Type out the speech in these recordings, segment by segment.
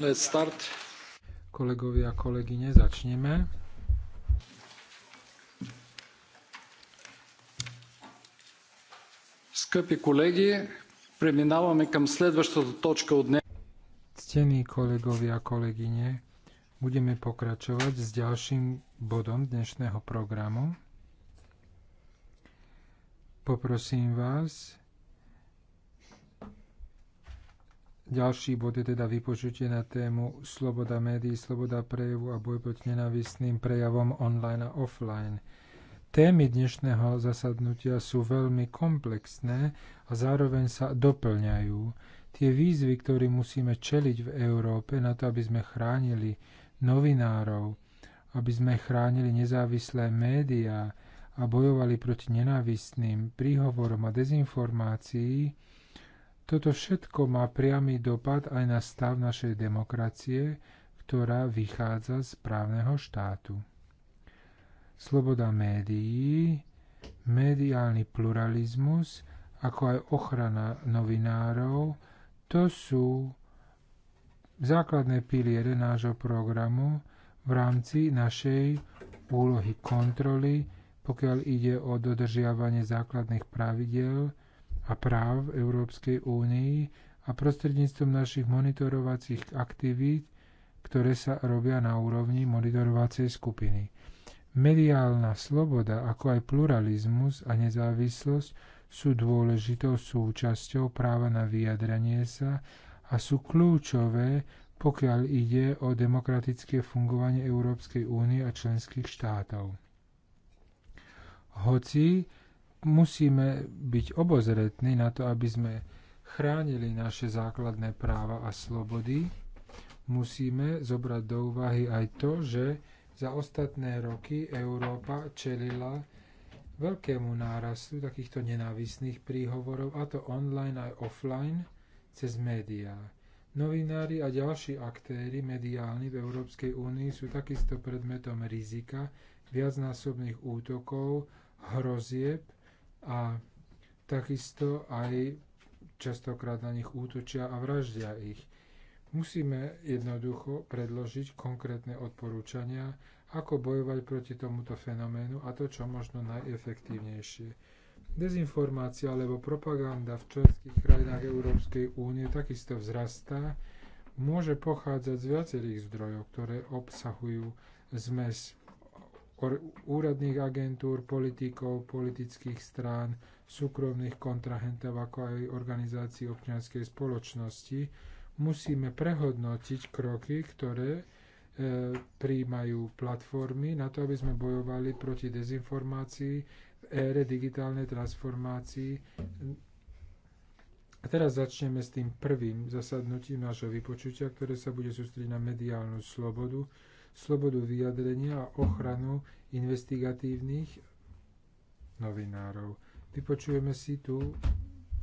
Let's start. Kolegovia a kolegyne, začneme. Скъпи колеги, преминаваме към следващата točka od днес. Ctení kolegovia a kolegyne, budeme pokračovať s ďalším bodom dnešného programu. Poprosím vás, Ďalší bod je teda vypočutie na tému sloboda médií, sloboda prejavu a boj proti nenavistným prejavom online a offline. Témy dnešného zasadnutia sú veľmi komplexné a zároveň sa doplňajú. Tie výzvy, ktoré musíme čeliť v Európe na to, aby sme chránili novinárov, aby sme chránili nezávislé médiá a bojovali proti nenávistným príhovorom a dezinformácií, toto všetko má priamy dopad aj na stav našej demokracie, ktorá vychádza z právneho štátu. Sloboda médií, mediálny pluralizmus, ako aj ochrana novinárov, to sú základné piliere nášho programu v rámci našej úlohy kontroly, pokiaľ ide o dodržiavanie základných pravidel a práv v Európskej únii a prostredníctvom našich monitorovacích aktivít, ktoré sa robia na úrovni monitorovacej skupiny. Mediálna sloboda, ako aj pluralizmus a nezávislosť sú dôležitou súčasťou práva na vyjadranie sa a sú kľúčové, pokiaľ ide o demokratické fungovanie Európskej únie a členských štátov. Hoci musíme byť obozretní na to, aby sme chránili naše základné práva a slobody, musíme zobrať do úvahy aj to, že za ostatné roky Európa čelila veľkému nárastu takýchto nenávisných príhovorov, a to online aj offline, cez médiá. Novinári a ďalší aktéry mediálni v Európskej únii sú takisto predmetom rizika viacnásobných útokov, hrozieb a takisto aj častokrát na nich útočia a vraždia ich. Musíme jednoducho predložiť konkrétne odporúčania, ako bojovať proti tomuto fenoménu a to čo možno najefektívnejšie. Dezinformácia alebo propaganda v členských krajinách Európskej únie takisto vzrastá, môže pochádzať z viacerých zdrojov, ktoré obsahujú zmes úradných agentúr, politikov, politických strán, súkromných kontrahentov, ako aj organizácií občianskej spoločnosti, musíme prehodnotiť kroky, ktoré e, príjmajú platformy na to, aby sme bojovali proti dezinformácii v ére digitálnej transformácii. A teraz začneme s tým prvým zasadnutím nášho vypočutia, ktoré sa bude sústrediť na mediálnu slobodu slobodu vyjadrenia a ochranu investigatívnych novinárov. Vypočujeme si tu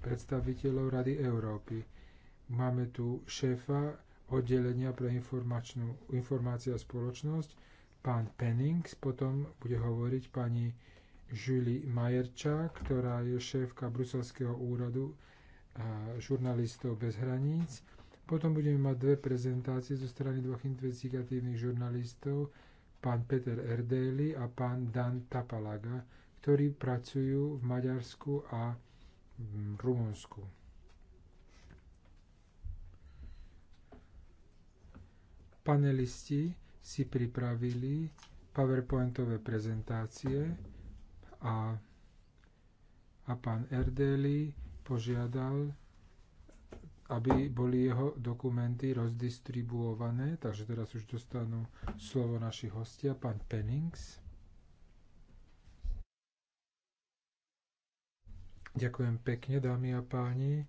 predstaviteľov Rady Európy. Máme tu šéfa oddelenia pre informačnú, informácia a spoločnosť, pán Pennings, potom bude hovoriť pani Julie Majerča, ktorá je šéfka Bruselského úradu žurnalistov bez hraníc potom budeme mať dve prezentácie zo strany dvoch investigatívnych žurnalistov, pán Peter Erdély a pán Dan Tapalaga, ktorí pracujú v Maďarsku a v Rumunsku. Panelisti si pripravili PowerPointové prezentácie a, a pán Erdély požiadal aby boli jeho dokumenty rozdistribuované. Takže teraz už dostanú slovo naši hostia, pán Pennings. Ďakujem pekne, dámy a páni.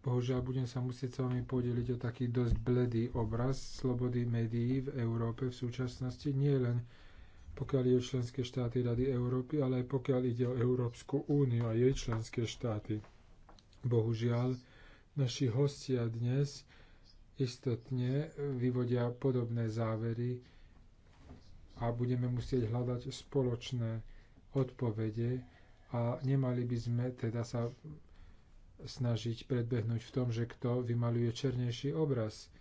Bohužiaľ, budem sa musieť s vami podeliť o taký dosť bledý obraz slobody médií v Európe v súčasnosti, nie len pokiaľ je o členské štáty Rady Európy, ale aj pokiaľ ide o Európsku úniu a jej členské štáty. Bohužiaľ, Naši hostia dnes istotne vyvodia podobné závery a budeme musieť hľadať spoločné odpovede a nemali by sme teda sa snažiť predbehnúť v tom, že kto vymaluje černejší obraz.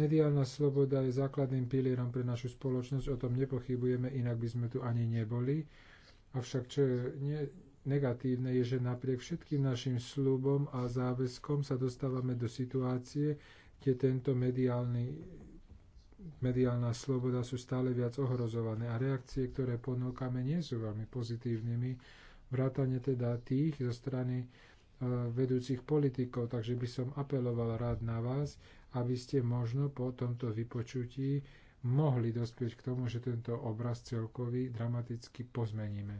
Mediálna sloboda je základným pilierom pre našu spoločnosť, o tom nepochybujeme, inak by sme tu ani neboli. Avšak čo je negatívne je, že napriek všetkým našim slubom a záväzkom sa dostávame do situácie, kde tento mediálny, mediálna sloboda sú stále viac ohrozované a reakcie, ktoré ponúkame, nie sú veľmi pozitívnymi, vrátane teda tých zo strany e, vedúcich politikov, takže by som apeloval rád na vás, aby ste možno po tomto vypočutí mohli dospieť k tomu, že tento obraz celkový dramaticky pozmeníme.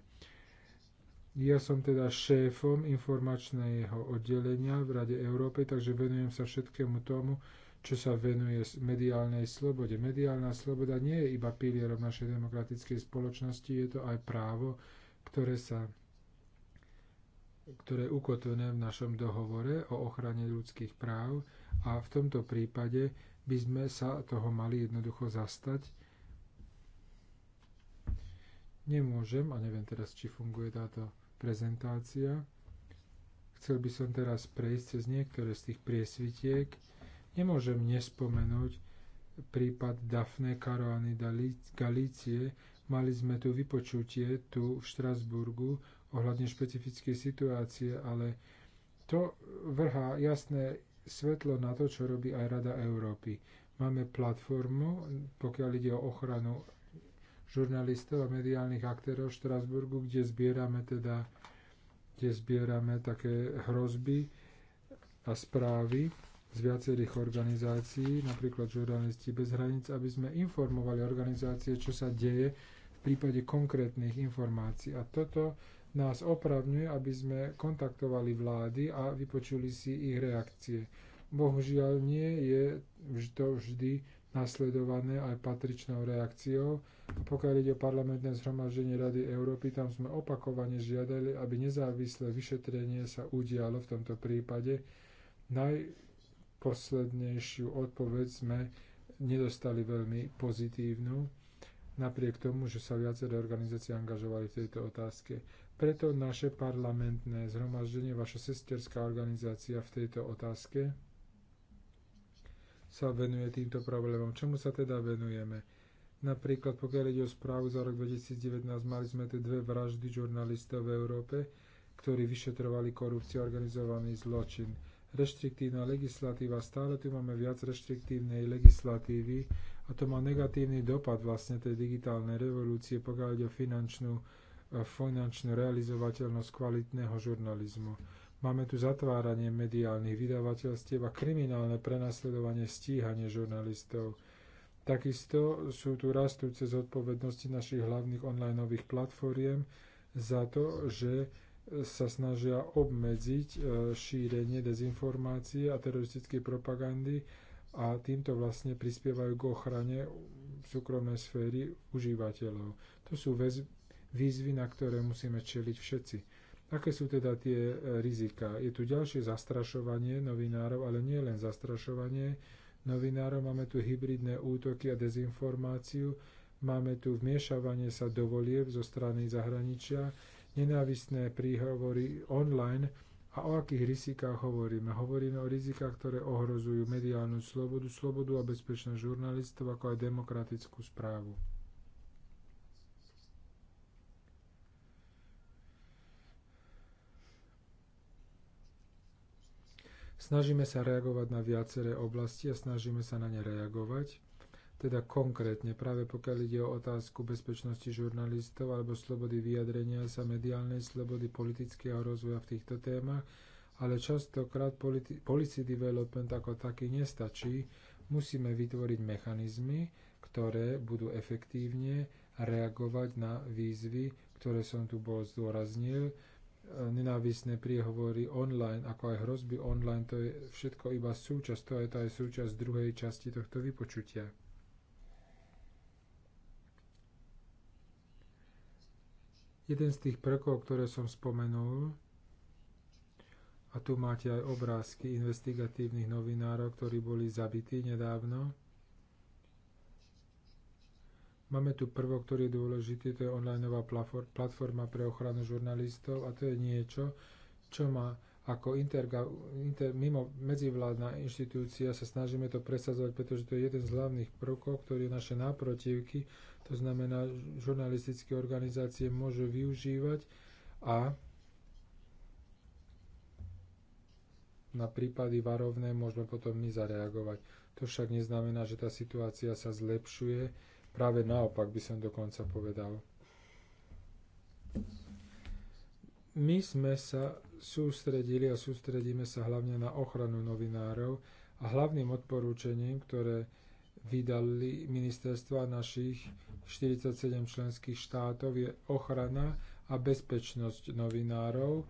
Ja som teda šéfom informačného oddelenia v Rade Európy, takže venujem sa všetkému tomu, čo sa venuje mediálnej slobode. Mediálna sloboda nie je iba pilierom našej demokratickej spoločnosti, je to aj právo, ktoré sa ktoré je ukotvené v našom dohovore o ochrane ľudských práv a v tomto prípade by sme sa toho mali jednoducho zastať. Nemôžem a neviem teraz, či funguje táto prezentácia. Chcel by som teraz prejsť cez niektoré z tých priesvitiek. Nemôžem nespomenúť prípad Daphne Karoany Galície. Mali sme tu vypočutie tu v Štrasburgu ohľadne špecifickej situácie, ale to vrhá jasné svetlo na to, čo robí aj Rada Európy. Máme platformu, pokiaľ ide o ochranu žurnalistov a mediálnych aktérov v Štrasburgu, kde zbierame teda kde zbierame také hrozby a správy z viacerých organizácií, napríklad žurnalisti bez hraníc, aby sme informovali organizácie, čo sa deje v prípade konkrétnych informácií. A toto nás opravňuje, aby sme kontaktovali vlády a vypočuli si ich reakcie. Bohužiaľ nie je to vždy nasledované aj patričnou reakciou. pokiaľ ide o parlamentné zhromaždenie Rady Európy, tam sme opakovane žiadali, aby nezávislé vyšetrenie sa udialo v tomto prípade. Najposlednejšiu odpoveď sme nedostali veľmi pozitívnu napriek tomu, že sa viaceré organizácie angažovali v tejto otázke. Preto naše parlamentné zhromaždenie, vaša sesterská organizácia v tejto otázke, sa venuje týmto problémom. Čomu sa teda venujeme? Napríklad, pokiaľ ide o správu za rok 2019, mali sme tu dve vraždy žurnalistov v Európe, ktorí vyšetrovali korupciu a organizovaný zločin. Reštriktívna legislatíva, stále tu máme viac reštriktívnej legislatívy a to má negatívny dopad vlastne tej digitálnej revolúcie, pokiaľ ide o finančnú, eh, finančnú realizovateľnosť kvalitného žurnalizmu Máme tu zatváranie mediálnych vydavateľstiev a kriminálne prenasledovanie stíhanie žurnalistov. Takisto sú tu rastúce zodpovednosti našich hlavných online platformiem za to, že sa snažia obmedziť e, šírenie dezinformácií a teroristickej propagandy a týmto vlastne prispievajú k ochrane súkromnej sféry užívateľov. To sú výzvy, na ktoré musíme čeliť všetci Aké sú teda tie e, rizika? Je tu ďalšie zastrašovanie novinárov, ale nie len zastrašovanie novinárov. Máme tu hybridné útoky a dezinformáciu. Máme tu vmiešavanie sa do volieb zo strany zahraničia, nenávistné príhovory online. A o akých rizikách hovoríme? Hovoríme o rizikách, ktoré ohrozujú mediálnu slobodu, slobodu a bezpečné žurnalistov, ako aj demokratickú správu. Snažíme sa reagovať na viaceré oblasti a snažíme sa na ne reagovať. Teda konkrétne, práve pokiaľ ide o otázku bezpečnosti žurnalistov alebo slobody vyjadrenia sa, mediálnej slobody, politického rozvoja v týchto témach, ale častokrát politi- policy development ako taký nestačí. Musíme vytvoriť mechanizmy, ktoré budú efektívne reagovať na výzvy, ktoré som tu bol zdôraznil, nenávisné priehovory online, ako aj hrozby online, to je všetko iba súčasť, to je to aj súčasť druhej časti tohto vypočutia. Jeden z tých prvkov, ktoré som spomenul, a tu máte aj obrázky investigatívnych novinárov, ktorí boli zabití nedávno, Máme tu prvok, ktorý je dôležitý, to je online platforma pre ochranu žurnalistov a to je niečo, čo má ako inter, inter, mimo medzivládna inštitúcia sa snažíme to presadzovať, pretože to je jeden z hlavných prvkov, ktorý je naše náprotivky, to znamená, žurnalistické organizácie môžu využívať a na prípady varovné môžeme potom my zareagovať. To však neznamená, že tá situácia sa zlepšuje Práve naopak by som dokonca povedal. My sme sa sústredili a sústredíme sa hlavne na ochranu novinárov a hlavným odporúčením, ktoré vydali ministerstva našich 47 členských štátov, je ochrana a bezpečnosť novinárov. E,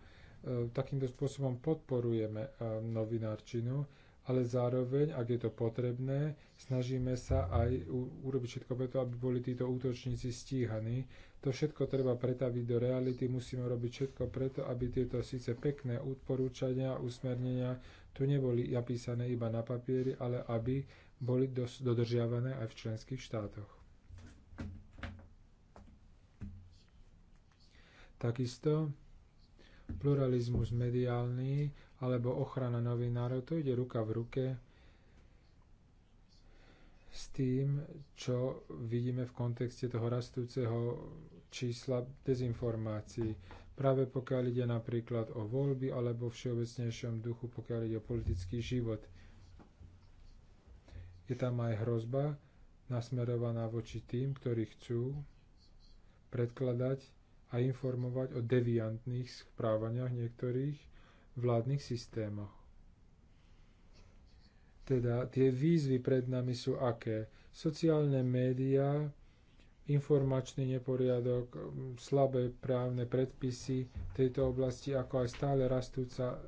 takýmto spôsobom podporujeme e, novinárčinu ale zároveň, ak je to potrebné, snažíme sa aj urobiť všetko preto, aby boli títo útočníci stíhaní. To všetko treba pretaviť do reality, musíme robiť všetko preto, aby tieto síce pekné odporúčania, usmernenia tu neboli napísané iba na papieri, ale aby boli dodržiavané aj v členských štátoch. Takisto pluralizmus mediálny alebo ochrana novinárov, to ide ruka v ruke s tým, čo vidíme v kontexte toho rastúceho čísla dezinformácií. Práve pokiaľ ide napríklad o voľby alebo v všeobecnejšom duchu, pokiaľ ide o politický život. Je tam aj hrozba nasmerovaná voči tým, ktorí chcú predkladať a informovať o deviantných správaniach niektorých vládnych systémoch. Teda tie výzvy pred nami sú aké? Sociálne médiá, informačný neporiadok, slabé právne predpisy v tejto oblasti, ako aj stále rastúca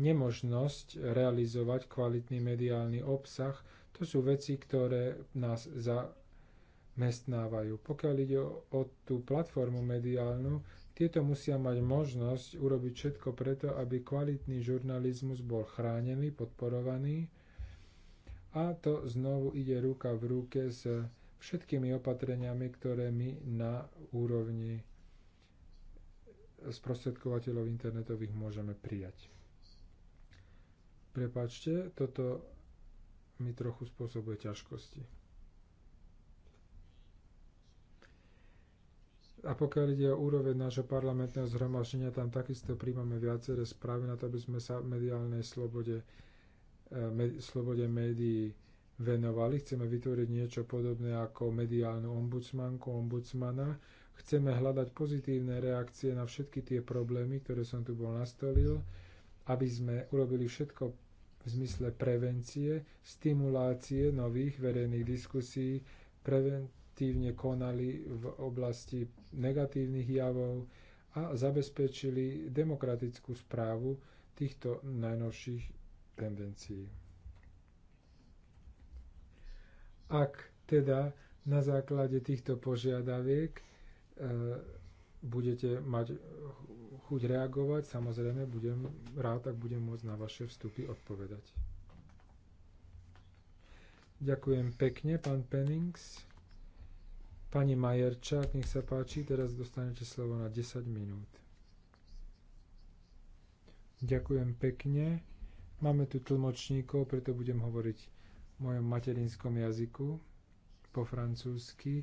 nemožnosť realizovať kvalitný mediálny obsah, to sú veci, ktoré nás zamestnávajú. Pokiaľ ide o, o tú platformu mediálnu, tieto musia mať možnosť urobiť všetko preto, aby kvalitný žurnalizmus bol chránený, podporovaný a to znovu ide ruka v ruke s všetkými opatreniami, ktoré my na úrovni sprostredkovateľov internetových môžeme prijať. Prepačte, toto mi trochu spôsobuje ťažkosti. A pokiaľ ide o úroveň nášho parlamentného zhromaždenia, tam takisto príjmame viaceré správy na to, aby sme sa mediálnej slobode, e, med, slobode médií venovali. Chceme vytvoriť niečo podobné ako mediálnu ombudsmanku, ombudsmana. Chceme hľadať pozitívne reakcie na všetky tie problémy, ktoré som tu bol nastolil, aby sme urobili všetko v zmysle prevencie, stimulácie nových verejných diskusí, prevencie aktívne konali v oblasti negatívnych javov a zabezpečili demokratickú správu týchto najnovších tendencií. Ak teda na základe týchto požiadaviek e, budete mať chuť reagovať, samozrejme budem rád, ak budem môcť na vaše vstupy odpovedať. Ďakujem pekne, pán Pennings. Pani Majerčák, nech sa páči, teraz dostanete slovo na 10 minút. Ďakujem pekne. Máme tu tlmočníkov, preto budem hovoriť v mojom materinskom jazyku po francúzsky.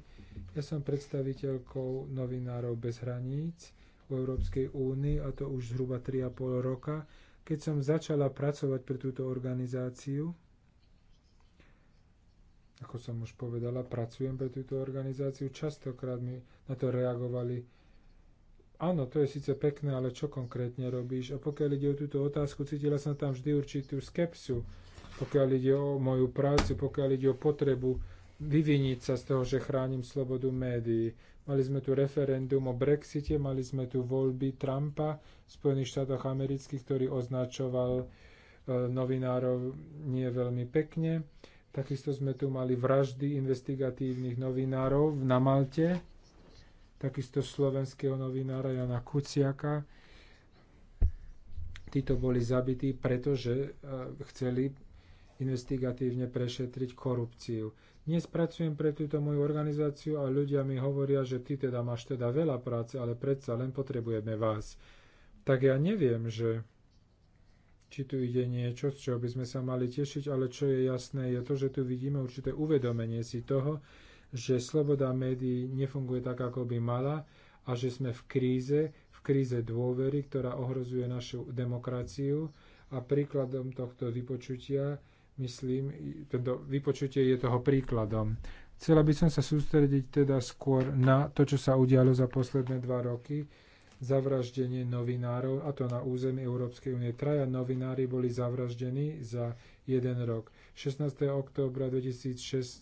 Ja som predstaviteľkou novinárov bez hraníc v Európskej únii a to už zhruba 3,5 roka, keď som začala pracovať pre túto organizáciu ako som už povedala, pracujem pre túto organizáciu. Častokrát mi na to reagovali áno, to je síce pekné, ale čo konkrétne robíš? A pokiaľ ide o túto otázku, cítila som tam vždy určitú skepsu, pokiaľ ide o moju prácu, pokiaľ ide o potrebu vyviniť sa z toho, že chránim slobodu médií. Mali sme tu referendum o Brexite, mali sme tu voľby Trumpa v Spojených štátoch amerických, ktorý označoval e, novinárov nie veľmi pekne. Takisto sme tu mali vraždy investigatívnych novinárov na Malte, takisto slovenského novinára Jana Kuciaka. Títo boli zabití, pretože e, chceli investigatívne prešetriť korupciu. Dnes pracujem pre túto moju organizáciu a ľudia mi hovoria, že ty teda máš teda veľa práce, ale predsa len potrebujeme vás. Tak ja neviem, že či tu ide niečo, z čoho by sme sa mali tešiť, ale čo je jasné, je to, že tu vidíme určité uvedomenie si toho, že sloboda médií nefunguje tak, ako by mala a že sme v kríze, v kríze dôvery, ktorá ohrozuje našu demokraciu a príkladom tohto vypočutia, myslím, toto vypočutie je toho príkladom. Chcela by som sa sústrediť teda skôr na to, čo sa udialo za posledné dva roky, zavraždenie novinárov, a to na území Európskej únie. Traja novinári boli zavraždení za jeden rok. 16. októbra 2017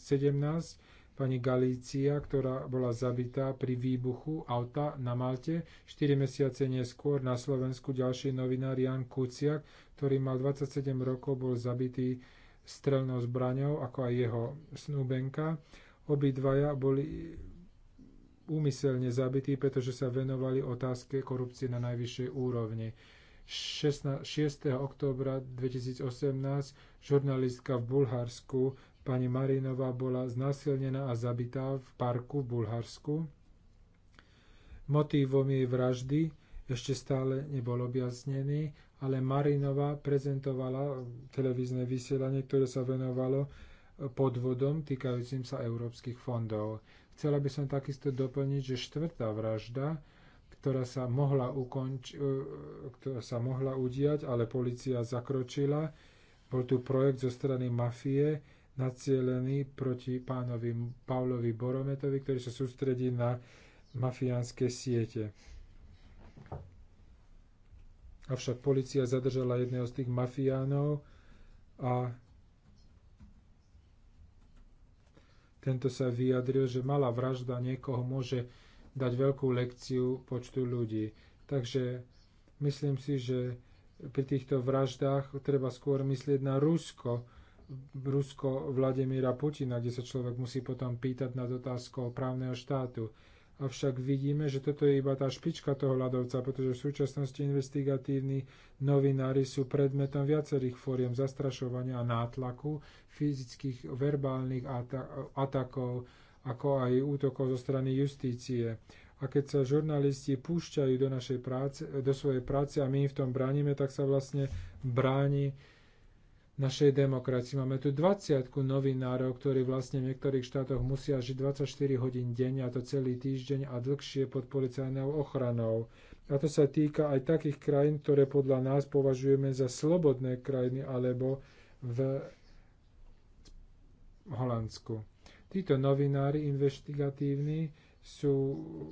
pani Galícia, ktorá bola zabitá pri výbuchu auta na Malte, 4 mesiace neskôr na Slovensku ďalší novinár Jan Kuciak, ktorý mal 27 rokov, bol zabitý strelnou zbraňou, ako aj jeho snúbenka. Obidvaja boli úmyselne zabití, pretože sa venovali otázke korupcie na najvyššej úrovni. 6. októbra 2018 žurnalistka v Bulharsku pani Marinová bola znásilnená a zabitá v parku v Bulharsku. Motívom jej vraždy ešte stále nebol objasnený, ale Marinová prezentovala televízne vysielanie, ktoré sa venovalo podvodom týkajúcim sa európskych fondov. Chcela by som takisto doplniť, že štvrtá vražda, ktorá sa mohla, ukonč- e, ktorá sa mohla udiať, ale policia zakročila, bol tu projekt zo strany mafie nacielený proti pánovi Pavlovi Borometovi, ktorý sa sústredí na mafiánske siete. Avšak policia zadržala jedného z tých mafiánov a Tento sa vyjadril, že malá vražda niekoho môže dať veľkú lekciu počtu ľudí. Takže myslím si, že pri týchto vraždách treba skôr myslieť na Rusko, Rusko Vladimíra Putina, kde sa človek musí potom pýtať nad otázkou právneho štátu avšak vidíme, že toto je iba tá špička toho ľadovca, pretože v súčasnosti investigatívni novinári sú predmetom viacerých fóriem zastrašovania a nátlaku, fyzických, verbálnych atakov, ako aj útokov zo strany justície. A keď sa žurnalisti púšťajú do, našej práce, do svojej práce a my im v tom bránime, tak sa vlastne bráni našej demokracii. Máme tu 20 novinárov, ktorí vlastne v niektorých štátoch musia žiť 24 hodín deň, a to celý týždeň a dlhšie pod policajnou ochranou. A to sa týka aj takých krajín, ktoré podľa nás považujeme za slobodné krajiny alebo v Holandsku. Títo novinári investigatívni sú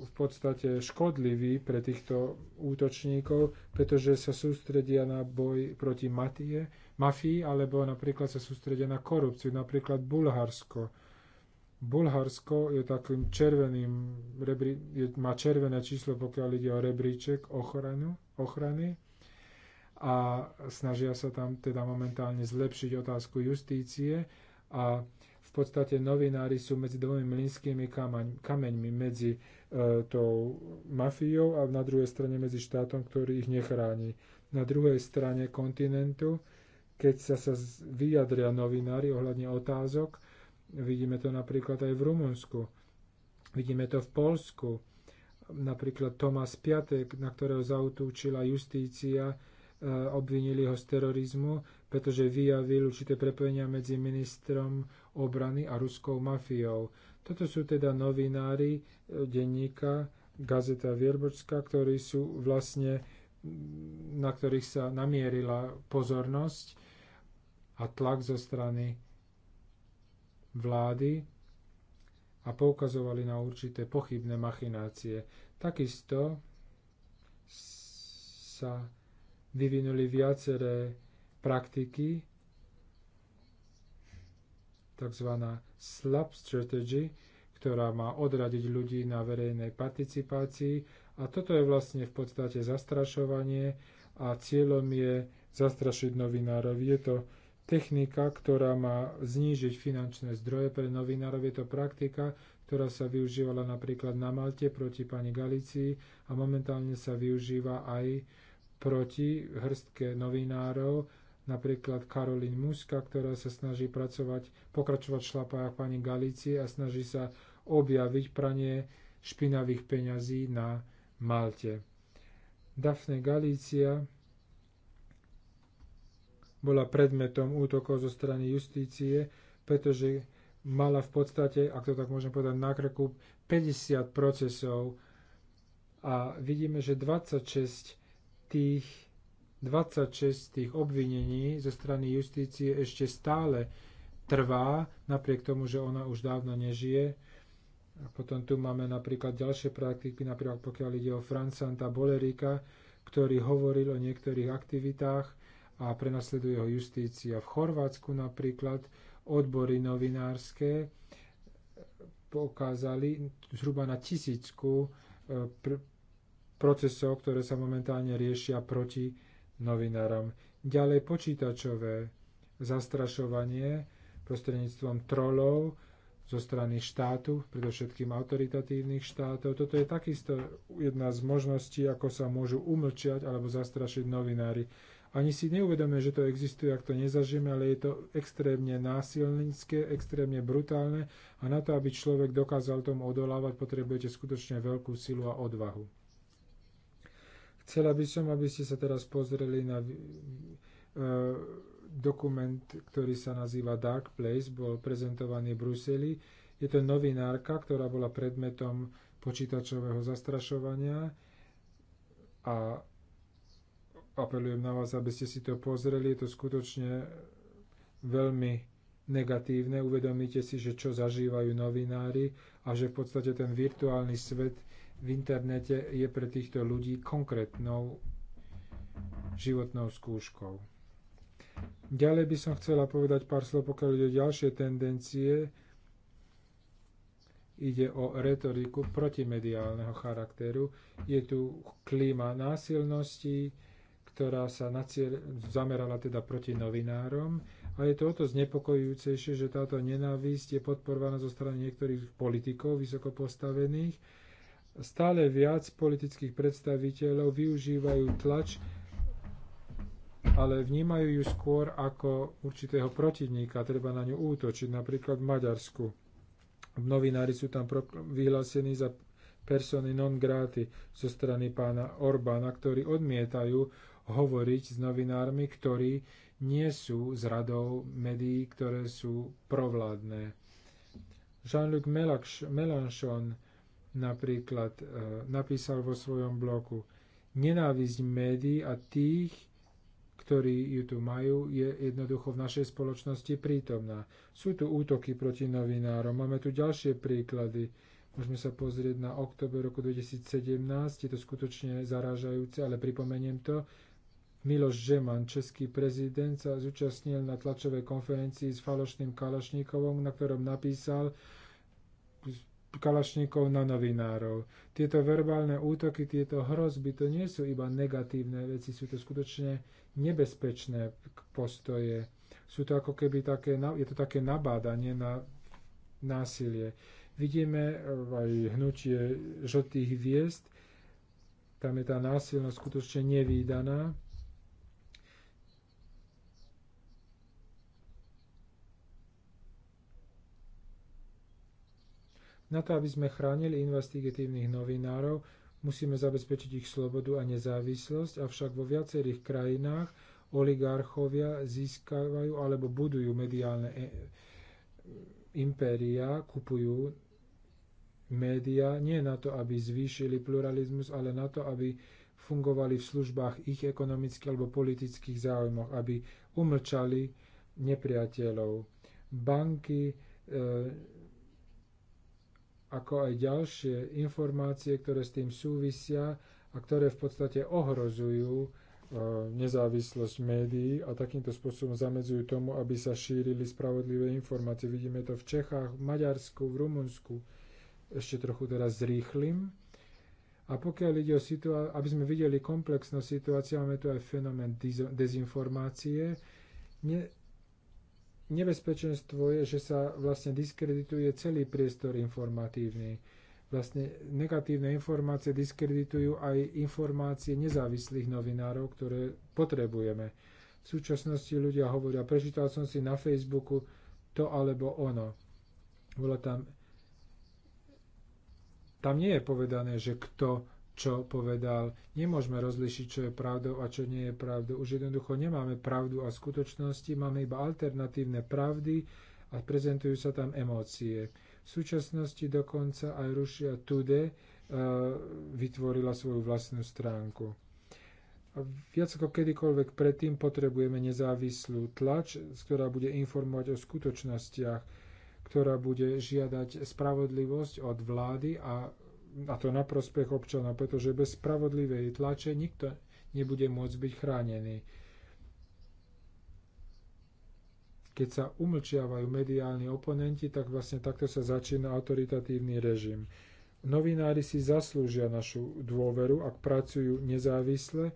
v podstate škodliví pre týchto útočníkov, pretože sa sústredia na boj proti Matie, mafii, alebo napríklad sa sústredia na korupciu, napríklad Bulharsko. Bulharsko je takým červeným, rebrí, je, má červené číslo, pokiaľ ide o rebríček ochranu, ochrany a snažia sa tam teda momentálne zlepšiť otázku justície a v podstate novinári sú medzi dvomi mlinskými kameň, kameňmi, medzi e, tou mafiou a na druhej strane medzi štátom, ktorý ich nechráni. Na druhej strane kontinentu keď sa, sa vyjadria novinári ohľadne otázok. Vidíme to napríklad aj v Rumunsku, vidíme to v Polsku. Napríklad Tomas Piatek, na ktorého zautúčila justícia, e, obvinili ho z terorizmu, pretože vyjavil určité prepojenia medzi ministrom obrany a ruskou mafiou. Toto sú teda novinári e, denníka Gazeta Vierbočská, ktorí sú vlastne na ktorých sa namierila pozornosť a tlak zo strany vlády a poukazovali na určité pochybné machinácie. Takisto sa vyvinuli viaceré praktiky, tzv. slab strategy, ktorá má odradiť ľudí na verejnej participácii. A toto je vlastne v podstate zastrašovanie a cieľom je zastrašiť novinárov. Je to technika, ktorá má znížiť finančné zdroje pre novinárov. Je to praktika, ktorá sa využívala napríklad na Malte proti pani Galicii a momentálne sa využíva aj proti hrstke novinárov, napríklad Karolín Muska, ktorá sa snaží pracovať, pokračovať v šlapách pani Galicii a snaží sa objaviť pranie špinavých peňazí na Malte. Daphne Galícia bola predmetom útokov zo strany justície, pretože mala v podstate, ak to tak môžem povedať, na krku 50 procesov a vidíme, že 26 tých 26 tých obvinení zo strany justície ešte stále trvá, napriek tomu, že ona už dávno nežije. A potom tu máme napríklad ďalšie praktiky, napríklad pokiaľ ide o Francanta Bolerika, ktorý hovoril o niektorých aktivitách a prenasleduje ho justícia. V Chorvátsku napríklad odbory novinárske pokázali zhruba na tisícku e, pr- procesov, ktoré sa momentálne riešia proti novinárom. Ďalej počítačové zastrašovanie prostredníctvom trolov zo strany štátu, predovšetkým autoritatívnych štátov. Toto je takisto jedna z možností, ako sa môžu umlčiať alebo zastrašiť novinári. Ani si neuvedomuje, že to existuje, ak to nezažijeme, ale je to extrémne násilnícke, extrémne brutálne a na to, aby človek dokázal tomu odolávať, potrebujete skutočne veľkú silu a odvahu. Chcela by som, aby ste sa teraz pozreli na e, dokument, ktorý sa nazýva Dark Place, bol prezentovaný v Bruseli. Je to novinárka, ktorá bola predmetom počítačového zastrašovania a apelujem na vás, aby ste si to pozreli. Je to skutočne veľmi negatívne. Uvedomíte si, že čo zažívajú novinári a že v podstate ten virtuálny svet v internete je pre týchto ľudí konkrétnou životnou skúškou. Ďalej by som chcela povedať pár slov, pokiaľ ide o ďalšie tendencie. Ide o retoriku protimediálneho charakteru. Je tu klíma násilností, ktorá sa zamerala teda proti novinárom. A je to o to znepokojujúcejšie, že táto nenávisť je podporovaná zo strany niektorých politikov vysoko postavených. Stále viac politických predstaviteľov využívajú tlač, ale vnímajú ju skôr ako určitého protivníka, treba na ňu útočiť, napríklad v Maďarsku. Novinári sú tam vyhlásení za persony non grati zo strany pána Orbána, ktorí odmietajú hovoriť s novinármi, ktorí nie sú z radou médií, ktoré sú provládne. Jean-Luc Mélenchon napríklad e, napísal vo svojom bloku Nenávisť médií a tých, ktorí ju tu majú, je jednoducho v našej spoločnosti prítomná. Sú tu útoky proti novinárom, máme tu ďalšie príklady. Môžeme sa pozrieť na október roku 2017, je to skutočne zarážajúce, ale pripomeniem to, Miloš Žeman, český prezident, sa zúčastnil na tlačovej konferencii s falošným Kalašníkovom, na ktorom napísal Kalašníkov na novinárov. Tieto verbálne útoky, tieto hrozby, to nie sú iba negatívne veci, sú to skutočne nebezpečné postoje. Sú to ako keby také, je to také nabádanie na násilie. Vidíme eh, aj hnutie žltých hviezd, tam je tá násilnosť skutočne nevýdaná Na to, aby sme chránili investigatívnych novinárov, musíme zabezpečiť ich slobodu a nezávislosť, avšak vo viacerých krajinách oligarchovia získavajú alebo budujú mediálne e impéria, kupujú médiá nie na to, aby zvýšili pluralizmus, ale na to, aby fungovali v službách ich ekonomických alebo politických záujmoch, aby umlčali nepriateľov. Banky, e ako aj ďalšie informácie, ktoré s tým súvisia a ktoré v podstate ohrozujú e, nezávislosť médií a takýmto spôsobom zamedzujú tomu, aby sa šírili spravodlivé informácie. Vidíme to v Čechách, v Maďarsku, v Rumunsku. Ešte trochu teraz zrýchlim. A pokiaľ ide o situáciu, aby sme videli komplexnú situáciu, máme tu aj fenomén dezinformácie. Nebezpečenstvo je, že sa vlastne diskredituje celý priestor informatívny. Vlastne negatívne informácie diskreditujú aj informácie nezávislých novinárov, ktoré potrebujeme. V súčasnosti ľudia hovoria, prečítal som si na Facebooku to alebo ono. Bolo tam tam nie je povedané, že kto čo povedal. Nemôžeme rozlišiť, čo je pravdou a čo nie je pravdou. Už jednoducho nemáme pravdu a skutočnosti, máme iba alternatívne pravdy a prezentujú sa tam emócie. V súčasnosti dokonca aj Rusia Today e, vytvorila svoju vlastnú stránku. A viac ako kedykoľvek predtým potrebujeme nezávislú tlač, ktorá bude informovať o skutočnostiach, ktorá bude žiadať spravodlivosť od vlády a a to na prospech občanov, pretože bez spravodlivej tlače nikto nebude môcť byť chránený. Keď sa umlčiavajú mediálni oponenti, tak vlastne takto sa začína autoritatívny režim. Novinári si zaslúžia našu dôveru, ak pracujú nezávisle.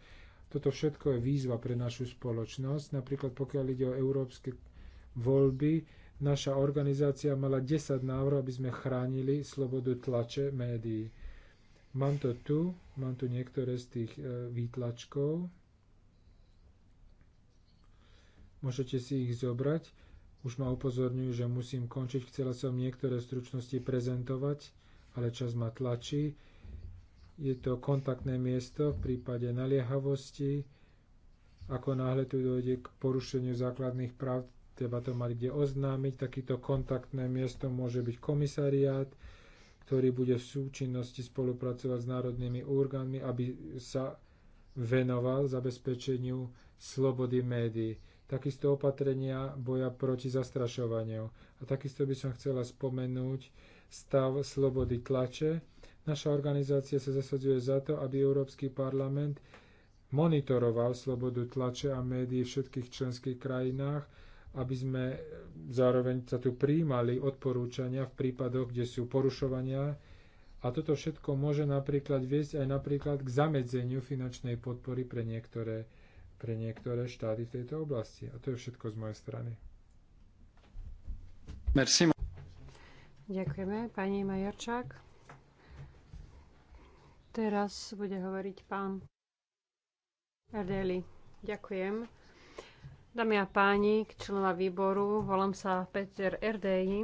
Toto všetko je výzva pre našu spoločnosť. Napríklad pokiaľ ide o európske voľby, naša organizácia mala 10 návrhov, aby sme chránili slobodu tlače médií. Mám to tu, mám tu niektoré z tých e, výtlačkov. Môžete si ich zobrať. Už ma upozorňujú, že musím končiť. Chcela som niektoré stručnosti prezentovať, ale čas ma tlačí. Je to kontaktné miesto v prípade naliehavosti. Ako náhle tu dojde k porušeniu základných práv, treba to mať kde oznámiť. Takýto kontaktné miesto môže byť komisariát, ktorý bude v súčinnosti spolupracovať s národnými orgánmi, aby sa venoval zabezpečeniu slobody médií. Takisto opatrenia boja proti zastrašovaniu. A takisto by som chcela spomenúť stav slobody tlače. Naša organizácia sa zasadzuje za to, aby Európsky parlament monitoroval slobodu tlače a médií v všetkých členských krajinách, aby sme zároveň sa tu príjmali odporúčania v prípadoch, kde sú porušovania. A toto všetko môže napríklad viesť aj napríklad k zamedzeniu finančnej podpory pre niektoré, pre niektoré štáty v tejto oblasti. A to je všetko z mojej strany. Merci. Ďakujeme, pani Majorčák. Teraz bude hovoriť pán Erdeli. Ďakujem. Dámy a páni, členova výboru, volám sa Peter Erdei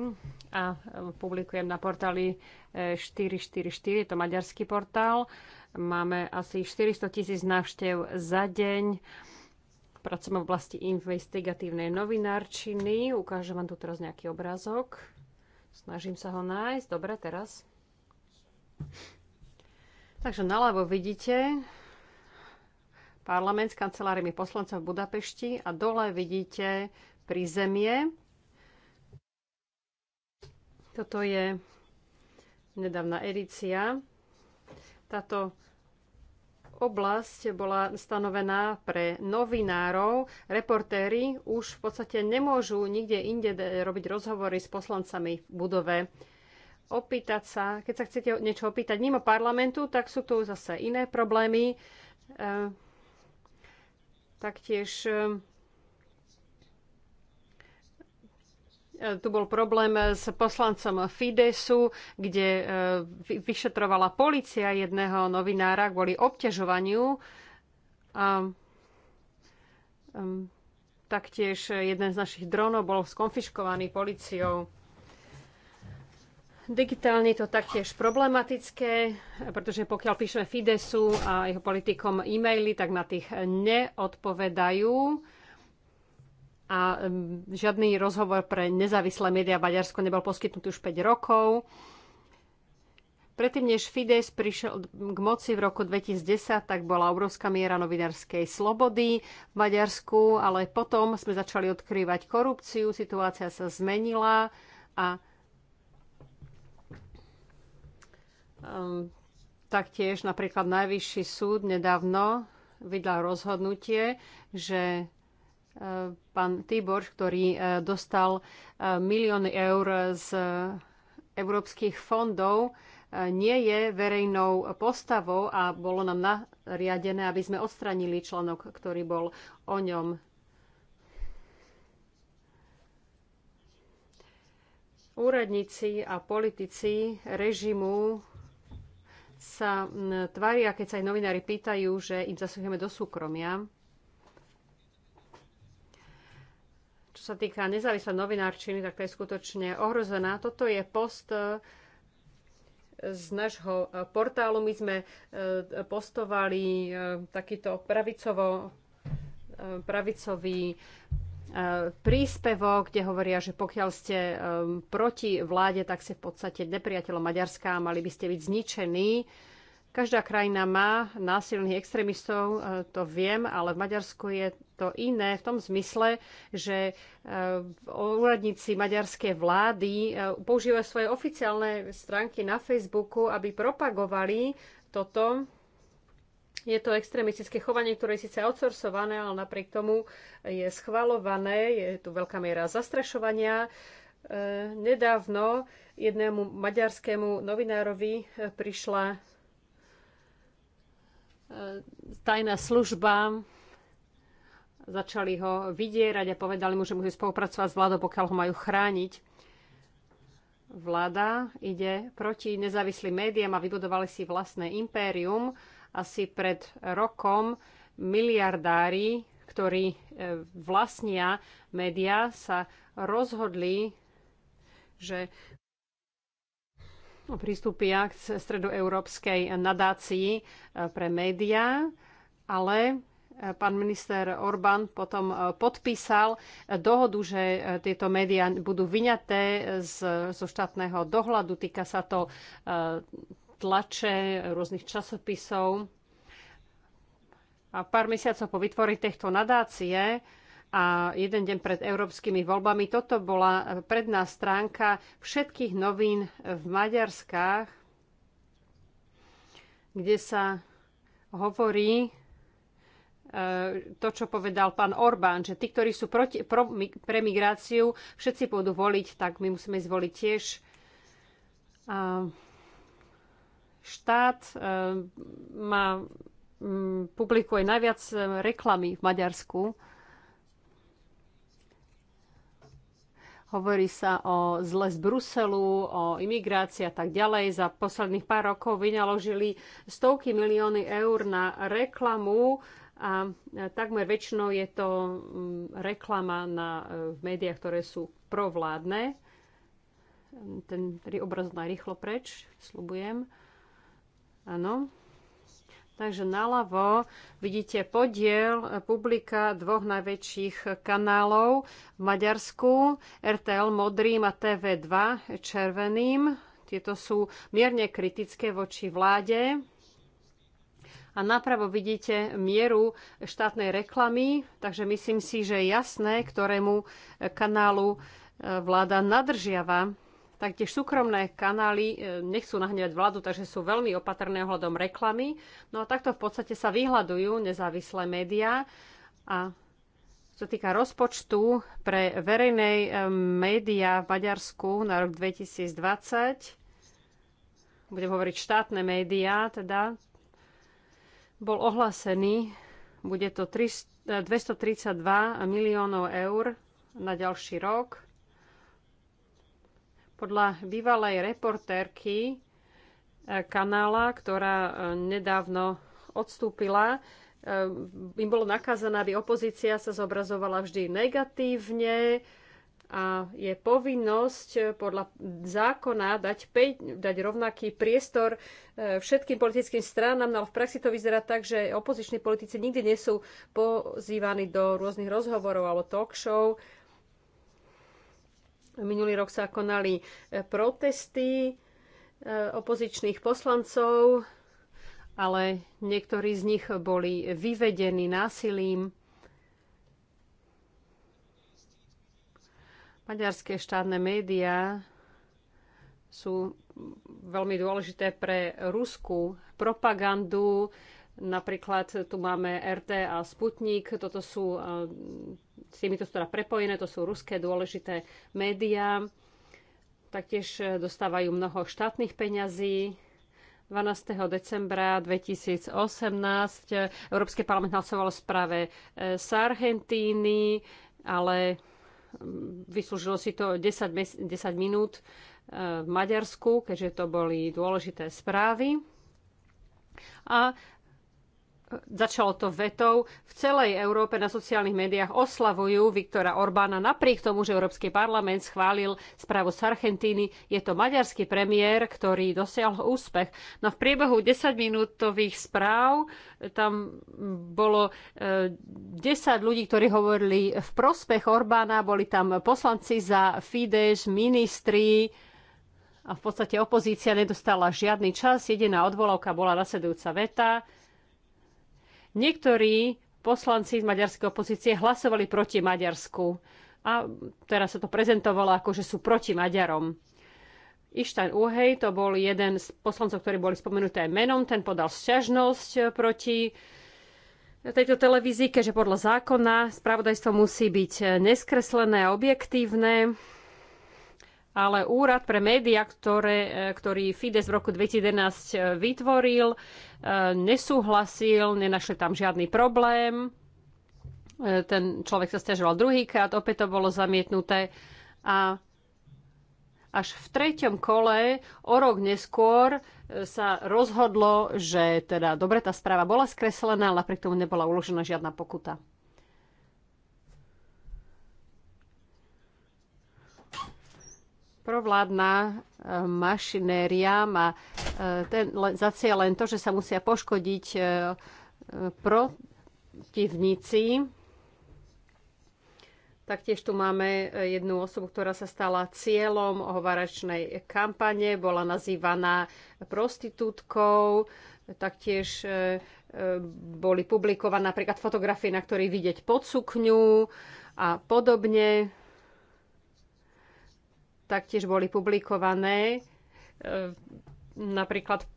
a e, publikujem na portáli 444, e, je to maďarský portál. Máme asi 400 tisíc návštev za deň. Pracujem v oblasti investigatívnej novinárčiny. Ukážem vám tu teraz nejaký obrázok. Snažím sa ho nájsť. Dobre, teraz. Takže naľavo vidíte parlament s kanceláriami poslancov v Budapešti a dole vidíte prízemie. Toto je nedávna edícia. Táto oblasť bola stanovená pre novinárov. Reportéri už v podstate nemôžu nikde inde robiť rozhovory s poslancami v budove. Opýtať sa, keď sa chcete niečo opýtať mimo parlamentu, tak sú tu zase iné problémy. E, Taktiež e, e, tu bol problém s poslancom Fidesu, kde e, vyšetrovala policia jedného novinára kvôli obťažovaniu. A, taktiež jeden z našich dronov bol skonfiškovaný policiou. Digitálne je to taktiež problematické, pretože pokiaľ píšeme Fidesu a jeho politikom e-maily, tak na tých neodpovedajú. A žiadny rozhovor pre nezávislé médiá v Maďarsku nebol poskytnutý už 5 rokov. Predtým, než Fides prišiel k moci v roku 2010, tak bola obrovská miera novinárskej slobody v Maďarsku, ale potom sme začali odkrývať korupciu, situácia sa zmenila a Ehm, taktiež napríklad Najvyšší súd nedávno vydal rozhodnutie, že eh, pán Tibor, ktorý eh, dostal eh, milióny eur z európskych fondov, nie je verejnou postavou a bolo nám nariadené, aby sme odstranili článok, ktorý bol o ňom. Úradníci a politici režimu sa tvária, keď sa aj novinári pýtajú, že im zasúhujeme do súkromia. Čo sa týka nezávislej novinárčiny, tak to je skutočne ohrozená. Toto je post e, z nášho e, portálu. My sme e, postovali takýto pravicovo, pravicový E, príspevok, kde hovoria, že pokiaľ ste e, proti vláde, tak ste v podstate nepriateľom Maďarska a mali by ste byť zničení. Každá krajina má násilných extrémistov, e, to viem, ale v Maďarsku je to iné v tom zmysle, že úradníci maďarskej vlády používajú svoje oficiálne stránky na Facebooku, aby propagovali toto je to extrémistické chovanie, ktoré je síce outsourcované, ale napriek tomu je schvalované, je tu veľká miera zastrašovania. E, nedávno jednému maďarskému novinárovi e, prišla e, tajná služba, začali ho vydierať a povedali mu, že musí spolupracovať s vládou, pokiaľ ho majú chrániť. Vláda ide proti nezávislým médiám a vybudovali si vlastné impérium, asi pred rokom miliardári, ktorí e, vlastnia médiá, sa rozhodli, že pristúpia k stredoeurópskej nadácii e, pre médiá, ale e, pán minister Orbán potom podpísal dohodu, že tieto médiá budú vyňaté z, zo štátneho dohľadu. Týka sa to tlače, rôznych časopisov. A pár mesiacov po vytvorí tejto nadácie a jeden deň pred európskymi voľbami, toto bola predná stránka všetkých novín v Maďarskách, kde sa hovorí e, to, čo povedal pán Orbán, že tí, ktorí sú proti, pro, pre migráciu, všetci pôjdu voliť, tak my musíme zvoliť tiež. A štát eh, má, mm, publikuje najviac eh, reklamy v Maďarsku. Hovorí sa o zle z Bruselu, o imigrácii a tak ďalej. Za posledných pár rokov vynaložili stovky milióny eur na reklamu a takmer väčšinou je to mm, reklama na, eh, v médiách, ktoré sú provládne. Ten obraz najrychlo preč, slubujem. Áno. Takže naľavo vidíte podiel e, publika dvoch najväčších kanálov v Maďarsku. RTL modrým a TV2 červeným. Tieto sú mierne kritické voči vláde. A napravo vidíte mieru štátnej reklamy, takže myslím si, že je jasné, ktorému e, kanálu e, vláda nadržiava Taktiež súkromné kanály e, nechcú nahnevať vládu, takže sú veľmi opatrné ohľadom reklamy. No a takto v podstate sa vyhľadujú nezávislé médiá. A čo týka rozpočtu pre verejné e, médiá v Maďarsku na rok 2020, budem hovoriť štátne médiá, teda bol ohlásený, bude to 3, 232 e, miliónov eur na ďalší rok podľa bývalej reportérky e, kanála, ktorá e, nedávno odstúpila, e, im bolo nakázané, aby opozícia sa zobrazovala vždy negatívne a je povinnosť podľa zákona dať, 5, dať rovnaký priestor všetkým politickým stranám, no ale v praxi to vyzerá tak, že opoziční politici nikdy nie sú pozývaní do rôznych rozhovorov alebo talk show, Minulý rok sa konali e, protesty e, opozičných poslancov, ale niektorí z nich boli vyvedení násilím. Maďarské štátne médiá sú veľmi dôležité pre ruskú propagandu. Napríklad tu máme RT a Sputnik. Toto sú e, s týmito sú teda prepojené, to sú ruské dôležité médiá. Taktiež e, dostávajú mnoho štátnych peňazí. 12. decembra 2018 e, Európsky parlament hlasoval o správe e, z Argentíny, ale mm, vyslúžilo si to 10, 10 minút v Maďarsku, keďže to boli dôležité správy. A začalo to vetou, v celej Európe na sociálnych médiách oslavujú Viktora Orbána napriek tomu, že Európsky parlament schválil správu z Argentíny. Je to maďarský premiér, ktorý dosiahol úspech. No v priebehu 10-minútových správ tam bolo 10 eh, ľudí, ktorí hovorili v prospech Orbána, boli tam poslanci za Fidesz, ministri, a v podstate opozícia nedostala žiadny čas. Jediná odvolávka bola nasledujúca veta Niektorí poslanci z maďarskej opozície hlasovali proti Maďarsku a teraz sa to prezentovalo ako, že sú proti Maďarom. Ištan Uhej, to bol jeden z poslancov, ktorí boli spomenuté aj menom, ten podal sťažnosť e, proti tejto televízii, keďže podľa zákona spravodajstvo musí byť e, neskreslené a objektívne ale úrad pre médiá, ktoré, e, ktorý Fides v roku 2011 e, vytvoril, e, nesúhlasil, nenašli tam žiadny problém. Ten človek sa stiažoval druhýkrát, opäť to bolo zamietnuté a až v treťom kole, o rok neskôr, sa rozhodlo, že teda dobre, tá správa bola skreslená, ale napriek tomu nebola uložená žiadna pokuta. provládna e, mašinéria má e, ten, za cieľ len to, že sa musia poškodiť e, protivníci. Taktiež tu máme jednu osobu, ktorá sa stala cieľom ohovaračnej kampane, bola nazývaná prostitútkou, taktiež boli publikované napríklad fotografie, na ktorých vidieť podsukňu a podobne taktiež boli publikované e, napríklad e,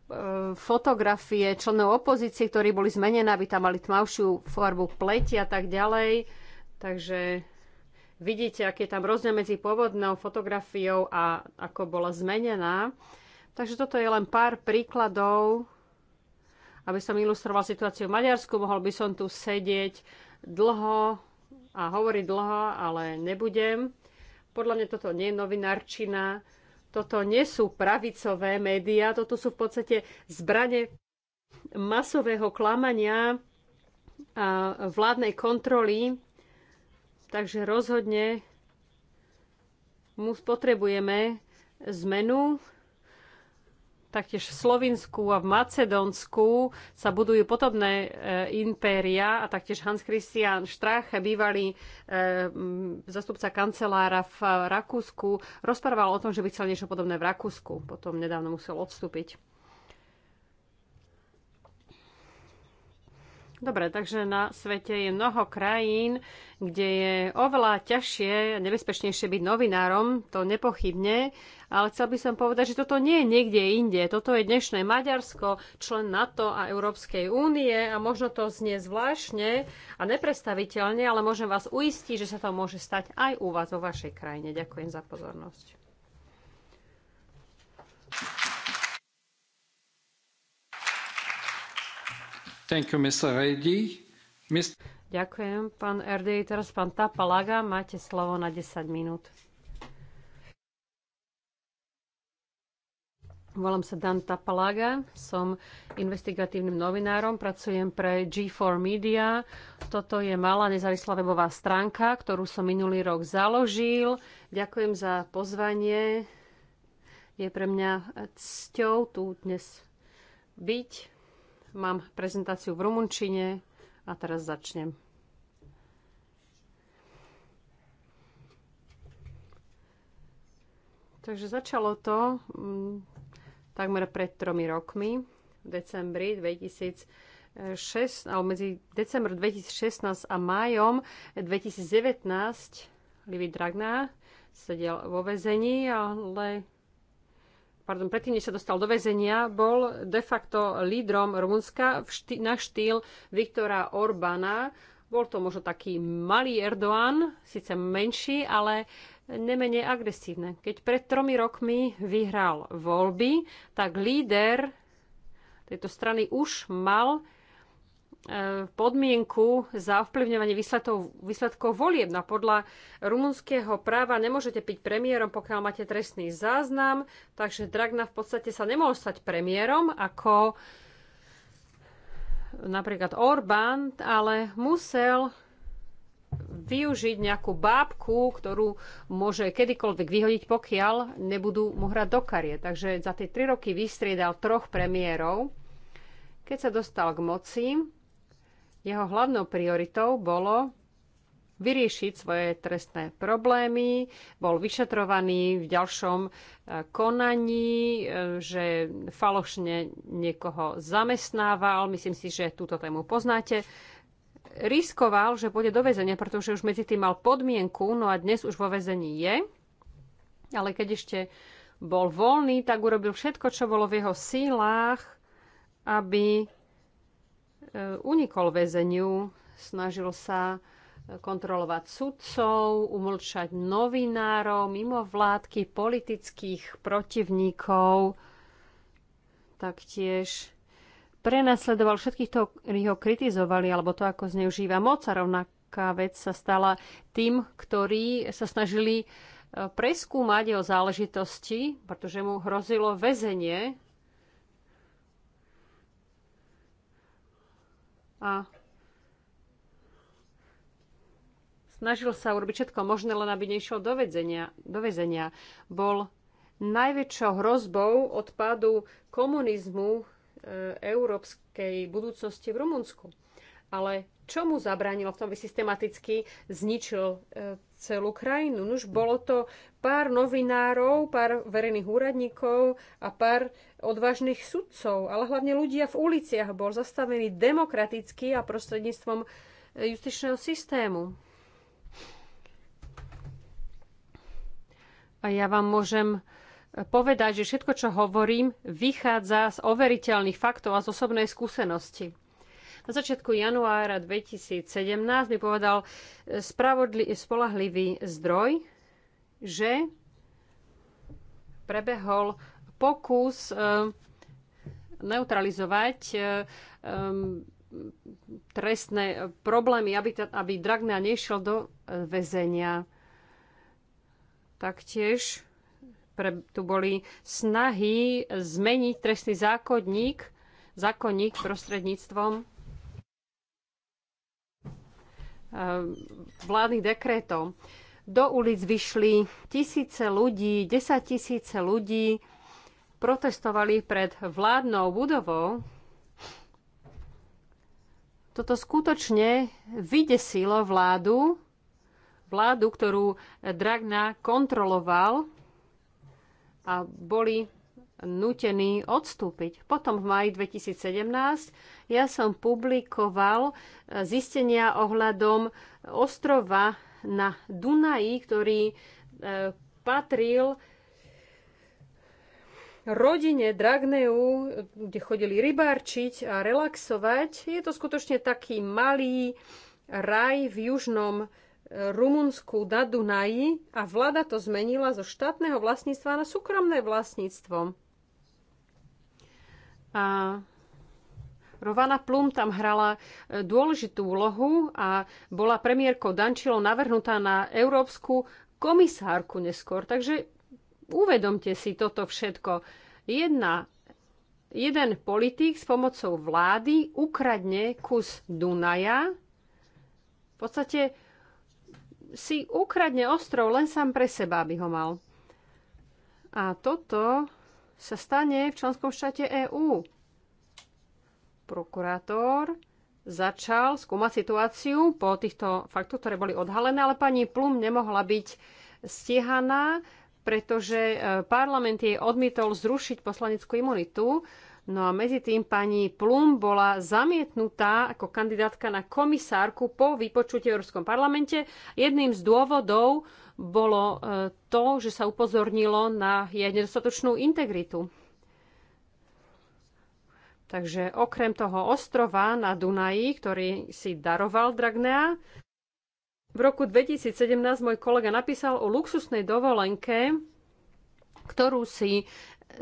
fotografie členov opozície, ktorí boli zmenené, aby tam mali tmavšiu farbu pleti a tak ďalej. Takže vidíte, aký je tam rozdiel medzi pôvodnou fotografiou a ako bola zmenená. Takže toto je len pár príkladov, aby som ilustroval situáciu v Maďarsku. Mohol by som tu sedieť dlho a hovoriť dlho, ale nebudem. Podľa mňa toto nie je novinárčina, toto nie sú pravicové médiá, toto sú v podstate zbranie masového klamania a vládnej kontroly. Takže rozhodne mu potrebujeme zmenu taktiež v Slovinsku a v Macedónsku sa budujú podobné e, impéria a taktiež Hans Christian Strache, bývalý e, zastupca kancelára v Rakúsku, rozprával o tom, že by chcel niečo podobné v Rakúsku. Potom nedávno musel odstúpiť. Dobre, takže na svete je mnoho krajín, kde je oveľa ťažšie a nebezpečnejšie byť novinárom, to nepochybne, ale chcel by som povedať, že toto nie je niekde inde. Toto je dnešné Maďarsko, člen NATO a Európskej únie a možno to znie zvláštne a neprestaviteľne, ale môžem vás uistiť, že sa to môže stať aj u vás vo vašej krajine. Ďakujem za pozornosť. Thank you, Mr. Redi. Mr. Ďakujem, pán RD. Teraz pán Tapalaga, máte slovo na 10 minút. Volám sa Dan Tapalaga, som investigatívnym novinárom, pracujem pre G4 Media. Toto je malá nezávislá webová stránka, ktorú som minulý rok založil. Ďakujem za pozvanie. Je pre mňa cťou tu dnes byť Mám prezentáciu v rumunčine a teraz začnem. Takže začalo to m, mm, takmer pred tromi rokmi, v decembri 2006, alebo medzi december 2016 a májom 2019 Livy Dragná sedel vo vezení, ale pardon, predtým, než sa dostal do väzenia, bol de facto lídrom Rumunska šty- na štýl Viktora Orbána. Bol to možno taký malý Erdoğan, síce menší, ale nemenej agresívne. Keď pred tromi rokmi vyhral voľby, tak líder tejto strany už mal E, podmienku za ovplyvňovanie výsledkov, výsledkov volieb. No podľa rumunského práva nemôžete byť premiérom, pokiaľ máte trestný záznam, takže Dragna v podstate sa nemohol stať premiérom ako napríklad Orbán, ale musel využiť nejakú bábku, ktorú môže kedykoľvek vyhodiť, pokiaľ nebudú mu hrať do karie. Takže za tie tri roky vystriedal troch premiérov. Keď sa dostal k moci, jeho hlavnou prioritou bolo vyriešiť svoje trestné problémy, bol vyšetrovaný v ďalšom e, konaní, e, že falošne niekoho zamestnával. Myslím si, že túto tému poznáte. Riskoval, že bude do väzenia, pretože už medzi tým mal podmienku, no a dnes už vo väzení je. Ale keď ešte bol voľný, tak urobil všetko, čo bolo v jeho sílách, aby unikol väzeniu, snažil sa kontrolovať sudcov, umlčať novinárov, mimo vládky politických protivníkov, taktiež prenasledoval všetkých, ktorí ho kritizovali, alebo to, ako zneužíva moc. A rovnaká vec sa stala tým, ktorí sa snažili eh, preskúmať jeho záležitosti, pretože mu hrozilo väzenie a snažil sa urobiť všetko možné, len aby nešiel do väzenia. Do väzenia. Bol najväčšou hrozbou odpadu komunizmu e, európskej budúcnosti v Rumunsku ale čo mu zabránilo v tom, aby systematicky zničil e, celú krajinu? už bolo to pár novinárov, pár verejných úradníkov a pár odvážnych sudcov, ale hlavne ľudia v uliciach bol zastavený demokraticky a prostredníctvom e, justičného systému. A ja vám môžem e, povedať, že všetko, čo hovorím, vychádza z overiteľných faktov a z osobnej skúsenosti. Na začiatku januára 2017 mi povedal e, spravodli- spolahlivý zdroj, že prebehol pokus e, neutralizovať e, trestné problémy, aby, ta, aby nešiel do väzenia. Taktiež pre, tu boli snahy zmeniť trestný zákonník, zákonník prostredníctvom Eh, vládnych dekrétov. Do ulic vyšli tisíce ľudí, desať tisíce ľudí, protestovali pred vládnou budovou. Toto skutočne vydesilo vládu, vládu, ktorú Dragna kontroloval a boli nutení odstúpiť. Potom v maji 2017 ja som publikoval e, zistenia ohľadom ostrova na Dunaji, ktorý e, patril rodine Dragneu, kde chodili rybárčiť a relaxovať. Je to skutočne taký malý raj v južnom e, Rumunsku na Dunaji a vláda to zmenila zo štátneho vlastníctva na súkromné vlastníctvo. A Rovana Plum tam hrala e, dôležitú úlohu a bola premiérkou Dančilo navrhnutá na európsku komisárku neskôr. Takže uvedomte si toto všetko. Jedna, jeden politik s pomocou vlády ukradne kus Dunaja. V podstate si ukradne ostrov len sám pre seba, aby ho mal. A toto sa stane v členskom štáte EÚ prokurátor začal skúmať situáciu po týchto faktoch, ktoré boli odhalené, ale pani Plum nemohla byť stíhaná, pretože e, parlament jej odmietol zrušiť poslaneckú imunitu. No a medzi tým pani Plum bola zamietnutá ako kandidátka na komisárku po vypočutí v Európskom parlamente. Jedným z dôvodov bolo e, to, že sa upozornilo na jej nedostatočnú integritu. Takže okrem toho ostrova na Dunaji, ktorý si daroval Dragnea, v roku 2017 môj kolega napísal o luxusnej dovolenke, ktorú si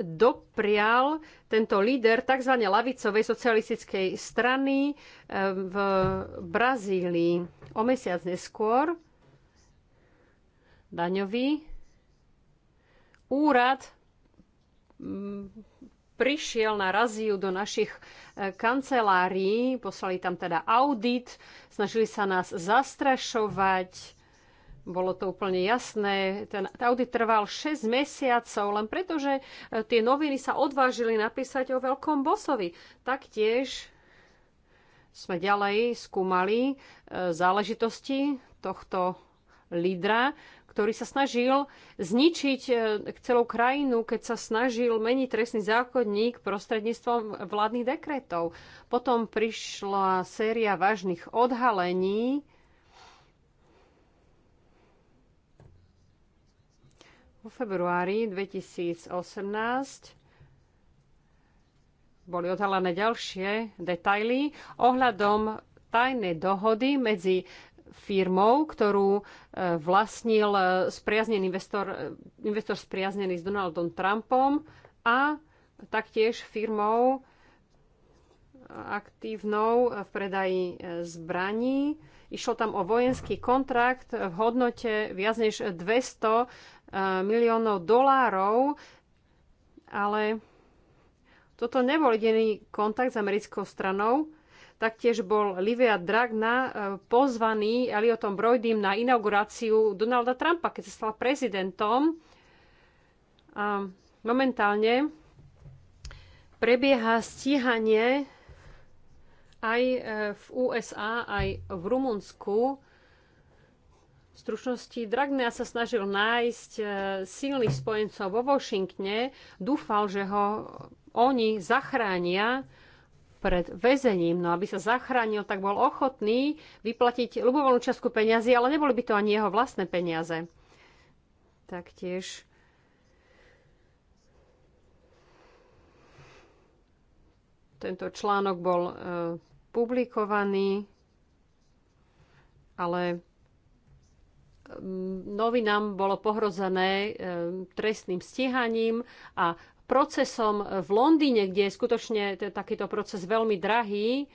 doprial tento líder tzv. lavicovej socialistickej strany eh, v Brazílii. O mesiac neskôr daňový úrad mm, prišiel na raziu do našich e, kancelárií, poslali tam teda audit, snažili sa nás zastrašovať, bolo to úplne jasné. Ten audit trval 6 mesiacov, len preto, že e, tie noviny sa odvážili napísať o veľkom bosovi. Taktiež sme ďalej skúmali e, záležitosti tohto lídra ktorý sa snažil zničiť e, celú krajinu, keď sa snažil meniť trestný zákonník prostredníctvom vládnych dekretov. Potom prišla séria vážnych odhalení. Vo februári 2018 boli odhalené ďalšie detaily ohľadom tajnej dohody medzi firmou, ktorú e, vlastnil e, spriaznený investor, e, investor spriaznený s Donaldom Trumpom a taktiež firmou aktívnou v predaji zbraní. Išlo tam o vojenský kontrakt v hodnote viac než 200 miliónov dolárov, ale toto nebol jediný kontakt s americkou stranou. Taktiež bol Livia Dragna e, pozvaný Eliotom Broidym na inauguráciu Donalda Trumpa, keď sa stal prezidentom. A momentálne prebieha stíhanie aj e, v USA, aj v Rumunsku. V stručnosti Dragnea sa snažil nájsť e, silných spojencov vo Washingtone. Dúfal, že ho oni zachránia pred väzením. No aby sa zachránil, tak bol ochotný vyplatiť ľubovolnú časku peniazy, ale neboli by to ani jeho vlastné peniaze. Taktiež tento článok bol e, publikovaný, ale novinám bolo pohrozené e, trestným stíhaním a procesom v Londýne, kde je skutočne takýto proces veľmi drahý.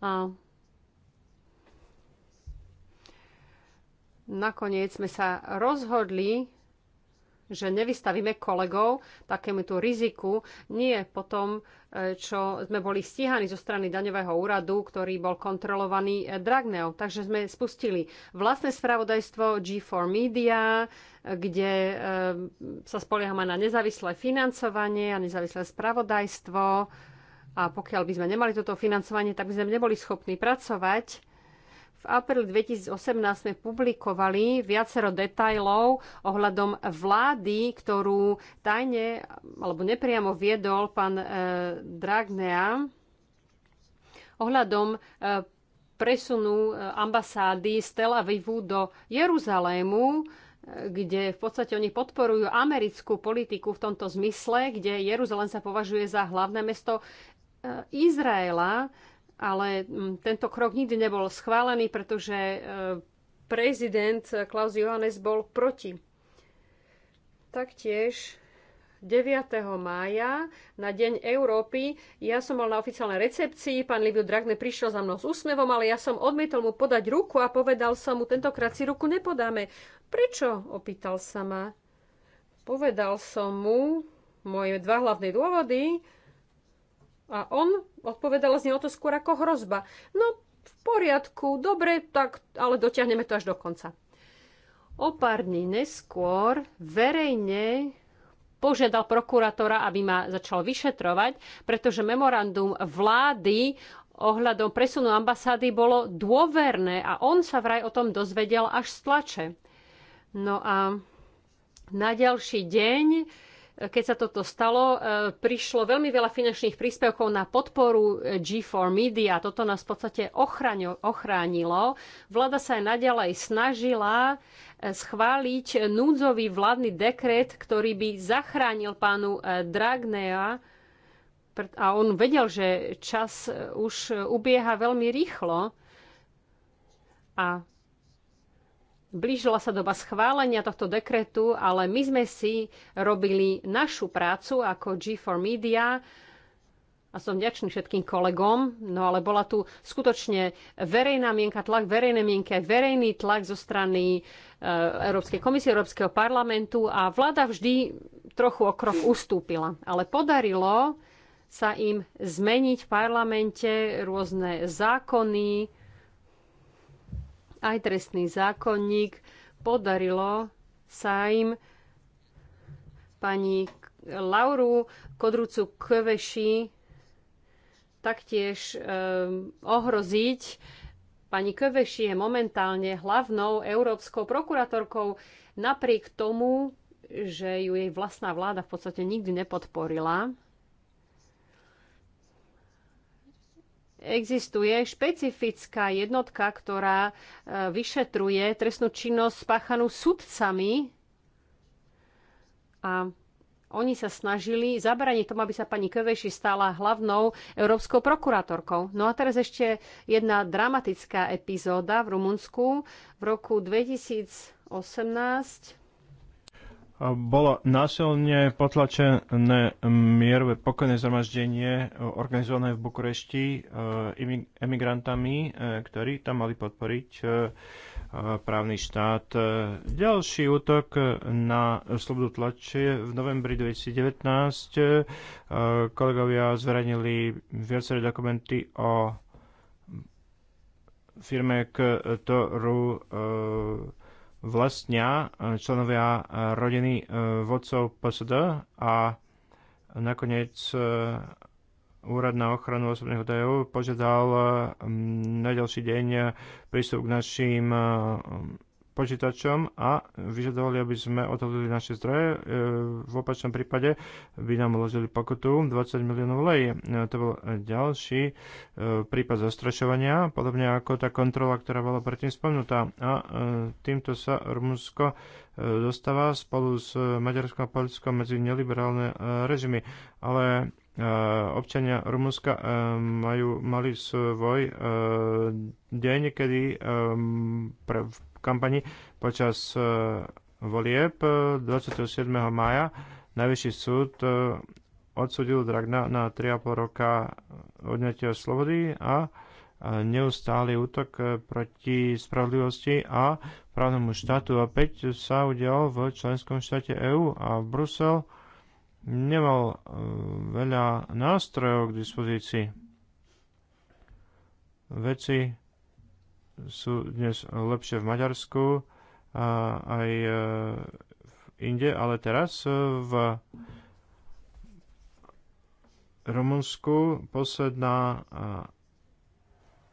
A nakoniec sme sa rozhodli že nevystavíme kolegov takému tu riziku, nie po tom, e, čo sme boli stíhaní zo strany daňového úradu, ktorý bol kontrolovaný e, Dragneou. Takže sme spustili vlastné spravodajstvo G4 Media, e, kde sa spoliehame na nezávislé financovanie a nezávislé spravodajstvo. A pokiaľ by sme nemali toto financovanie, tak by sme neboli schopní pracovať. V apríli 2018 sme publikovali viacero detajlov ohľadom vlády, ktorú tajne alebo nepriamo viedol pán e, Dragnea ohľadom e, presunu e, ambasády z Tel Avivu do Jeruzalému, e, kde v podstate oni podporujú americkú politiku v tomto zmysle, kde Jeruzalém sa považuje za hlavné mesto Izraela ale mm, tento krok nikdy nebol schválený, pretože e, prezident Klaus Johannes bol proti. Taktiež 9. mája na Deň Európy. Ja som bol na oficiálnej recepcii, pán Liviu Dragne prišiel za mnou s úsmevom, ale ja som odmietol mu podať ruku a povedal som mu, tentokrát si ruku nepodáme. Prečo? opýtal sa ma. Povedal som mu moje dva hlavné dôvody, a on odpovedal z neho to skôr ako hrozba. No, v poriadku, dobre, tak, ale dotiahneme to až do konca. O pár dní neskôr verejne požiadal prokurátora, aby ma začal vyšetrovať, pretože memorandum vlády ohľadom presunu ambasády bolo dôverné a on sa vraj o tom dozvedel až z tlače. No a na ďalší deň keď sa toto stalo, e, prišlo veľmi veľa finančných príspevkov na podporu e, G4 Media. Toto nás v podstate ochránilo. Vláda sa aj naďalej snažila e, schváliť núdzový vládny dekret, ktorý by zachránil pánu Dragnea a on vedel, že čas už ubieha veľmi rýchlo a Blížila sa doba schválenia tohto dekretu, ale my sme si robili našu prácu ako G4 Media a som vďačný všetkým kolegom, no ale bola tu skutočne verejná mienka, tlak verejné mienky, aj verejný tlak zo strany e, Európskej komisie, Európskeho parlamentu a vláda vždy trochu o krok ustúpila. Ale podarilo sa im zmeniť v parlamente rôzne zákony, aj trestný zákonník. Podarilo sa im pani Lauru Kodrucu Kveši taktiež um, ohroziť. Pani Kveši je momentálne hlavnou európskou prokuratorkou napriek tomu, že ju jej vlastná vláda v podstate nikdy nepodporila. existuje špecifická jednotka, ktorá e, vyšetruje trestnú činnosť spáchanú sudcami a oni sa snažili zabraniť tomu, aby sa pani kvejši stala hlavnou európskou prokurátorkou. No a teraz ešte jedna dramatická epizóda v Rumunsku. V roku 2018 bolo násilne potlačené mierové pokojné zhromaždenie e, organizované v Bukurešti e, emigrantami, e, ktorí tam mali podporiť právny štát. Ďalší útok na slobodu tlače v novembri 2019 kolegovia zverejnili viaceré dokumenty o firme, ktorú vlastnia e, členovia e, rodiny e, vodcov PSD a nakoniec Úrad na ochranu osobných údajov požiadal na ďalší deň prístup k našim počítačom a vyžadovali, aby sme otvorili naše zdroje. E, v opačnom prípade by nám uložili pokutu 20 miliónov lej. E, to bol ďalší e, prípad zastrašovania, podobne ako tá kontrola, ktorá bola predtým spomnutá. A týmto sa Rumunsko dostáva spolu s Maďarskou a Polskou medzi neliberálne režimy. Ale občania Rumunska majú, mali svoj deň, kedy v kampani počas e, volieb 27. E, mája. Najvyšší súd e, odsudil Dragna na 3,5 roka odňatia slobody a neustály útok proti spravodlivosti a právnemu štátu. Opäť sa udial v členskom štáte EÚ a Brusel nemal veľa nástrojov k dispozícii. Veci sú dnes lepšie v Maďarsku a aj e, v inde, ale teraz e, v Rumunsku posledná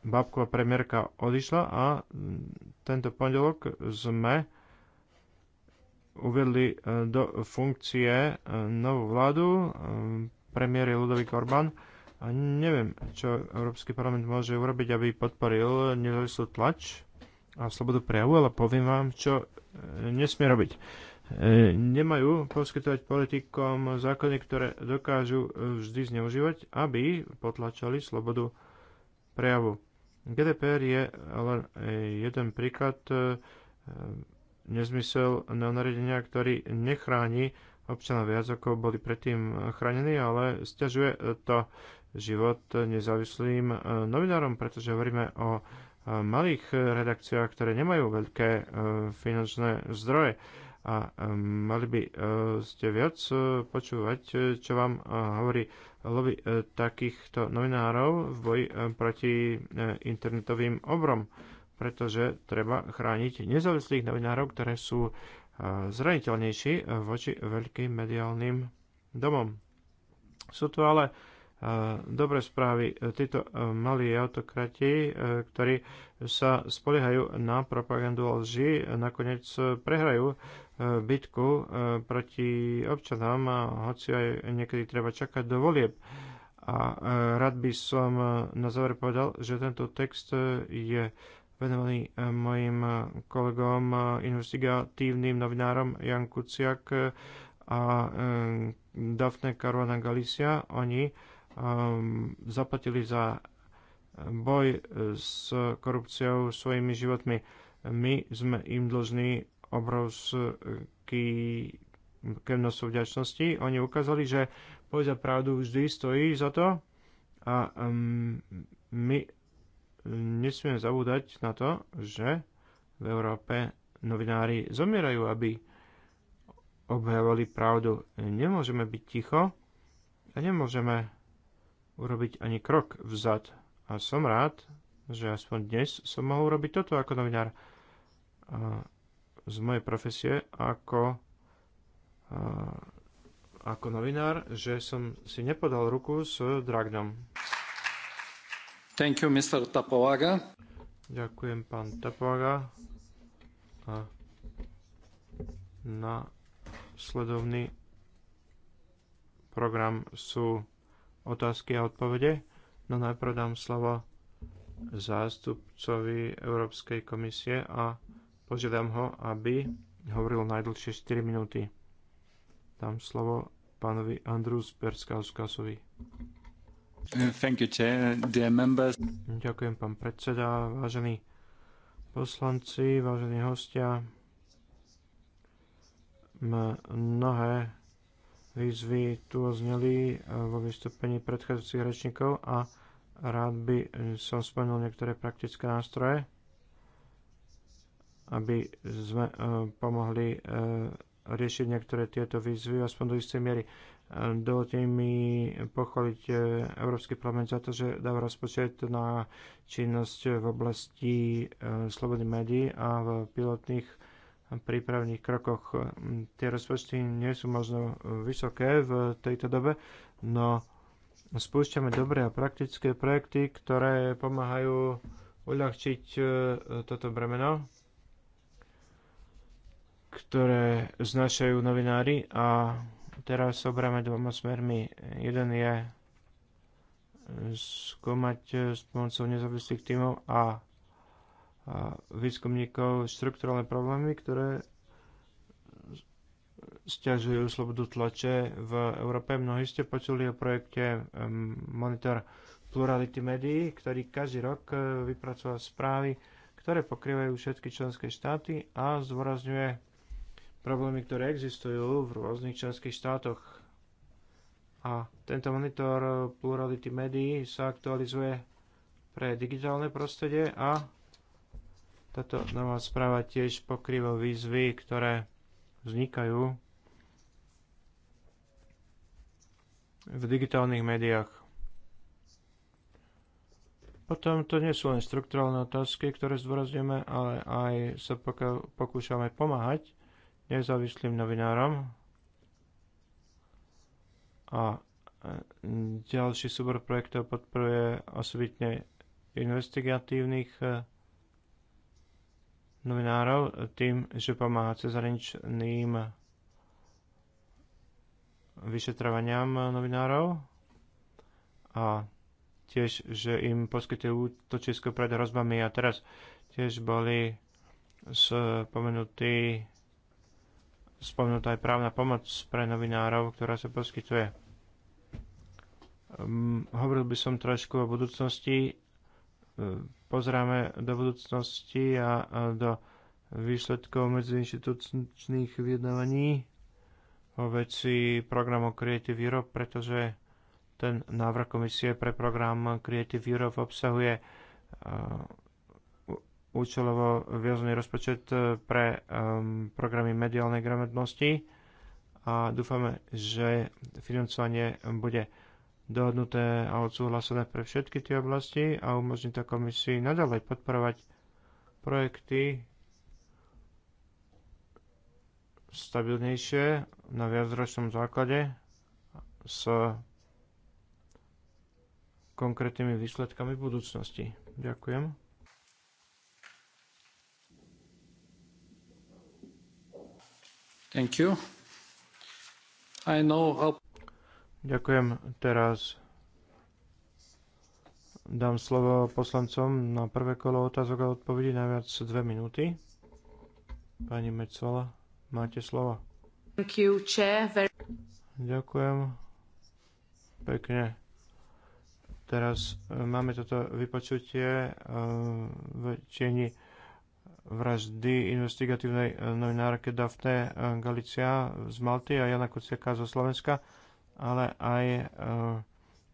babková premiérka odišla a tento pondelok sme uvedli e, do funkcie novú vládu, premiér Ludovík Ludovik Orbán, a neviem, čo Európsky parlament môže urobiť, aby podporil nezávislú tlač a slobodu prejavu, ale poviem vám, čo e, nesmie robiť. E, nemajú poskytovať politikom zákony, ktoré dokážu e, vždy zneužívať, aby potlačali slobodu prejavu. GDPR je len jeden príklad nezmysel nariadenia, ktorý nechráni občanov viac, ako boli predtým chránení, ale stiažuje to život nezávislým e, novinárom, pretože hovoríme o e, malých redakciách, ktoré nemajú veľké e, finančné zdroje a mali by ste viac počúvať, čo vám hovorí lobby takýchto novinárov v boji proti internetovým obrom, pretože treba chrániť nezávislých novinárov, ktoré sú zraniteľnejší voči veľkým mediálnym domom. Sú tu ale dobré správy. Títo e, malí autokrati, e, ktorí sa spoliehajú na propagandu a lži, nakoniec prehrajú e, bitku proti občanom, hoci aj niekedy treba čakať do volieb. A rád by som na záver povedal, že tento text je venovaný mojim kolegom, investigatívnym novinárom Jan Kuciak a Dafne Caruana Galicia. Oni Ehm, zaplatili za boj s korupciou svojimi životmi. My sme im dlžní obrovský množstvo vďačnosti. Oni ukázali, že boj za pravdu vždy stojí za to a ehm, my nesmieme zabúdať na to, že v Európe novinári zomierajú, aby objavovali pravdu. Nemôžeme byť ticho a nemôžeme urobiť ani krok vzad. A som rád, že aspoň dnes som mohol urobiť toto ako novinár a z mojej profesie ako a, ako novinár, že som si nepodal ruku s Dragnom. Thank you, Mr. Tapovaga. Ďakujem, pán Tapovaga. A na sledovný program sú otázky a odpovede. No najprv dám slovo zástupcovi Európskej komisie a požiadam ho, aby hovoril najdlhšie 4 minúty. Dám slovo pánovi Andrus Sperskauskasovi. Thank you, chair, dear members. Ďakujem, pán predseda, vážení poslanci, vážení hostia. Mnohé výzvy tu ozneli eh, vo vystúpení predchádzajúcich rečníkov a rád by eh, som spomenul niektoré praktické nástroje, aby sme eh, pomohli riešiť niektoré tieto výzvy, aspoň do istej miery. Dovolte mi pochváliť Európsky parlament za to, že dáva rozpočet na činnosť v oblasti slobody médií a v pilotných prípravných krokoch. Mm, tie rozpočty nie sú možno e, vysoké v tejto dobe, no spúšťame dobré a praktické projekty, ktoré pomáhajú uľahčiť e, toto bremeno, ktoré znašajú novinári a teraz obráme dvoma smermi. Jeden je e, skúmať s pomocou nezávislých tímov a výskumníkov štrukturálne problémy, ktoré stiažujú slobodu tlače v Európe. Mnohí ste počuli o projekte Monitor plurality médií, ktorý každý rok e, vypracová správy, ktoré pokrývajú všetky členské štáty a zdôrazňuje problémy, ktoré existujú v rôznych členských štátoch. A tento monitor plurality médií sa aktualizuje pre digitálne prostredie a táto nová správa tiež pokrýva výzvy, ktoré vznikajú v digitálnych médiách. Potom to nie sú len štruktúralne otázky, ktoré zdôrazňujeme, ale aj sa pokúšame pomáhať nezávislým novinárom. A e, ďalší súbor projektov podporuje osobitne investigatívnych e, novinárov tým, že pomáha cezhraničným vyšetrovaniam novinárov a tiež, že im poskytuje útočisko pred hrozbami a teraz tiež boli spomenutí spomenutá aj právna pomoc pre novinárov, ktorá sa poskytuje. Um, hovoril by som trošku o budúcnosti pozráme do budúcnosti a do výsledkov medziinstitučných vyjednávaní o veci programu Creative Europe, pretože ten návrh komisie pre program Creative Europe obsahuje účelovo viazný rozpočet e, pre e, programy mediálnej gramotnosti a dúfame, že financovanie bude dohodnuté a odsúhlasené pre všetky tie oblasti a umožní to komisii naďalej podporovať projekty stabilnejšie na viacročnom základe s konkrétnymi výsledkami v budúcnosti. Ďakujem. Thank you. I know how... Ďakujem. Teraz dám slovo poslancom na prvé kolo otázok a odpovedí najviac dve minúty. Pani Mecola, máte slovo. You, Very... Ďakujem. Pekne. Teraz e, máme toto vypočutie e, v tieni vraždy investigatívnej e, novinárke Dafne Galicia z Malty a Jana Kuciaká zo Slovenska ale aj eh,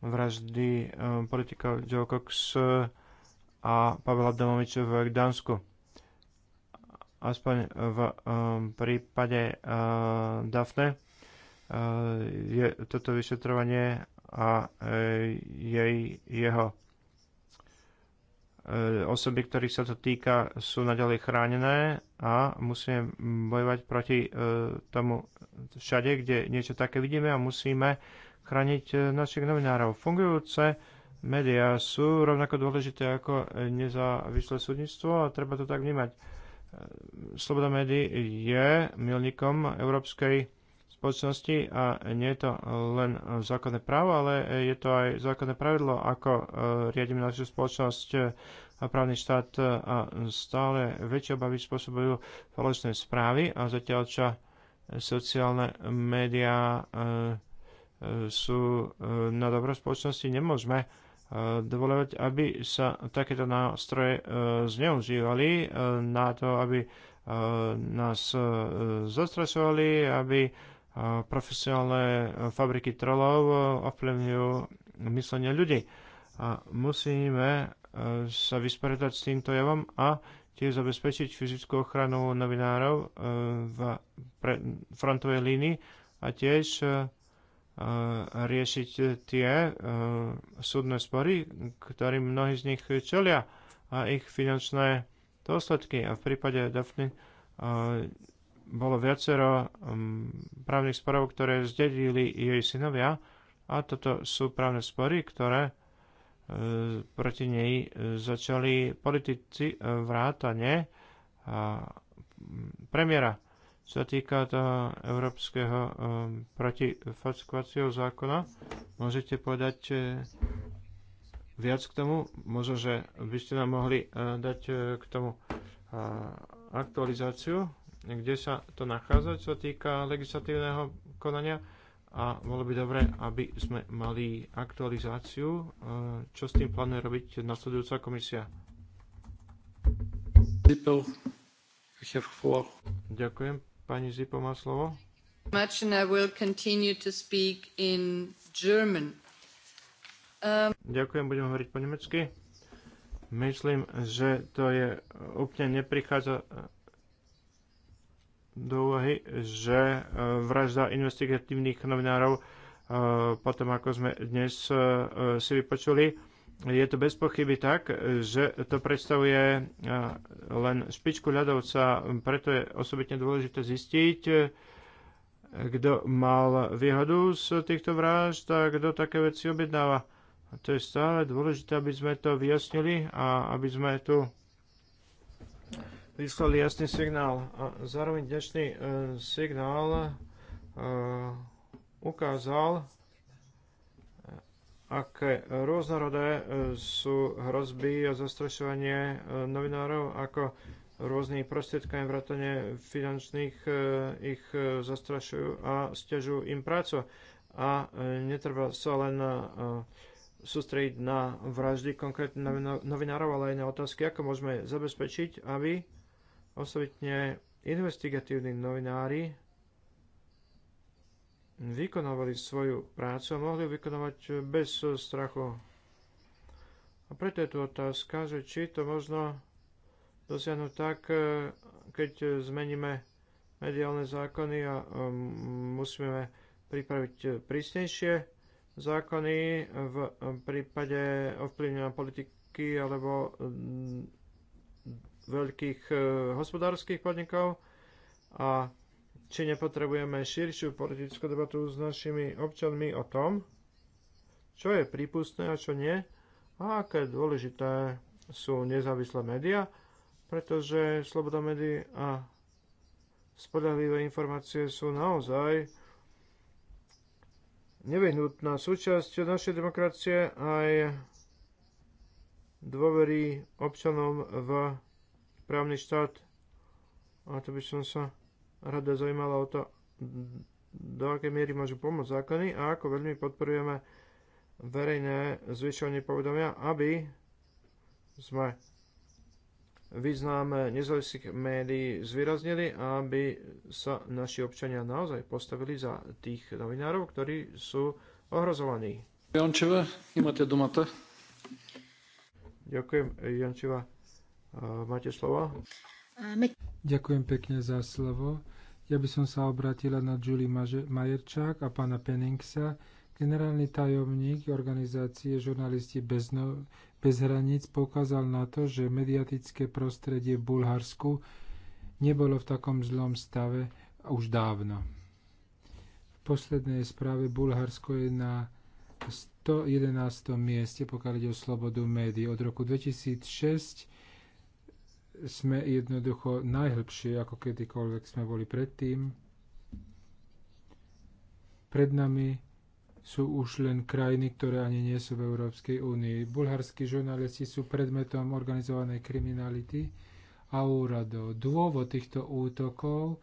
vraždy eh, politikov Joe Cox eh, a Pavla Domovič v Gdansku. Aspoň v prípade Dafne je toto vyšetrovanie a jej, jeho E, osoby, ktorých sa to týka, sú naďalej chránené a musíme bojovať proti e, tomu všade, kde niečo také vidíme a musíme chrániť e, našich novinárov. Fungujúce médiá sú rovnako dôležité ako nezávislé súdnictvo a treba to tak vnímať. Sloboda médií je milníkom európskej spoločnosti a nie je to len základné právo, ale je to aj základné pravidlo, ako e, riadime našu spoločnosť e, a právny štát e, a stále väčšie obavy spôsobujú falošné správy a zatiaľ čo sociálne médiá sú na dobro spoločnosti, nemôžeme dovolovať, aby sa takéto nástroje zneužívali na to, aby nás zastrašovali, aby profesionálne e, fabriky trolov e, ovplyvňujú myslenie ľudí. A musíme e, sa vysporiadať s týmto javom a tiež zabezpečiť fyzickú ochranu novinárov v frontovej línii a tiež riešiť tie súdne spory, ktorým mnohí z nich čelia a ich finančné dôsledky. A v prípade Daphne bolo viacero um, právnych sporov, ktoré zdedili jej synovia a toto sú právne spory, ktoré e, proti nej e, začali politici e, vrátane premiera, Čo sa týka toho európskeho protifaskovacieho zákona, môžete povedať viac k tomu? Možno, že by ste nám mohli dať k tomu aktualizáciu? kde sa to nachádza, čo týka legislatívneho konania a bolo by dobre, aby sme mali aktualizáciu, e, čo s tým plánuje robiť nasledujúca komisia. Zippel, Ďakujem. Pani Zipo má slovo. Much will continue to speak in German. Um... Ďakujem, budem hovoriť po nemecky. Myslím, že to je úplne neprichádza do úvahy, že e, vražda investigatívnych novinárov e, potom ako sme dnes e, si vypočuli, je to bez pochyby tak, že to predstavuje len špičku ľadovca, preto je osobitne dôležité zistiť, kto mal výhodu z týchto vražd a kto také veci objednáva. A to je stále dôležité, aby sme to vyjasnili a aby sme tu vyslali jasný signál. A zároveň dnešný e, signál e, ukázal, aké rôznorodé e, sú hrozby a zastrašovanie novinárov, ako rôznymi prostriedkami vrátane finančných ich zastrašujú a stiažujú im prácu. A netreba sa len sústrediť na vraždy konkrétnych novinárov, ale aj na otázky, ako môžeme zabezpečiť, aby osobitne investigatívni novinári vykonovali svoju prácu a mohli ju vykonovať bez strachu. A preto je tu otázka, že či to možno dosiahnuť tak, keď zmeníme mediálne zákony a um, musíme pripraviť prísnejšie zákony v um, prípade ovplyvňovania politiky alebo um, veľkých e, hospodárskych podnikov a či nepotrebujeme širšiu politickú debatu s našimi občanmi o tom, čo je prípustné a čo nie a aké dôležité sú nezávislé médiá, pretože sloboda médií a spodahlivé informácie sú naozaj nevyhnutná súčasť našej demokracie aj dôvery občanom v právny štát. A to by som sa rada zaujímala o to, do akej miery môžu pomôcť zákony a ako veľmi podporujeme verejné zvyšovanie povedomia, aby sme význam nezávislých médií zvýraznili, aby sa naši občania naozaj postavili za tých novinárov, ktorí sú ohrozovaní. Jančeva, máte domata. Ďakujem, Jančeva. Eh, máte slovo? Ďakujem pekne za slovo. Ja by som sa obratila na Julie Majerčák a pána Penningsa. Generálny tajomník organizácie Žurnalisti bez, no, bez hraníc poukázal na to, že mediatické prostredie v Bulharsku nebolo v takom zlom stave už dávno. V poslednej správe Bulharsko je na 111. mieste, pokiaľ ide o slobodu médií. Od roku 2006 sme jednoducho najhlbšie, ako kedykoľvek sme boli predtým. Pred nami sú už len krajiny, ktoré ani nie sú v Európskej únii. Bulharskí žurnalisti sú predmetom organizovanej kriminality a úradov. Dôvod týchto útokov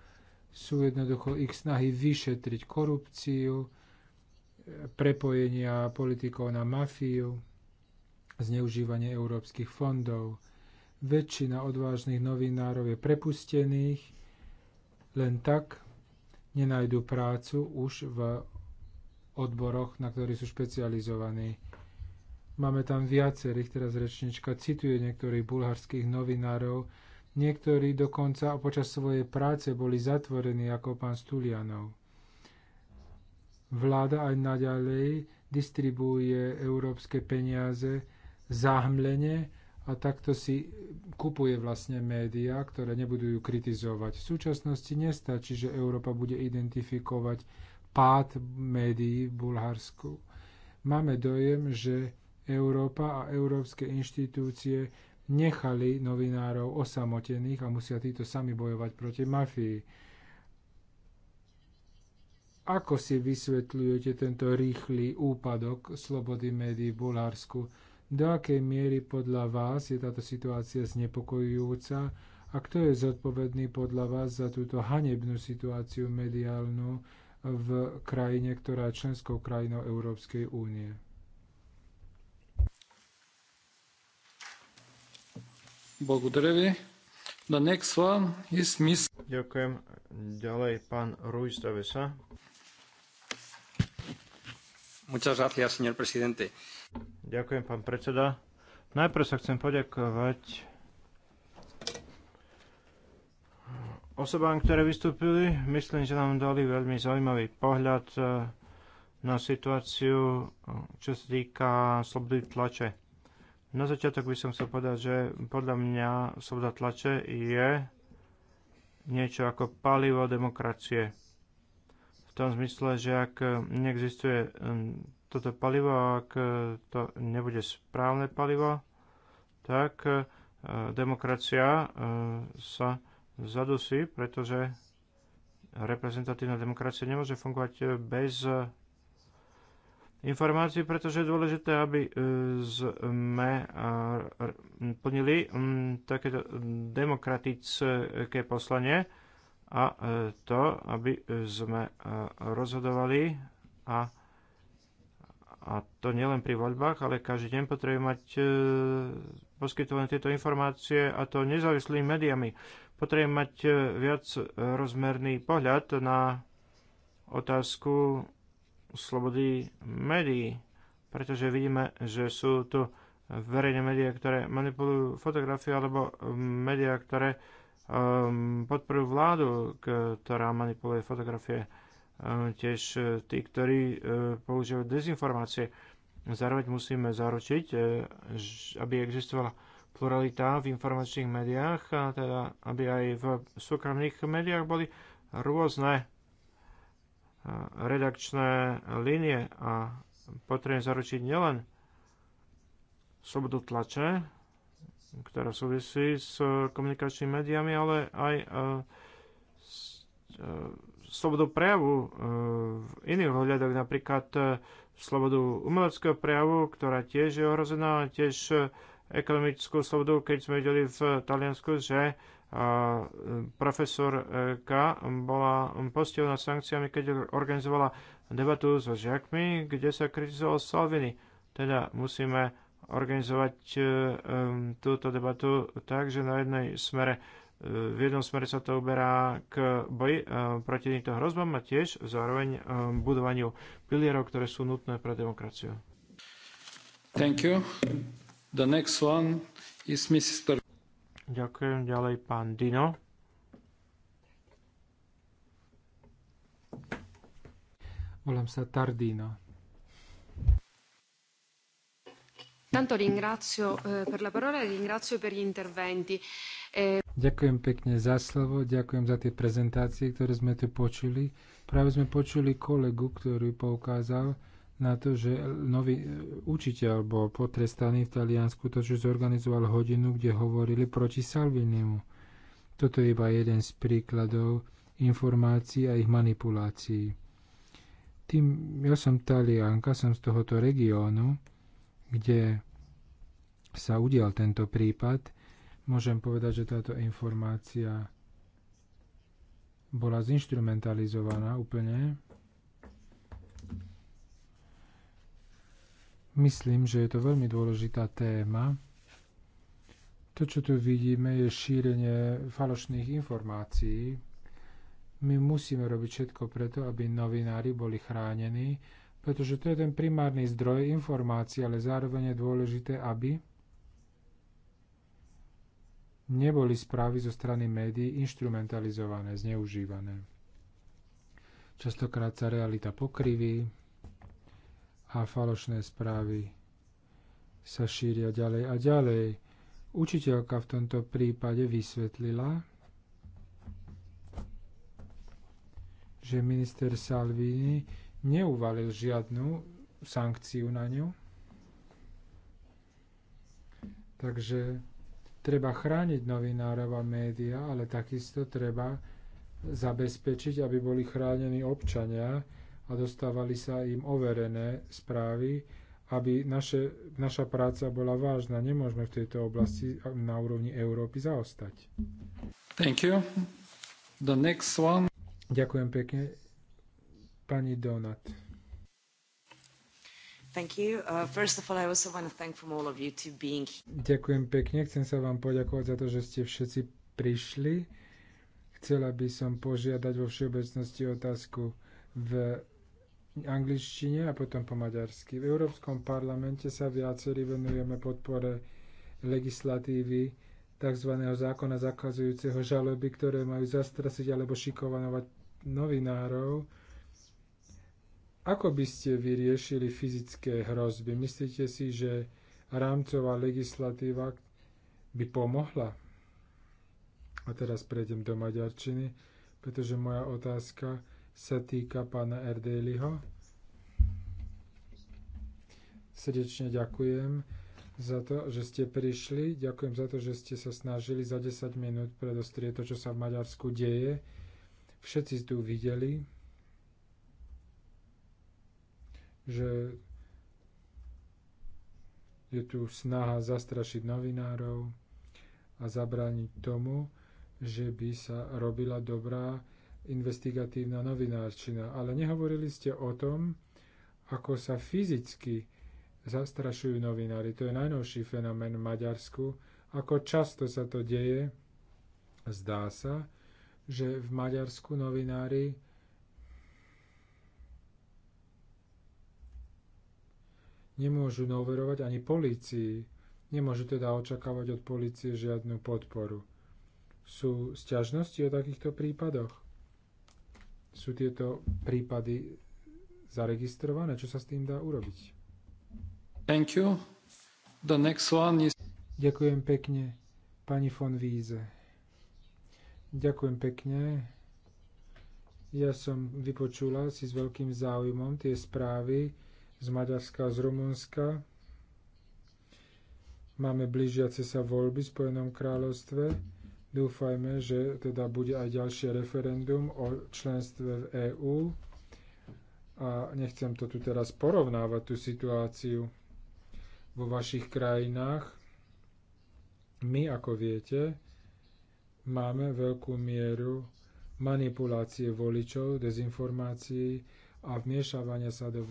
sú jednoducho ich snahy vyšetriť korupciu, prepojenia politikov na mafiu, zneužívanie európskych fondov väčšina odvážnych novinárov je prepustených, len tak nenajdu prácu už v odboroch, na ktorí sú špecializovaní. Máme tam viacerých, teraz rečnička cituje niektorých bulharských novinárov, niektorí dokonca počas svojej práce boli zatvorení ako pán Stulianov. Vláda aj naďalej distribuuje európske peniaze záhmlene, a takto si kupuje vlastne médiá, ktoré nebudú ju kritizovať. V súčasnosti nestačí, že Európa bude identifikovať pád médií v Bulharsku. Máme dojem, že Európa a európske inštitúcie nechali novinárov osamotených a musia títo sami bojovať proti mafii. Ako si vysvetľujete tento rýchly úpadok slobody médií v Bulharsku? Do akej miery podľa vás je táto situácia znepokojujúca a kto je zodpovedný podľa vás za túto hanebnú situáciu mediálnu v krajine, ktorá je členskou krajinou Európskej únie? Благодаря ви. The next one is Miss... Ďakujem. Ďalej pán Ruiz Davesa. Muchas gracias, señor presidente. Ďakujem, pán predseda. Najprv sa chcem poďakovať osobám, ktoré vystúpili. Myslím, že nám dali veľmi zaujímavý pohľad eh, na situáciu, eh, čo sa týka slobody tlače. Na začiatok by som chcel povedať, že podľa mňa sloboda tlače je niečo ako palivo demokracie. V tom zmysle, že ak neexistuje hm, toto palivo, ak e, to nebude správne palivo, tak e, demokracia e, sa zadusí, pretože reprezentatívna demokracia nemôže fungovať bez informácií, pretože je dôležité, aby sme plnili takéto demokratické poslanie a to, aby sme rozhodovali a a to nielen pri voľbách, ale každý deň potrebuje mať e, poskytované tieto informácie a to nezávislými médiami. Potrebuje mať e, viac rozmerný pohľad na otázku slobody médií, pretože vidíme, že sú tu verejné médiá, ktoré manipulujú fotografie alebo médiá, ktoré e, podporujú vládu, ktorá manipuluje fotografie tiež e, tí, ktorí e, používajú dezinformácie. Zároveň musíme zaručiť, e, aby existovala pluralita v informačných médiách, a teda aby aj v súkromných médiách boli rôzne redakčné línie a potrebujem zaručiť nielen slobodu tlače, ktorá súvisí s komunikačnými médiami, ale aj slobodu prejavu e, v iných ohľadoch, napríklad e, slobodu umeleckého prejavu, ktorá tiež je ohrozená, tiež e, ekonomickú slobodu, keď sme videli v Taliansku, že profesor K bola postihovná sankciami, keď organizovala debatu so žiakmi, kde sa kritizoval Salvini. Teda musíme organizovať túto debatu tak, že na jednej smere v jednom smere sa to uberá k boji eh, proti týmto hrozbám a tiež zároveň eh, budovaniu pilierov, ktoré sú nutné pre demokraciu. Thank you. The next one is Mr. Ďakujem ďalej pán Dino. Volám sa Tardino. Eh, e eh, ďakujem pekne za slovo, ďakujem za tie prezentácie, ktoré sme tu počuli. Práve sme počuli kolegu, ktorý poukázal na to, že nový eh, učiteľ bol potrestaný v Taliansku, to, že zorganizoval hodinu, kde hovorili proti Salvinimu. Toto je iba jeden z príkladov informácií a ich manipulácií. Tým, ja som Talianka, som z tohoto regiónu, kde sa udial tento prípad. Môžem povedať, že táto informácia bola zinstrumentalizovaná úplne. Myslím, že je to veľmi dôležitá téma. To, čo tu vidíme, je šírenie falošných informácií. My musíme robiť všetko preto, aby novinári boli chránení pretože to je ten primárny zdroj informácií, ale zároveň je dôležité, aby neboli správy zo strany médií instrumentalizované, zneužívané. Častokrát sa realita pokriví a falošné správy sa šíria ďalej a ďalej. Učiteľka v tomto prípade vysvetlila, že minister Salvini neuvalil žiadnu sankciu na ňu. Takže treba chrániť novinárov a médiá, ale takisto treba zabezpečiť, aby boli chránení občania a dostávali sa im overené správy, aby naše, naša práca bola vážna. Nemôžeme v tejto oblasti na úrovni Európy zaostať. Thank you. The next one. Ďakujem pekne. Pani Donat. Thank you. Uh, first of all, I also want to thank from all of you to being Ďakujem pekne. Chcem sa vám poďakovať za to, že ste všetci prišli. Chcela by som požiadať vo všeobecnosti otázku v angličtine a potom po maďarsky. V Európskom parlamente sa viacerí venujeme podpore legislatívy tzv. zákona zakazujúceho žaloby, ktoré majú zastrasiť alebo šikovanovať novinárov ako by ste vyriešili fyzické hrozby? Myslíte si, že rámcová legislatíva by pomohla? A teraz prejdem do maďarčiny, pretože moja otázka sa týka pána Erdéliho. Srdečne ďakujem za to, že ste prišli. Ďakujem za to, že ste sa snažili za 10 minút predostrieť to, čo sa v Maďarsku deje. Všetci tu videli, že je tu snaha zastrašiť novinárov a zabrániť tomu, že by sa robila dobrá investigatívna novinárčina. Ale nehovorili ste o tom, ako sa fyzicky zastrašujú novinári. To je najnovší fenomén v Maďarsku. Ako často sa to deje, zdá sa, že v Maďarsku novinári nemôžu noverovať ani polícii. Nemôžu teda očakávať od polície žiadnu podporu. Sú sťažnosti o takýchto prípadoch? Sú tieto prípady zaregistrované? Čo sa s tým dá urobiť? Thank you. The next one is... Ďakujem pekne, pani von Wiese. Ďakujem pekne. Ja som vypočula si s veľkým záujmom tie správy, z Maďarska a z Rumunska. Máme blížiace sa voľby v Spojenom kráľovstve. Dúfajme, že teda bude aj ďalšie referendum o členstve v EÚ. A nechcem to tu teraz porovnávať, tú situáciu vo vašich krajinách. My, ako viete, máme veľkú mieru manipulácie voličov, dezinformácií, a vmiešavania sa do,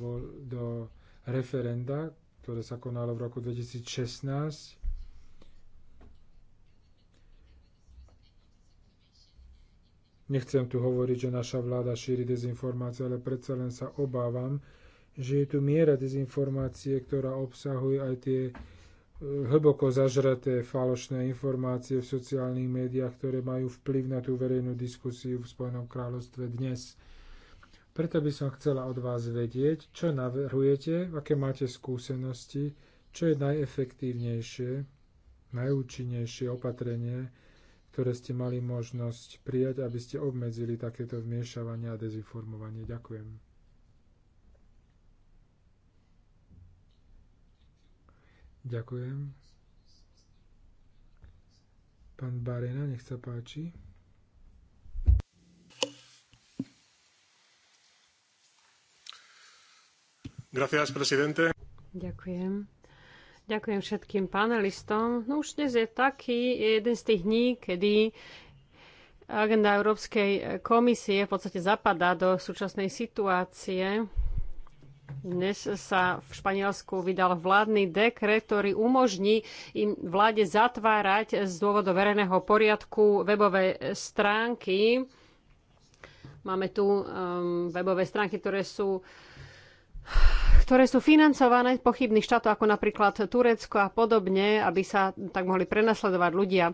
do referenda, ktoré sa konalo v roku 2016. Nechcem tu hovoriť, že naša vláda šíri dezinformácie, ale predsa len sa obávam, že je tu miera dezinformácie, ktorá obsahuje aj tie e, hlboko zažraté falošné informácie v sociálnych médiách, ktoré majú vplyv na tú verejnú diskusiu v Spojenom kráľovstve dnes. Preto by som chcela od vás vedieť, čo navrhujete, aké máte skúsenosti, čo je najefektívnejšie, najúčinnejšie opatrenie, ktoré ste mali možnosť prijať, aby ste obmedzili takéto vmiešavanie a dezinformovanie. Ďakujem. Ďakujem. Pán Barena, nech sa páči. Ďakujem. Ďakujem všetkým panelistom. No už dnes je taký jeden z tých dní, kedy agenda Európskej komisie v podstate zapadá do súčasnej situácie. Dnes sa v Španielsku vydal vládny dekret, ktorý umožní im vláde zatvárať z dôvodu verejného poriadku webové stránky. Máme tu um, webové stránky, ktoré sú ktoré sú financované pochybných štátov, ako napríklad Turecko a podobne, aby sa tak mohli prenasledovať ľudia.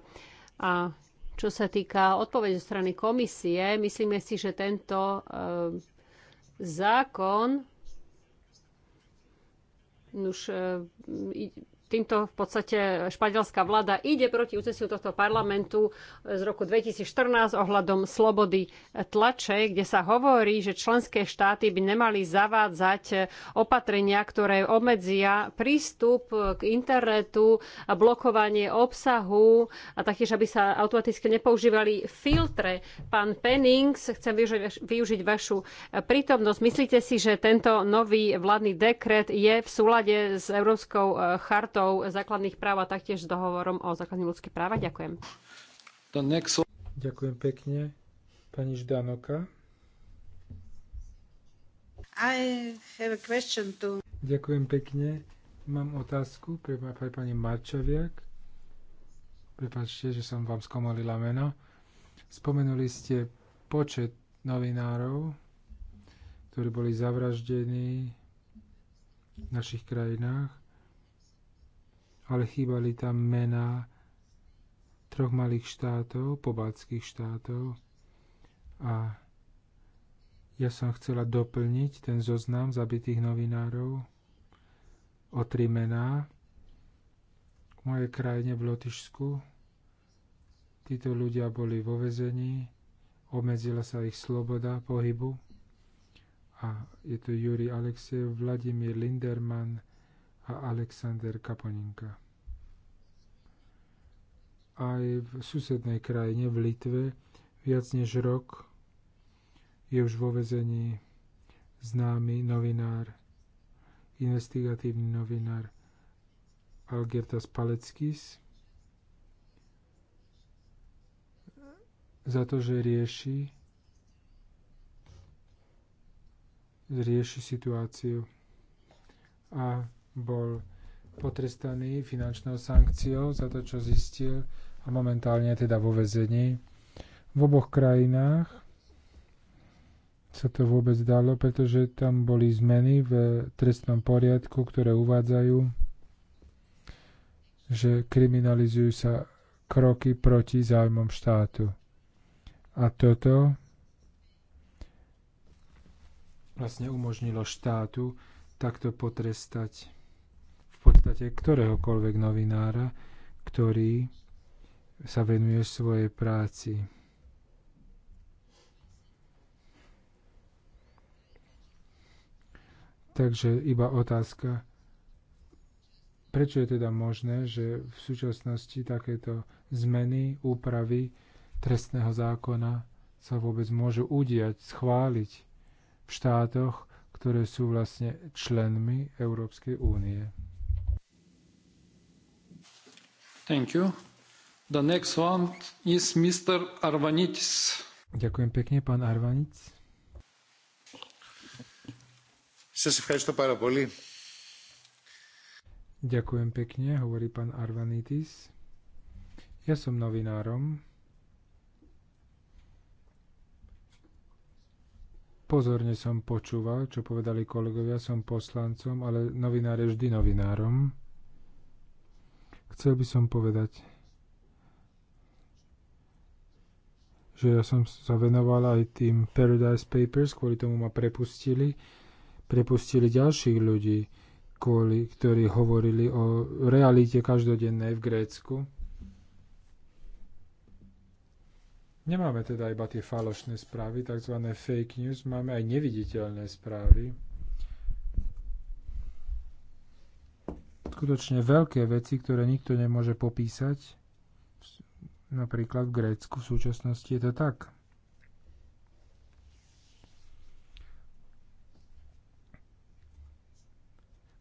A čo sa týka odpovede strany komisie, myslíme si, že tento e, zákon už e, týmto v podstate španielská vláda ide proti uzneseniu tohto parlamentu z roku 2014 ohľadom slobody tlače, kde sa hovorí, že členské štáty by nemali zavádzať opatrenia, ktoré obmedzia prístup k internetu blokovanie obsahu a taktiež, aby sa automaticky nepoužívali filtre. Pán Pennings, chcem využiť, využiť vašu prítomnosť. Myslíte si, že tento nový vládny dekret je v súlade s Európskou chartou chartou základných práv a taktiež s dohovorom o základných ľudských právach. Ďakujem. Ďakujem pekne. Pani Ždanoka. To... Ďakujem pekne. Mám otázku pre, pre pani Marčoviak. Prepačte, že som vám skomolila meno. Spomenuli ste počet novinárov, ktorí boli zavraždení v našich krajinách ale chýbali tam mená troch malých štátov, pobaltských štátov a ja som chcela doplniť ten zoznam zabitých novinárov o tri mená. V mojej krajine v Lotyšsku títo ľudia boli vo vezení, obmedzila sa ich sloboda pohybu a je tu Juri Alexejev, Vladimír Linderman, a Alexander Kaponinka. Aj v susednej krajine, v Litve, viac než rok je už vo vezení známy novinár, investigatívny novinár Algertas Paleckis za to, že rieši rieši situáciu a bol potrestaný finančnou sankciou za to, čo zistil a momentálne teda vo vezení. V oboch krajinách sa to vôbec dalo, pretože tam boli zmeny v trestnom poriadku, ktoré uvádzajú, že kriminalizujú sa kroky proti zájmom štátu. A toto vlastne umožnilo štátu takto potrestať podstate ktoréhokoľvek novinára, ktorý sa venuje svojej práci. Takže iba otázka, prečo je teda možné, že v súčasnosti takéto zmeny, úpravy trestného zákona sa vôbec môžu udiať, schváliť v štátoch, ktoré sú vlastne členmi Európskej únie. Thank you. The next one is Mr. Arvanitis. Ďakujem pekne, pán Arvanic. Σας ευχαριστώ πάρα πολύ. Ďakujem pekne, hovorí pán Arvanitis. Ja som novinárom. Pozorne som počúval, čo povedali kolegovia, som poslancom, ale novinár je vždy novinárom. Chcel by som povedať, že ja som sa venoval aj tým Paradise Papers, kvôli tomu ma prepustili. Prepustili ďalších ľudí, kvôli, ktorí hovorili o realite každodennej v Grécku. Nemáme teda iba tie falošné správy, tzv. fake news, máme aj neviditeľné správy. skutočne veľké veci, ktoré nikto nemôže popísať. Napríklad v Grécku v súčasnosti je to tak.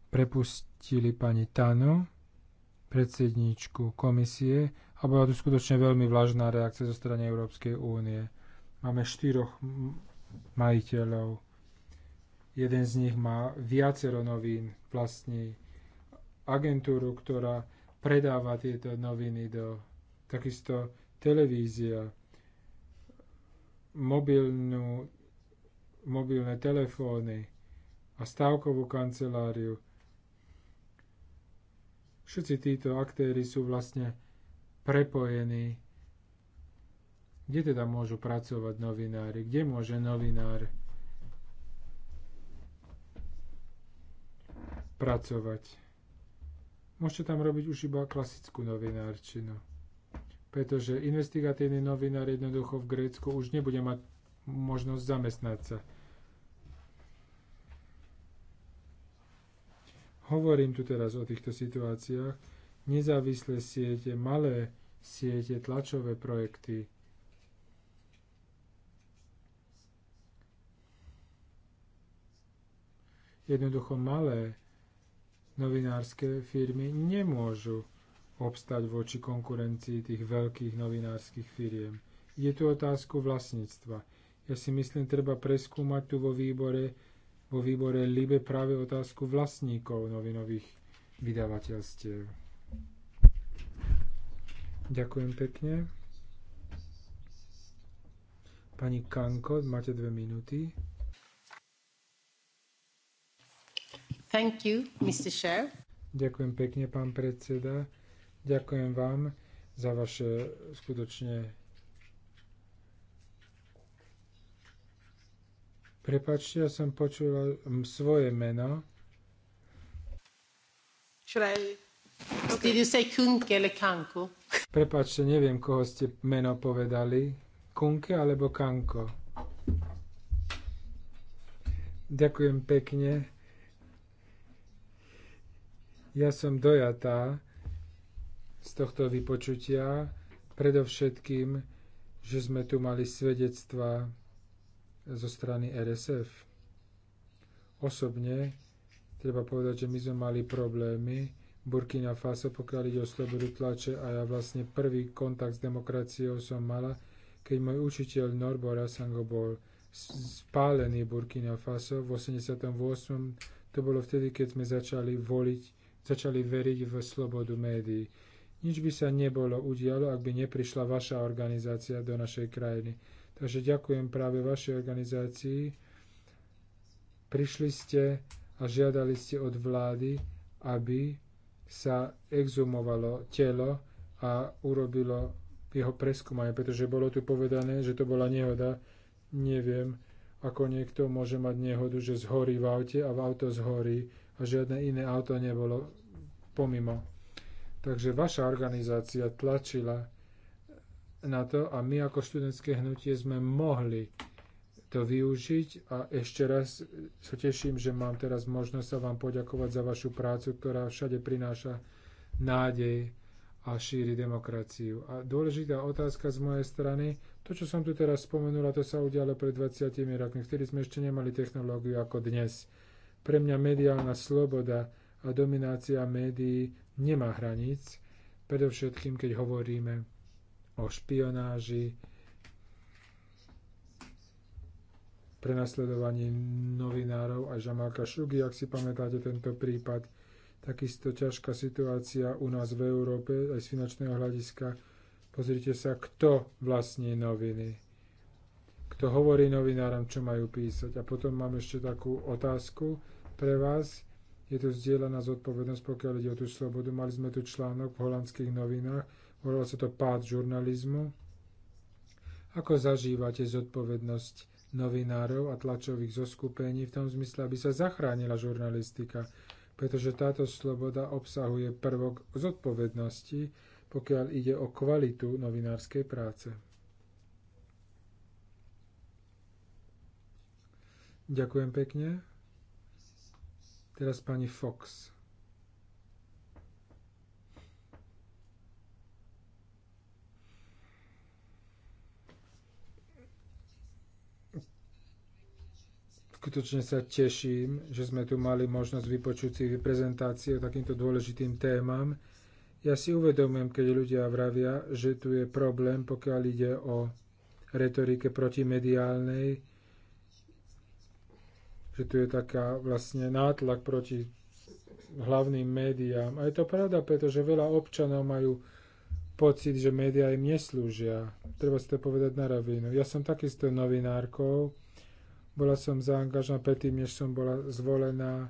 Prepustili pani Tanu, predsedničku komisie, a bola tu skutočne veľmi vlažná reakcia zo strany Európskej únie. Máme štyroch majiteľov. Jeden z nich má viacero novín vlastní agentúru, ktorá predáva tieto noviny do takisto televízia, mobilnú, mobilné telefóny a stávkovú kanceláriu. Všetci títo aktéry sú vlastne prepojení. Kde teda môžu pracovať novinári? Kde môže novinár pracovať? Môžete tam robiť už iba klasickú novinárčinu. Pretože investigatívny novinár jednoducho v Grécku už nebude mať možnosť zamestnať sa. Hovorím tu teraz o týchto situáciách. Nezávislé siete, malé siete, tlačové projekty, jednoducho malé novinárske firmy nemôžu obstať voči konkurencii tých veľkých novinárskych firiem. Je tu otázku vlastníctva. Ja si myslím, treba preskúmať tu vo výbore, vo výbore LIBE práve otázku vlastníkov novinových vydavateľstiev. Ďakujem pekne. Pani Kanko, máte dve minúty. Thank you, Mr. Chair. Ďakujem pekne, pán predseda. Ďakujem vám za vaše skutočne Prepačte, ja som počula svoje meno. I... Okay. Prepačte, neviem, koho ste meno povedali. Kunke alebo Kanko? Ďakujem pekne. Ja som dojatá z tohto vypočutia, predovšetkým, že sme tu mali svedectva zo strany RSF. Osobne treba povedať, že my sme mali problémy Burkina Faso, pokiaľ ide o slobodu tlače a ja vlastne prvý kontakt s demokraciou som mala, keď môj učiteľ Norbo Rasango bol spálený Burkina Faso v 88. To bolo vtedy, keď sme začali voliť začali veriť v slobodu médií. Nič by sa nebolo udialo, ak by neprišla vaša organizácia do našej krajiny. Takže ďakujem práve vašej organizácii. Prišli ste a žiadali ste od vlády, aby sa exhumovalo telo a urobilo jeho preskúmanie, pretože bolo tu povedané, že to bola nehoda. Neviem, ako niekto môže mať nehodu, že zhorí v aute a v auto zhorí a žiadne iné auto nebolo pomimo. Takže vaša organizácia tlačila na to a my ako študentské hnutie sme mohli to využiť a ešte raz sa teším, že mám teraz možnosť sa vám poďakovať za vašu prácu, ktorá všade prináša nádej a šíri demokraciu. A dôležitá otázka z mojej strany, to, čo som tu teraz spomenula, to sa udialo pred 20 rokmi. Vtedy sme ešte nemali technológiu ako dnes. Pre mňa mediálna sloboda a dominácia médií nemá hraníc, predovšetkým keď hovoríme o špionáži, prenasledovaní novinárov a Žamáka Šugy, ak si pamätáte tento prípad. Takisto ťažká situácia u nás v Európe aj z finančného hľadiska. Pozrite sa, kto vlastní noviny to hovorí novinárom, čo majú písať. A potom mám ešte takú otázku pre vás. Je tu zdieľaná zodpovednosť, pokiaľ ide o tú slobodu. Mali sme tu článok v holandských novinách, volalo sa to pád žurnalizmu. Ako zažívate zodpovednosť novinárov a tlačových zoskupení v tom zmysle, aby sa zachránila žurnalistika, pretože táto sloboda obsahuje prvok zodpovednosti, pokiaľ ide o kvalitu novinárskej práce. Ďakujem pekne. Teraz pani Fox. Skutočne sa teším, že sme tu mali možnosť vypočuť si prezentácie o takýmto dôležitým témam. Ja si uvedomujem, keď ľudia vravia, že tu je problém, pokiaľ ide o retorike protimediálnej, že tu je taká vlastne nátlak proti hlavným médiám. A je to pravda, pretože veľa občanov majú pocit, že médiá im neslúžia. Treba si to povedať na rovinu. Ja som takisto novinárkou. Bola som zaangažovaná predtým, než som bola zvolená.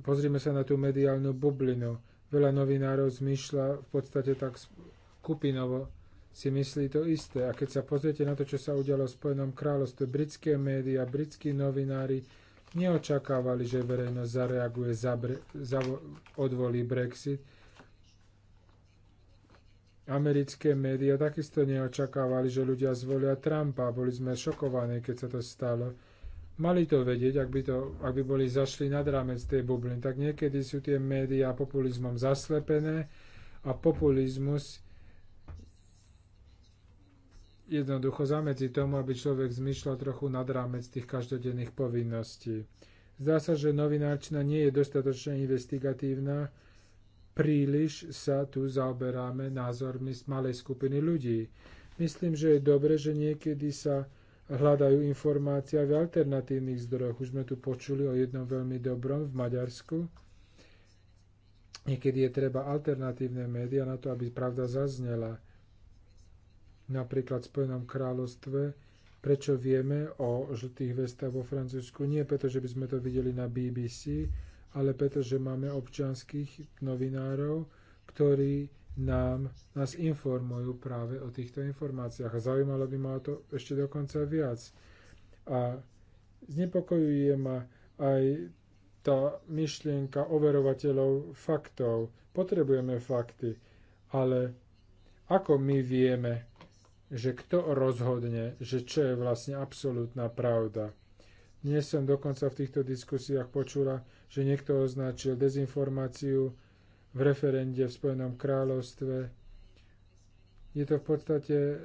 Pozrime sa na tú mediálnu bublinu. Veľa novinárov zmyšľa v podstate tak skupinovo si myslí to isté. A keď sa pozriete na to, čo sa udialo v Spojenom kráľovstve, britské médiá, britskí novinári neočakávali, že verejnosť zareaguje, za, bre, za, odvolí Brexit. Americké médiá takisto neočakávali, že ľudia zvolia Trumpa. Boli sme šokovaní, keď sa to stalo. Mali to vedieť, ak by, to, ak by boli zašli nad rámec tej bubliny. Tak niekedy sú tie médiá populizmom zaslepené a populizmus jednoducho zamedzi tomu, aby človek zmyšľal trochu nad rámec tých každodenných povinností. Zdá sa, že novinárčina nie je dostatočne investigatívna, príliš sa tu zaoberáme názormi z malej skupiny ľudí. Myslím, že je dobre, že niekedy sa hľadajú informácia v alternatívnych zdrojoch. Už sme tu počuli o jednom veľmi dobrom v Maďarsku. Niekedy je treba alternatívne médiá na to, aby pravda zaznela napríklad v Spojenom kráľovstve, prečo vieme o žltých vestách vo Francúzsku. Nie preto, že by sme to videli na BBC, ale preto, že máme občanských novinárov, ktorí nám, nás informujú práve o týchto informáciách. A zaujímalo by ma to ešte dokonca viac. A znepokojuje ma aj tá myšlienka overovateľov faktov. Potrebujeme fakty, ale ako my vieme, že kto rozhodne, že čo je vlastne absolútna pravda. Dnes som dokonca v týchto diskusiách počula, že niekto označil dezinformáciu v referende v Spojenom kráľovstve. Je to v podstate e,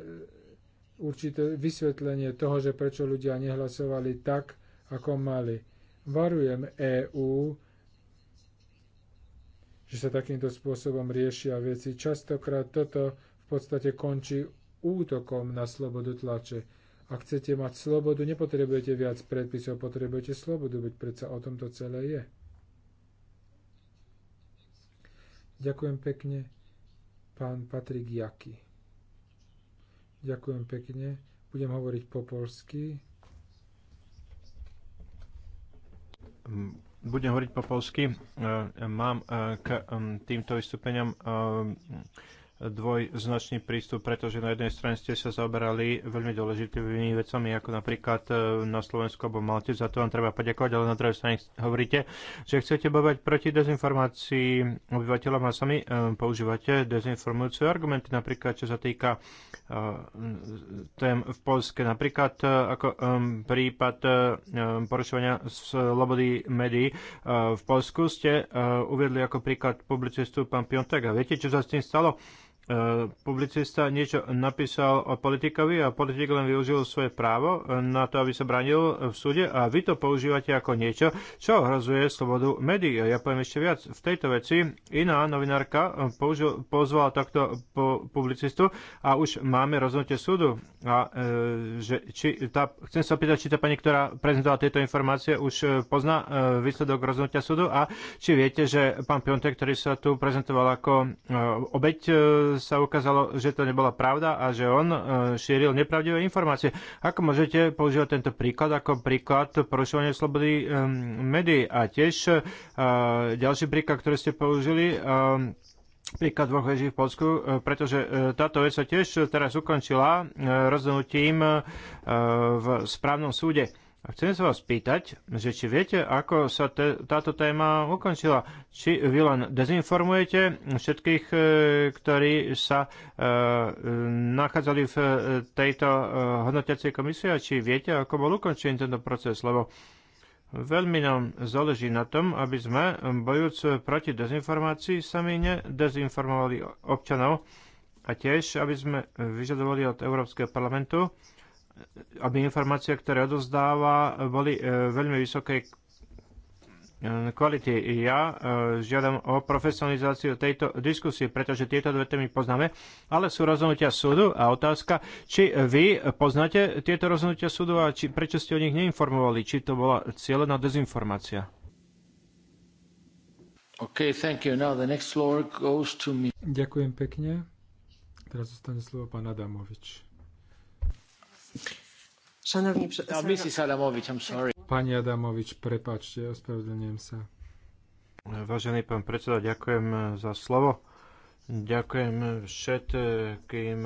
určité vysvetlenie toho, že prečo ľudia nehlasovali tak, ako mali. Varujem EÚ, že sa takýmto spôsobom riešia veci. Častokrát toto v podstate končí útokom na slobodu tlače. Ak chcete mať slobodu, nepotrebujete viac predpisov, potrebujete slobodu, veď predsa o tom to celé je. Ďakujem pekne, pán Patrik Jaki. Ďakujem pekne. Budem hovoriť po polsky. Budem hovoriť po polsky. E, mám e, k týmto vystúpeniam e, dvojznačný prístup, pretože na jednej strane ste sa zaoberali veľmi dôležitými vecami, ako napríklad e, na Slovensku alebo Malte, za to vám treba poďakovať, ale na druhej strane hovoríte, že chcete bojovať proti dezinformácii obyvateľom a sami e, používate dezinformujúce argumenty, napríklad čo sa týka e, tém v Polske, napríklad ako prípad porušovania slobody médií v Polsku ste uviedli ako príklad publicistu pán Piontek a viete, čo sa s tým stalo? E, publicista niečo napísal o politikovi a politik len využil svoje právo na to, aby sa bránil v súde a vy to používate ako niečo, čo ohrozuje slobodu médií. Ja poviem ešte viac. V tejto veci iná novinárka použil, pozvala takto po publicistu a už máme rozhodnutie súdu. A, e, že, či tá, chcem sa opýtať, či tá pani, ktorá prezentovala tieto informácie, už e, pozná e, výsledok rozhodnutia súdu a či viete, že pán Piontek, ktorý sa tu prezentoval ako e, obeď e, sa ukázalo, že to nebola pravda a že on e, šíril nepravdivé informácie. Ako môžete používať tento príklad ako príklad porušovania slobody médií a tiež e, ďalší príklad, ktorý ste použili, e, príklad dvoch veží v Polsku, pretože táto vec sa tiež teraz ukončila rozhodnutím v správnom súde. A chcem sa vás pýtať, že či viete, ako sa te, táto téma ukončila. Či vy len dezinformujete všetkých, e, ktorí sa e, nachádzali v e, tejto e, hodnotiacej komisii, a či viete, ako bol ukončený tento proces, lebo veľmi nám záleží na tom, aby sme, bojúc proti dezinformácii, sami nedezinformovali občanov a tiež, aby sme vyžadovali od Európskeho parlamentu, aby informácie, ktoré odozdáva, boli e, veľmi vysokej kvality. Ja e, žiadam o profesionalizáciu tejto diskusie, pretože tieto dve témy poznáme, ale sú rozhodnutia súdu a otázka, či vy poznáte tieto rozhodnutia súdu a či, prečo ste o nich neinformovali, či to bola cieľená dezinformácia. Okay, thank you. Now the next floor goes to me. Ďakujem pekne. Teraz zostane slovo pán Adamovič. Šanovní predsedajúci. Pani Adamovič, prepáčte, ospravedlňujem sa. Vážený pán predseda, ďakujem za slovo. Ďakujem všetkým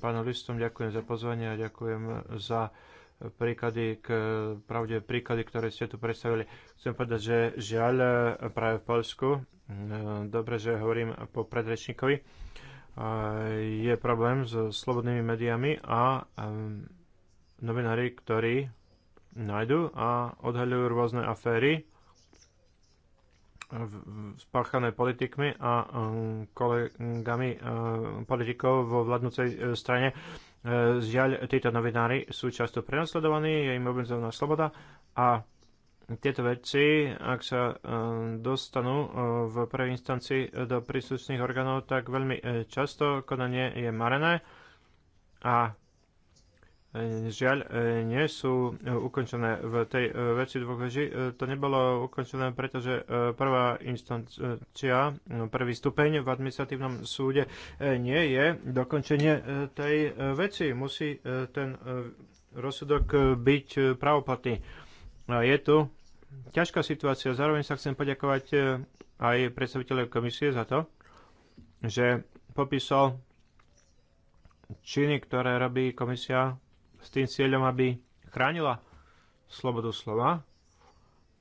panelistom, ďakujem za pozvanie a ďakujem za príklady, k, pravde príklady, ktoré ste tu predstavili. Chcem povedať, že žiaľ práve v Polsku, dobre, že hovorím po predrečníkovi, je problém so slobodnými médiami a novinári, ktorí nájdu a odhaľujú rôzne aféry spáchané politikmi a kolegami politikov vo vládnúcej e, strane. E, zjaľ títo novinári sú často prenasledovaní, je im obmedzená sloboda a tieto veci, ak sa e, dostanú e, v prvej instancii do príslušných orgánov, tak veľmi e, často konanie je marené a žiaľ nie sú ukončené v tej veci veží. To nebolo ukončené, pretože prvá instancia, no, prvý stupeň v administratívnom súde nie je dokončenie tej veci. Musí ten rozsudok byť pravoplatný No, je tu ťažká situácia. Zároveň sa chcem poďakovať eh, aj predstaviteľov komisie za to, že popísal činy, ktoré robí komisia s tým cieľom, aby chránila slobodu slova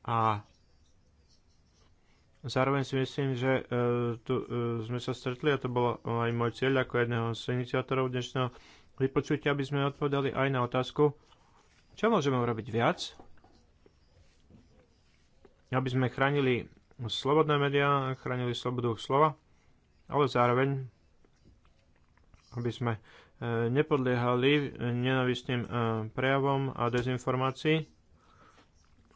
a zároveň si myslím, že eh, tu eh, sme sa stretli a to bolo aj môj cieľ ako jedného z iniciátorov dnešného vypočutia, aby sme odpovedali aj na otázku, čo môžeme urobiť viac aby sme chránili slobodné médiá, chránili slobodu slova, ale zároveň, aby sme e, nepodliehali nenavistným e, prejavom a dezinformácii,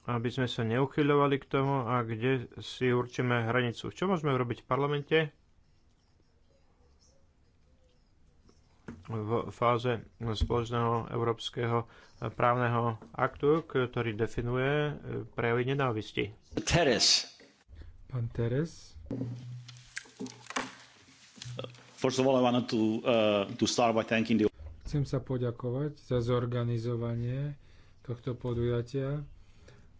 aby sme sa neuchyľovali k tomu a kde si určíme hranicu. Čo môžeme urobiť v parlamente? v fáze spoločného európskeho právneho aktu, ktorý definuje eh, prejavy nenávisti. Teres. Pán Teres. First of all, I wanted to, uh, to start by thanking the... Chcem sa poďakovať za zorganizovanie tohto podujatia.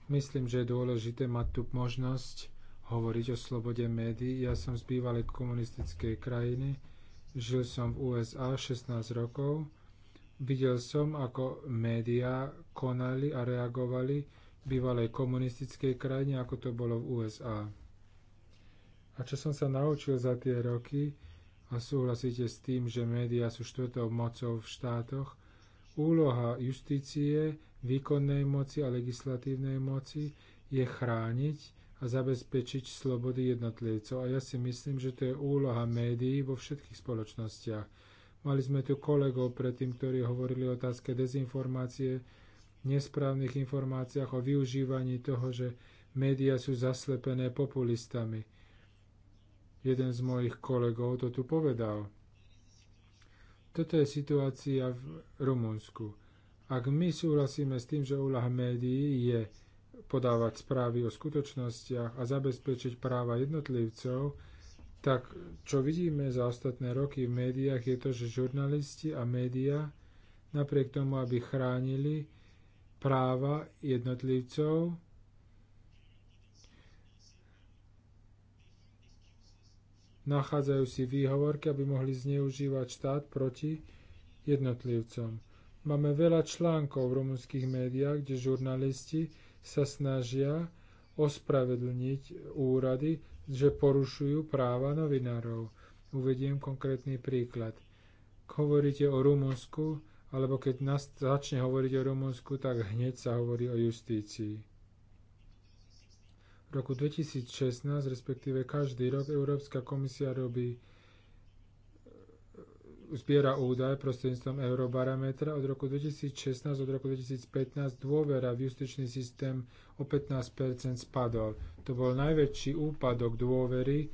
Myslím, že je dôležité mať tu možnosť hovoriť o slobode médií. Ja som z bývalej komunistickej krajiny, Žil som v USA 16 rokov. Videl som, ako médiá konali a reagovali v bývalej komunistickej krajine, ako to bolo v USA. A čo som sa naučil za tie roky, a súhlasíte s tým, že médiá sú štvrtou mocou v štátoch, úloha justície, výkonnej moci a legislatívnej moci je chrániť a zabezpečiť slobody jednotlivcov. A ja si myslím, že to je úloha médií vo všetkých spoločnostiach. Mali sme tu kolegov predtým, ktorí hovorili o otázke dezinformácie, nesprávnych informáciách, o využívaní toho, že médiá sú zaslepené populistami. Jeden z mojich kolegov to tu povedal. Toto je situácia v Rumunsku. Ak my súhlasíme s tým, že úloha médií je podávať správy o skutočnostiach a zabezpečiť práva jednotlivcov, tak čo vidíme za ostatné roky v médiách je to, že žurnalisti a médiá napriek tomu, aby chránili práva jednotlivcov, nachádzajú si výhovorky, aby mohli zneužívať štát proti jednotlivcom. Máme veľa článkov v rumunských médiách, kde žurnalisti sa snažia ospravedlniť úrady, že porušujú práva novinárov. Uvediem konkrétny príklad. Hovoríte o Rumunsku, alebo keď nás začne hovoriť o Rumunsku, tak hneď sa hovorí o justícii. V roku 2016, respektíve každý rok, Európska komisia robí zbiera údaje prostredníctvom Eurobarometra od roku 2016, od roku 2015 dôvera v justičný systém o 15% spadol. To bol najväčší úpadok dôvery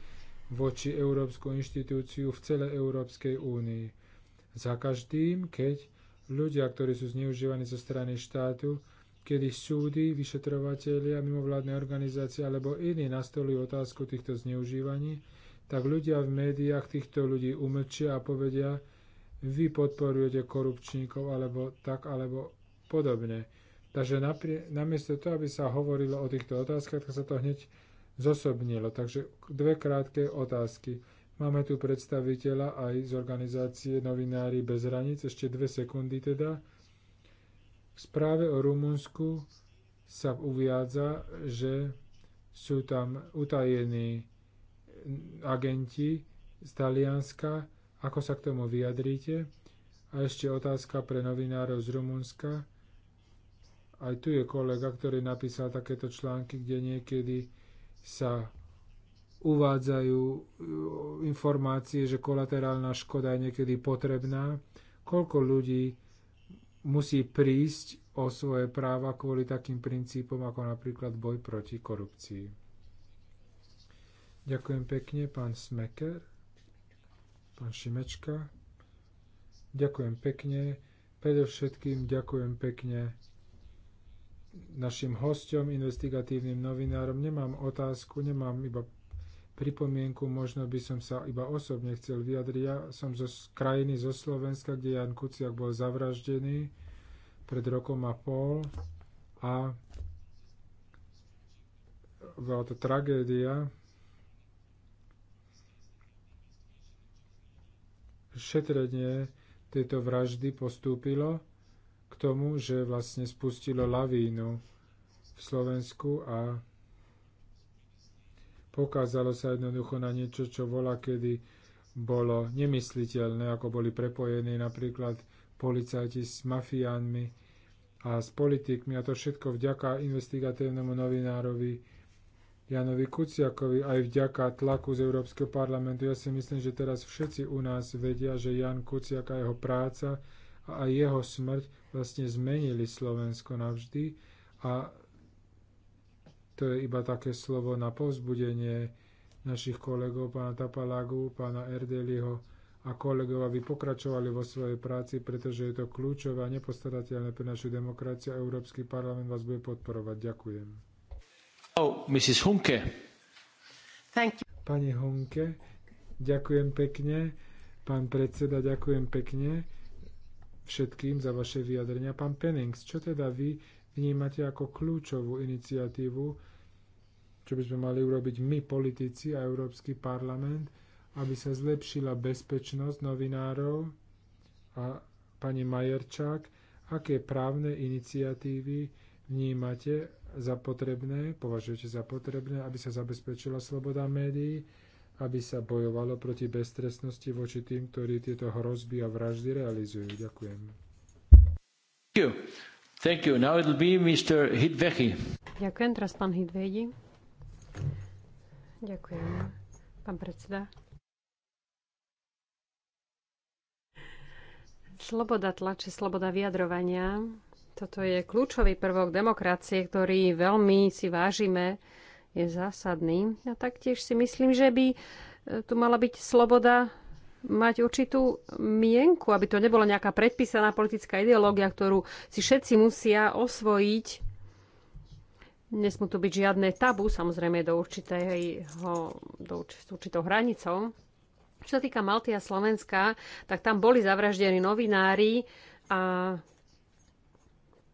voči Európsku inštitúciu v celej Európskej únii. Za každým, keď ľudia, ktorí sú zneužívaní zo strany štátu, kedy súdy, vyšetrovatelia, mimovládne organizácie alebo iní nastolujú otázku týchto zneužívaní, tak ľudia v médiách týchto ľudí umlčia a povedia, vy podporujete korupčníkov alebo tak, alebo podobne. Takže naprie, namiesto toho, aby sa hovorilo o týchto otázkach, tak sa to hneď zosobnilo. Takže dve krátke otázky. Máme tu predstaviteľa aj z organizácie Novinári bez hraníc, ešte dve sekundy teda. V správe o Rumunsku sa uviádza, že sú tam utajení agenti z Talianska, ako sa k tomu vyjadríte? A ešte otázka pre novinárov z Rumunska. Aj tu je kolega, ktorý napísal takéto články, kde niekedy sa uvádzajú e, informácie, že kolaterálna škoda je niekedy potrebná. Koľko ľudí musí prísť o svoje práva kvôli takým princípom ako napríklad boj proti korupcii? Ďakujem pekne, pán Smeker, pán Šimečka. Ďakujem pekne. Predovšetkým ďakujem pekne našim hosťom, investigatívnym novinárom. Nemám otázku, nemám iba pripomienku, možno by som sa iba osobne chcel vyjadriť. Ja som zo krajiny, zo Slovenska, kde Jan Kuciak bol zavraždený pred rokom a pol a bola to tragédia, šetrenie tejto vraždy postúpilo k tomu, že vlastne spustilo lavínu v Slovensku a pokázalo sa jednoducho na niečo, čo bola kedy bolo nemysliteľné, ako boli prepojení napríklad policajti s mafiánmi a s politikmi a to všetko vďaka investigatívnemu novinárovi Janovi Kuciakovi aj vďaka tlaku z Európskeho parlamentu. Ja si myslím, že teraz všetci u nás vedia, že Jan Kuciak a jeho práca a aj jeho smrť vlastne zmenili Slovensko navždy a to je iba také slovo na povzbudenie našich kolegov, pána Tapalagu, pána Erdeliho a kolegov, aby pokračovali vo svojej práci, pretože je to kľúčové a nepostarateľné pre našu demokraciu a Európsky parlament vás bude podporovať. Ďakujem. Oh, pani Hunke, ďakujem pekne. Pán predseda, ďakujem pekne všetkým za vaše vyjadrenia. Pán Pennings, čo teda vy vnímate ako kľúčovú iniciatívu, čo by sme mali urobiť my, politici a Európsky parlament, aby sa zlepšila bezpečnosť novinárov a pani Majerčák, aké právne iniciatívy vnímate za potrebné, považujete za potrebné, aby sa zabezpečila sloboda médií, aby sa bojovalo proti beztrestnosti voči tým, ktorí tieto hrozby a vraždy realizujú. Ďakujem. Thank you. Thank you. Now it'll be Mr. Hidvechi. Ďakujem, teraz pán Hidvedi. Ďakujem, pán predseda. Sloboda tlače, sloboda vyjadrovania toto je kľúčový prvok demokracie, ktorý veľmi si vážime, je zásadný. A taktiež si myslím, že by e, tu mala byť sloboda mať určitú mienku, aby to nebola nejaká predpísaná politická ideológia, ktorú si všetci musia osvojiť. Nesmú tu byť žiadne tabu, samozrejme do, určitého, do určitou hranicou. Čo sa týka Malty a Slovenska, tak tam boli zavraždení novinári a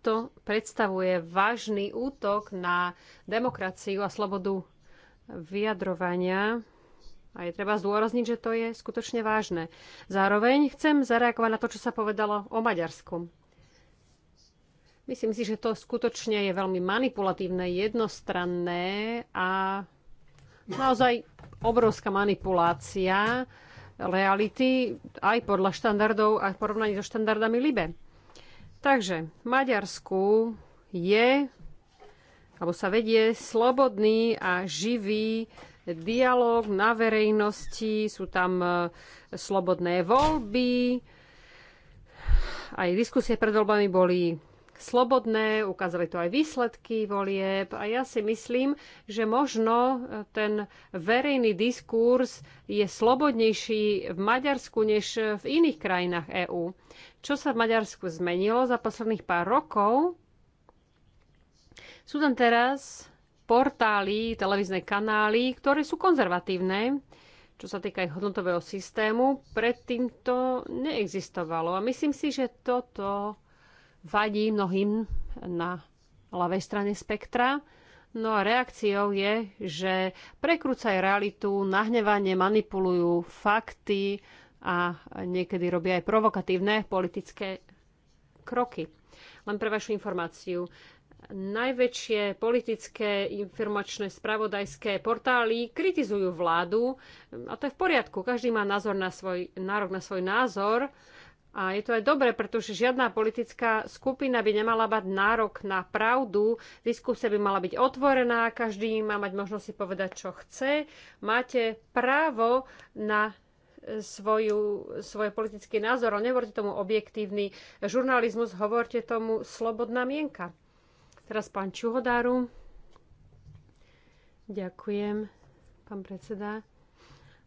to predstavuje vážny útok na demokraciu a slobodu vyjadrovania. A je treba zdôrazniť, že to je skutočne vážne. Zároveň chcem zareagovať na to, čo sa povedalo o Maďarsku. Myslím si, že to skutočne je veľmi manipulatívne, jednostranné a naozaj obrovská manipulácia reality aj podľa štandardov a porovnaní so štandardami Libe. Takže v Maďarsku je, alebo sa vedie slobodný a živý dialog na verejnosti, sú tam e, slobodné voľby, aj diskusie pred voľbami boli slobodné, ukázali to aj výsledky volieb a ja si myslím, že možno e, ten verejný diskurs je slobodnejší v Maďarsku než v iných krajinách EÚ. Čo sa v Maďarsku zmenilo za posledných pár rokov? Sú tam teraz portály, televízne kanály, ktoré sú konzervatívne, čo sa týka ich hodnotového systému. Predtým to neexistovalo a myslím si, že toto vadí mnohým na ľavej strane spektra. No a reakciou je, že prekrúcaj realitu, nahnevanie manipulujú fakty a niekedy robia aj provokatívne politické kroky. Len pre vašu informáciu, najväčšie politické informačné spravodajské portály kritizujú vládu a to je v poriadku. Každý má názor na svoj, nárok na svoj názor a je to aj dobre, pretože žiadna politická skupina by nemala mať nárok na pravdu. Diskusia by mala byť otvorená, každý má mať možnosť si povedať, čo chce. Máte právo na svoju, svoj politický názor, ale nehovorte tomu objektívny žurnalizmus, hovorte tomu slobodná mienka. Teraz pán Čuhodáru. Ďakujem, pán predseda.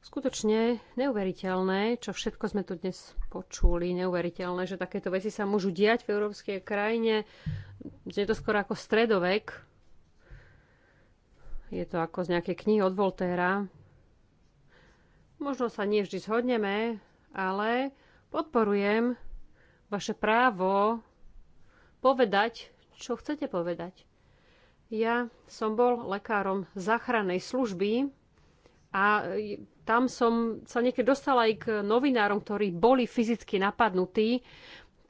Skutočne neuveriteľné, čo všetko sme tu dnes počuli, neuveriteľné, že takéto veci sa môžu diať v európskej krajine. Je to skoro ako stredovek. Je to ako z nejakej knihy od Voltéra, Možno sa nie vždy zhodneme, ale podporujem vaše právo povedať, čo chcete povedať. Ja som bol lekárom záchrannej služby a tam som sa niekedy dostala aj k novinárom, ktorí boli fyzicky napadnutí,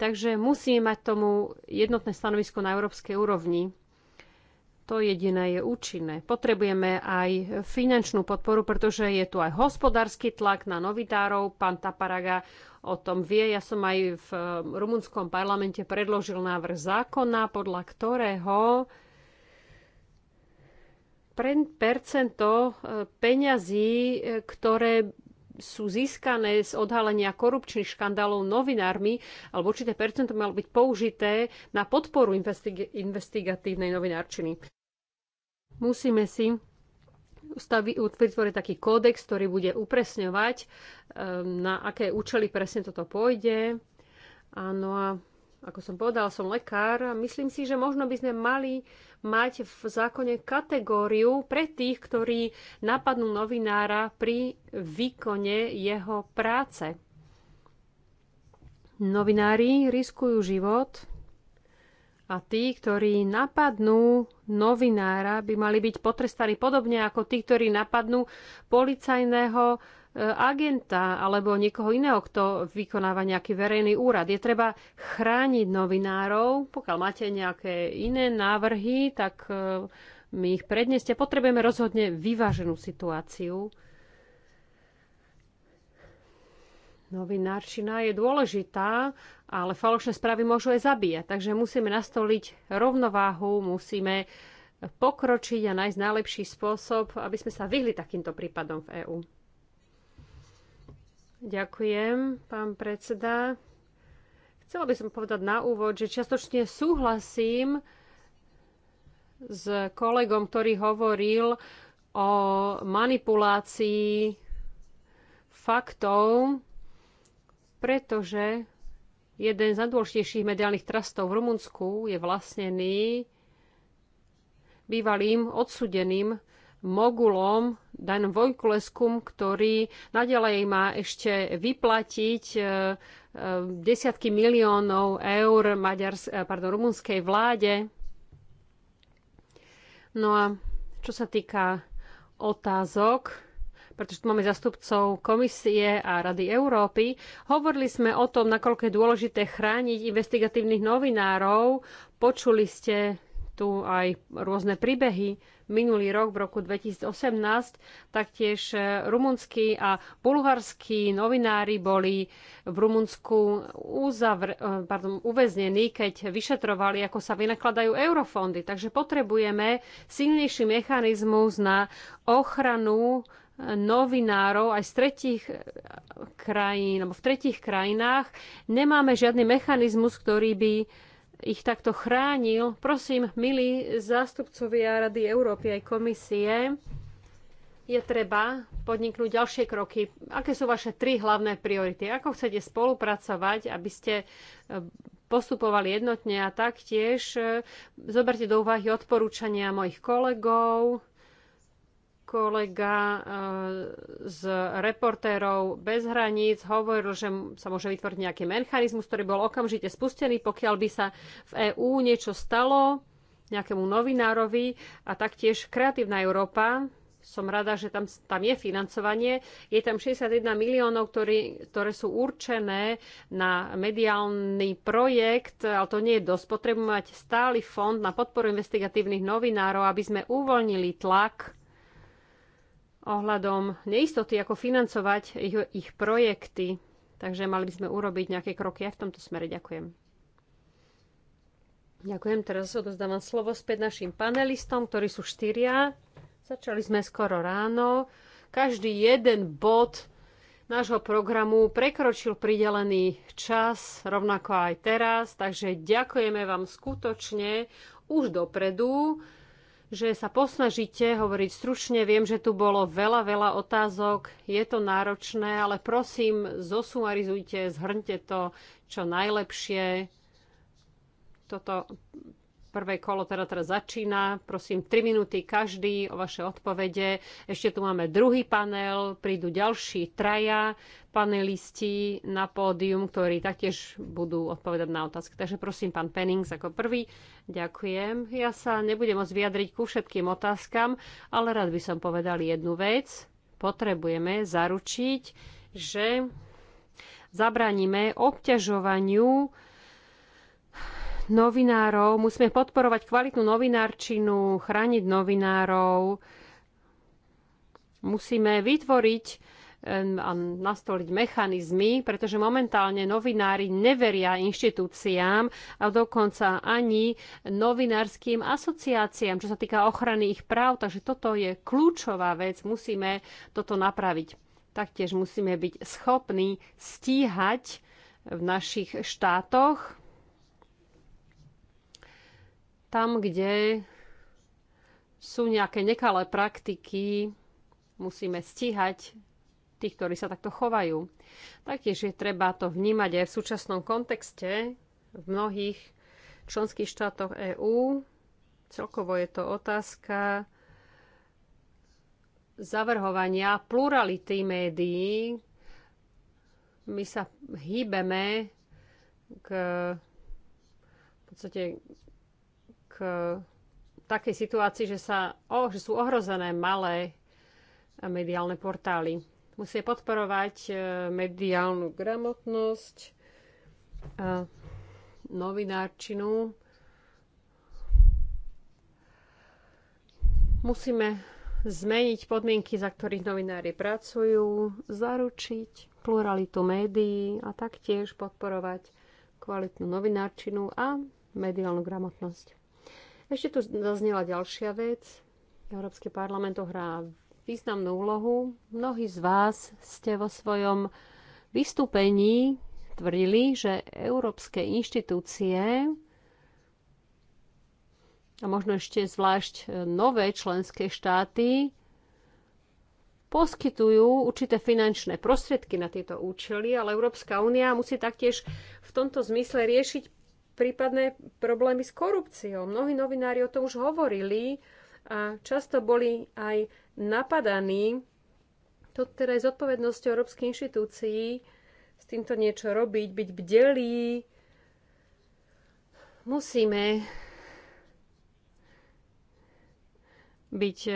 takže musíme mať tomu jednotné stanovisko na európskej úrovni. To jediné je účinné. Potrebujeme aj finančnú podporu, pretože je tu aj hospodársky tlak na novitárov. Pán Taparaga o tom vie. Ja som aj v eh, rumunskom parlamente predložil návrh zákona, podľa ktorého percento eh, peňazí, eh, ktoré sú získané z odhalenia korupčných škandálov novinármi, alebo určité percento malo byť použité na podporu investigatívnej novinárčiny. Musíme si vytvoriť taký kódex, ktorý bude upresňovať, ehm, na aké účely presne toto pôjde. Áno a ako som povedal, som lekár a myslím si, že možno by sme mali mať v zákone kategóriu pre tých, ktorí napadnú novinára pri výkone jeho práce. Novinári riskujú život a tí, ktorí napadnú novinára, by mali byť potrestaní podobne ako tí, ktorí napadnú policajného e, agenta alebo niekoho iného, kto vykonáva nejaký verejný úrad. Je treba chrániť novinárov. Pokiaľ máte nejaké iné návrhy, tak e, my ich predneste. Potrebujeme rozhodne vyváženú situáciu. Novinárčina je dôležitá, ale falošné správy môžu aj zabíjať. Takže musíme nastoliť rovnováhu, musíme pokročiť a nájsť najlepší spôsob, aby sme sa vyhli takýmto prípadom v EÚ. Ďakujem, pán predseda. Chcela by som povedať na úvod, že častočne súhlasím s kolegom, ktorý hovoril o manipulácii faktov pretože jeden z najdôležitejších mediálnych trastov v Rumunsku je vlastnený bývalým odsudeným mogulom Dan Vojkuleskum, ktorý nadalej má ešte vyplatiť e, e, desiatky miliónov eur maďars, e, pardon, rumunskej vláde. No a čo sa týka otázok, pretože tu máme zastupcov Komisie a Rady Európy. Hovorili sme o tom, nakoľko je dôležité chrániť investigatívnych novinárov. Počuli ste tu aj rôzne príbehy. Minulý rok, v roku 2018, taktiež e, rumunskí a bulharskí novinári boli v Rumunsku uzavr- e, pardon, uväznení, keď vyšetrovali, ako sa vynakladajú eurofondy. Takže potrebujeme silnejší mechanizmus na ochranu novinárov aj z tretich eh, krajín, alebo v tretich krajinách. Nemáme žiadny mechanizmus, ktorý by ich takto chránil. Prosím, milí zástupcovia Rady Európy aj komisie, je treba podniknúť ďalšie kroky. Aké sú vaše tri hlavné priority? Ako chcete spolupracovať, aby ste eh, postupovali jednotne a taktiež eh, zoberte do úvahy odporúčania mojich kolegov, kolega eh, z reportérov bez hraníc hovoril, že sa môže vytvoriť nejaký mechanizmus, ktorý bol okamžite spustený, pokiaľ by sa v EÚ niečo stalo nejakému novinárovi a taktiež Kreatívna Európa. Som rada, že tam, tam je financovanie. Je tam 61 miliónov, ktorý, ktoré sú určené na mediálny projekt, ale to nie je dosť. Potrebujeme mať stály fond na podporu investigatívnych novinárov, aby sme uvoľnili tlak ohľadom neistoty, ako financovať ich, ich projekty. Takže mali by sme urobiť nejaké kroky aj v tomto smere. Ďakujem. Ďakujem, teraz odozdávam slovo späť našim panelistom, ktorí sú štyria. Začali sme skoro ráno. Každý jeden bod nášho programu prekročil pridelený čas, rovnako aj teraz. Takže ďakujeme vám skutočne už dopredu že sa posnažíte hovoriť stručne. Viem, že tu bolo veľa, veľa otázok. Je to náročné, ale prosím, zosumarizujte, zhrňte to čo najlepšie. Toto Prvé kolo teda teraz začína. Prosím, 3 minúty každý o vaše odpovede. Ešte tu máme druhý panel. Prídu ďalší traja panelisti na pódium, ktorí taktiež budú odpovedať na otázky. Takže prosím, pán Pennings ako prvý. Ďakujem. Ja sa nebudem môcť vyjadriť ku všetkým otázkam, ale rád by som povedal jednu vec. Potrebujeme zaručiť, že zabraníme obťažovaniu novinárov, musíme podporovať kvalitnú novinárčinu, chrániť novinárov, musíme vytvoriť a nastoliť mechanizmy, pretože momentálne novinári neveria inštitúciám a dokonca ani novinárským asociáciám, čo sa týka ochrany ich práv. Takže toto je kľúčová vec, musíme toto napraviť. Taktiež musíme byť schopní stíhať v našich štátoch tam, kde sú nejaké nekalé praktiky, musíme stíhať tých, ktorí sa takto chovajú. Taktiež je treba to vnímať aj v súčasnom kontexte v mnohých členských štátoch EÚ. Celkovo je to otázka zavrhovania plurality médií. My sa hýbeme k v podstate E, takej situácii, že, sa, o, že sú ohrozené malé e, mediálne portály. Musí podporovať e, mediálnu gramotnosť novinárčinu. Musíme zmeniť podmienky, za ktorých novinári pracujú, zaručiť pluralitu médií a taktiež podporovať kvalitnú novinárčinu a mediálnu gramotnosť. Ešte tu zaznela ďalšia vec. Európsky parlament hrá významnú úlohu. Mnohí z vás ste vo svojom vystúpení tvrdili, že európske inštitúcie a možno ešte zvlášť nové členské štáty poskytujú určité finančné prostriedky na tieto účely, ale Európska únia musí taktiež v tomto zmysle riešiť prípadné problémy s korupciou. Mnohí novinári o tom už hovorili a často boli aj napadaní. To teda je zodpovednosť európskych inštitúcií s týmto niečo robiť, byť bdelí. Musíme byť e,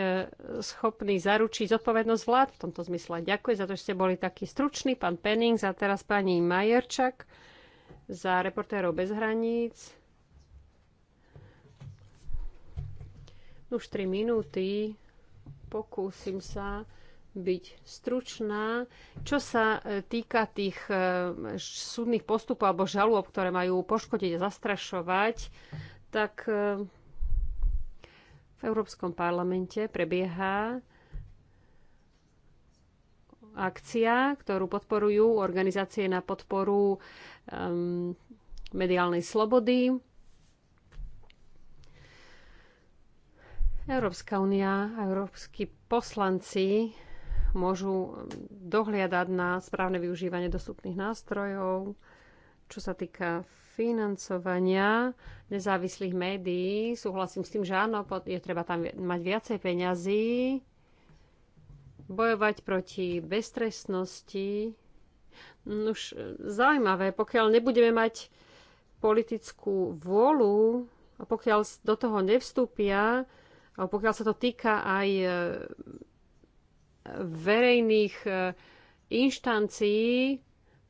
schopný zaručiť zodpovednosť vlád v tomto zmysle. Ďakujem za to, že ste boli taký stručný, pán Penning, a teraz pani Majerčak za reportérov bez hraníc. Už 3 minúty. Pokúsim sa byť stručná. Čo sa e, týka tých e, súdnych postupov alebo žalôb, ktoré majú poškodiť a zastrašovať, tak e, v Európskom parlamente prebieha akcia, ktorú podporujú organizácie na podporu um, mediálnej slobody. Európska únia a európsky poslanci môžu dohliadať na správne využívanie dostupných nástrojov, čo sa týka financovania nezávislých médií. Súhlasím s tým, že áno, je treba tam mať viacej peňazí, bojovať proti beztrestnosti, už e, zaujímavé, pokiaľ nebudeme mať politickú vôľu a pokiaľ do toho nevstúpia, a pokiaľ sa to týka aj e, verejných e, inštancií,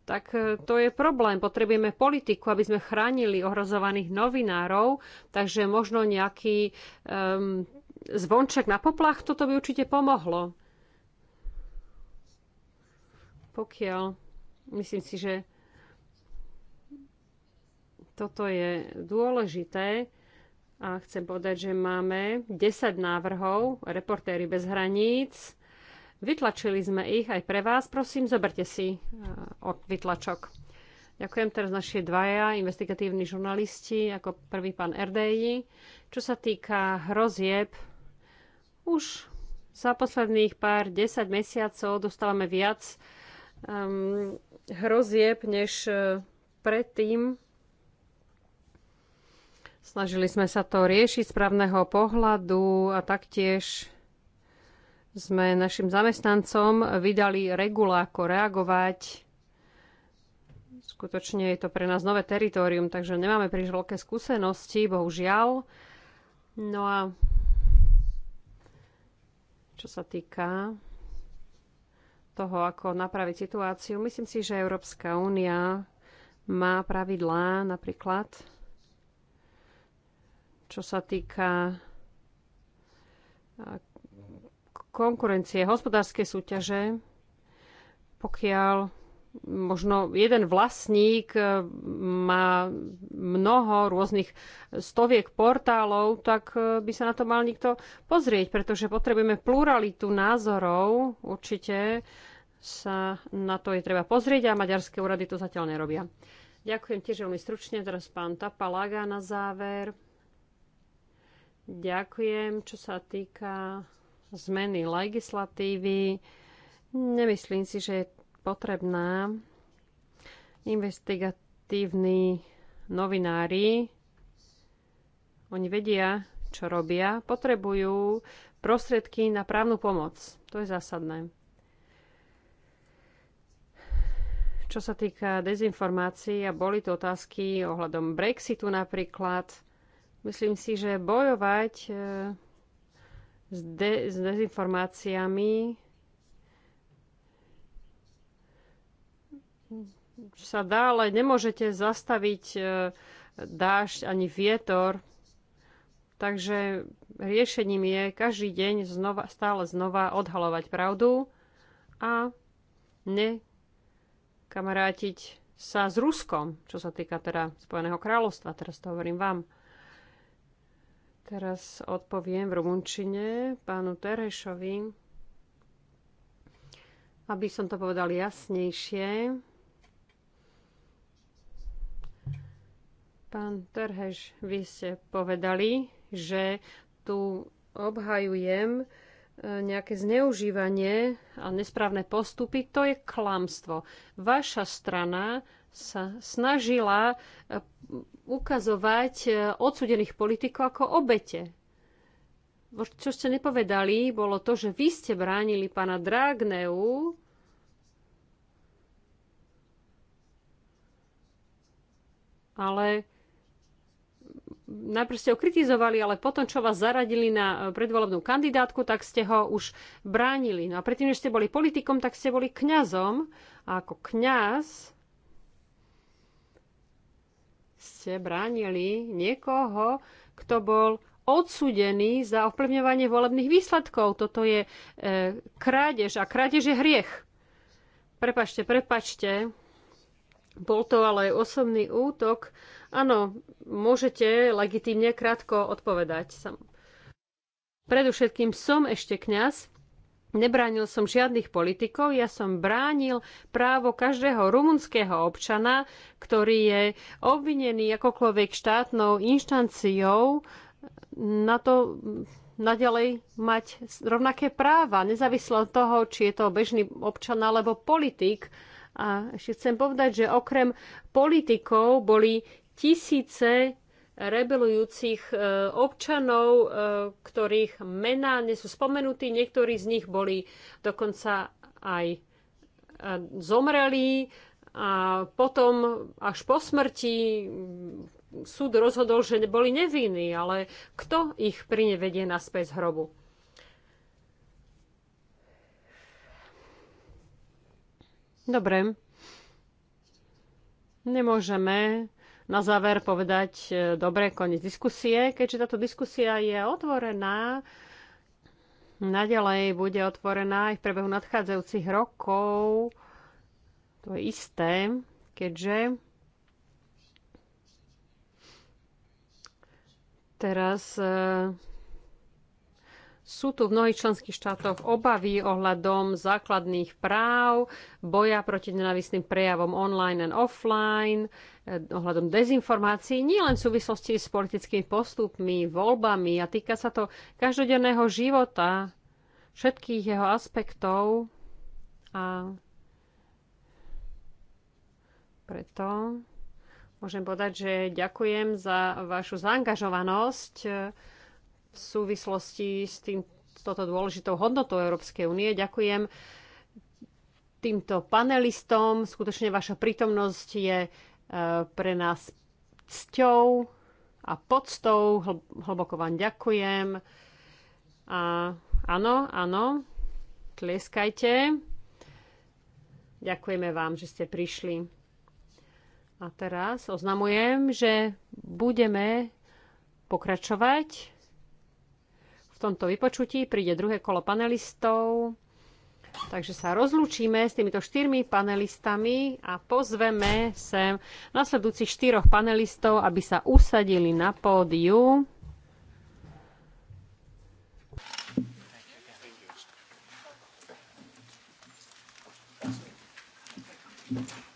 tak to je problém. Potrebujeme politiku, aby sme chránili ohrozovaných novinárov, takže možno nejaký um, zvonček na poplach, toto by určite pomohlo. Pokiaľ Myslím si, že toto je dôležité a chcem povedať, že máme 10 návrhov Reportéry bez hraníc. Vytlačili sme ich aj pre vás. Prosím, zoberte si e, od vytlačok. Ďakujem teraz naši dvaja investigatívni žurnalisti, ako prvý pán RDI. Čo sa týka hrozieb, už za posledných pár 10 mesiacov dostávame viac um, hrozieb než e, predtým. Snažili sme sa to riešiť z právneho pohľadu a taktiež sme našim zamestnancom vydali regulu, ako reagovať. Skutočne je to pre nás nové teritorium, takže nemáme príliš veľké skúsenosti, bohužiaľ. No a čo sa týka toho, ako napraviť situáciu. Myslím si, že Európska únia má pravidlá napríklad, čo sa týka konkurencie, hospodárskej súťaže, pokiaľ možno jeden vlastník e, má mnoho rôznych stoviek portálov, tak e, by sa na to mal nikto pozrieť, pretože potrebujeme pluralitu názorov určite sa na to je treba pozrieť a maďarské úrady to zatiaľ nerobia. Ďakujem tiež veľmi stručne. Teraz pán Tapalaga na záver. Ďakujem, čo sa týka zmeny legislatívy. Nemyslím si, že je potrebná. Investigatívni novinári, oni vedia, čo robia, potrebujú prostriedky na právnu pomoc. To je zásadné. Čo sa týka dezinformácií a boli to otázky ohľadom Brexitu napríklad, myslím si, že bojovať e, s, de- s dezinformáciami sa dá, ale nemôžete zastaviť e, dážď ani vietor. Takže riešením je každý deň znova, stále znova odhalovať pravdu a ne kamarátiť sa s Ruskom, čo sa týka teda Spojeného kráľovstva, teraz to hovorím vám. Teraz odpoviem v rumunčine pánu Terešovi, aby som to povedal jasnejšie. Pán Terheš, vy ste povedali, že tu obhajujem nejaké zneužívanie a nesprávne postupy, to je klamstvo. Vaša strana sa snažila eh, ukazovať eh, odsudených politikov ako obete. Čo ste nepovedali, bolo to, že vy ste bránili pána Dragneu ale najprv ste ho kritizovali, ale potom, čo vás zaradili na eh, predvolebnú kandidátku, tak ste ho už bránili. No a predtým, než ste boli politikom, tak ste boli kňazom. A ako kňaz ste bránili niekoho, kto bol odsudený za ovplyvňovanie volebných výsledkov. Toto je e, krádež a krádež je hriech. Prepačte, prepačte. Bol to ale osobný útok Áno, môžete legitímne krátko odpovedať. Predovšetkým som ešte kňaz, Nebránil som žiadnych politikov, ja som bránil právo každého rumunského občana, ktorý je obvinený akokoľvek štátnou inštanciou na to naďalej mať rovnaké práva, nezávisle od toho, či je to bežný občan alebo politik. A ešte chcem povedať, že okrem politikov boli tisíce rebelujúcich e, občanov, e, ktorých mená nie sú spomenutí, niektorí z nich boli dokonca aj e, zomreli a potom až po smrti súd rozhodol, že boli nevinní, ale kto ich prinevedie naspäť z hrobu? Dobre. Nemôžeme na záver povedať, e, dobre, koniec diskusie. Keďže táto diskusia je otvorená, naďalej bude otvorená aj v priebehu nadchádzajúcich rokov. To je isté, keďže teraz e, sú tu v mnohých členských štátoch obavy ohľadom základných práv, boja proti nenavistným prejavom online and offline, eh, ohľadom dezinformácií, nielen v súvislosti s politickými postupmi, voľbami a týka sa to každodenného života, všetkých jeho aspektov a preto môžem povedať, že ďakujem za vašu zaangažovanosť eh, v súvislosti s tým, toto dôležitou hodnotou Európskej únie. Ďakujem týmto panelistom. Skutočne vaša prítomnosť je e, pre nás cťou a poctou. Hlboko vám ďakujem. A áno, áno, tlieskajte. Ďakujeme vám, že ste prišli. A teraz oznamujem, že budeme pokračovať v tomto vypočutí. Príde druhé kolo panelistov. Takže sa rozlúčime s týmito štyrmi panelistami a pozveme sem nasledujúcich štyroch panelistov, aby sa usadili na pódiu. Thank you.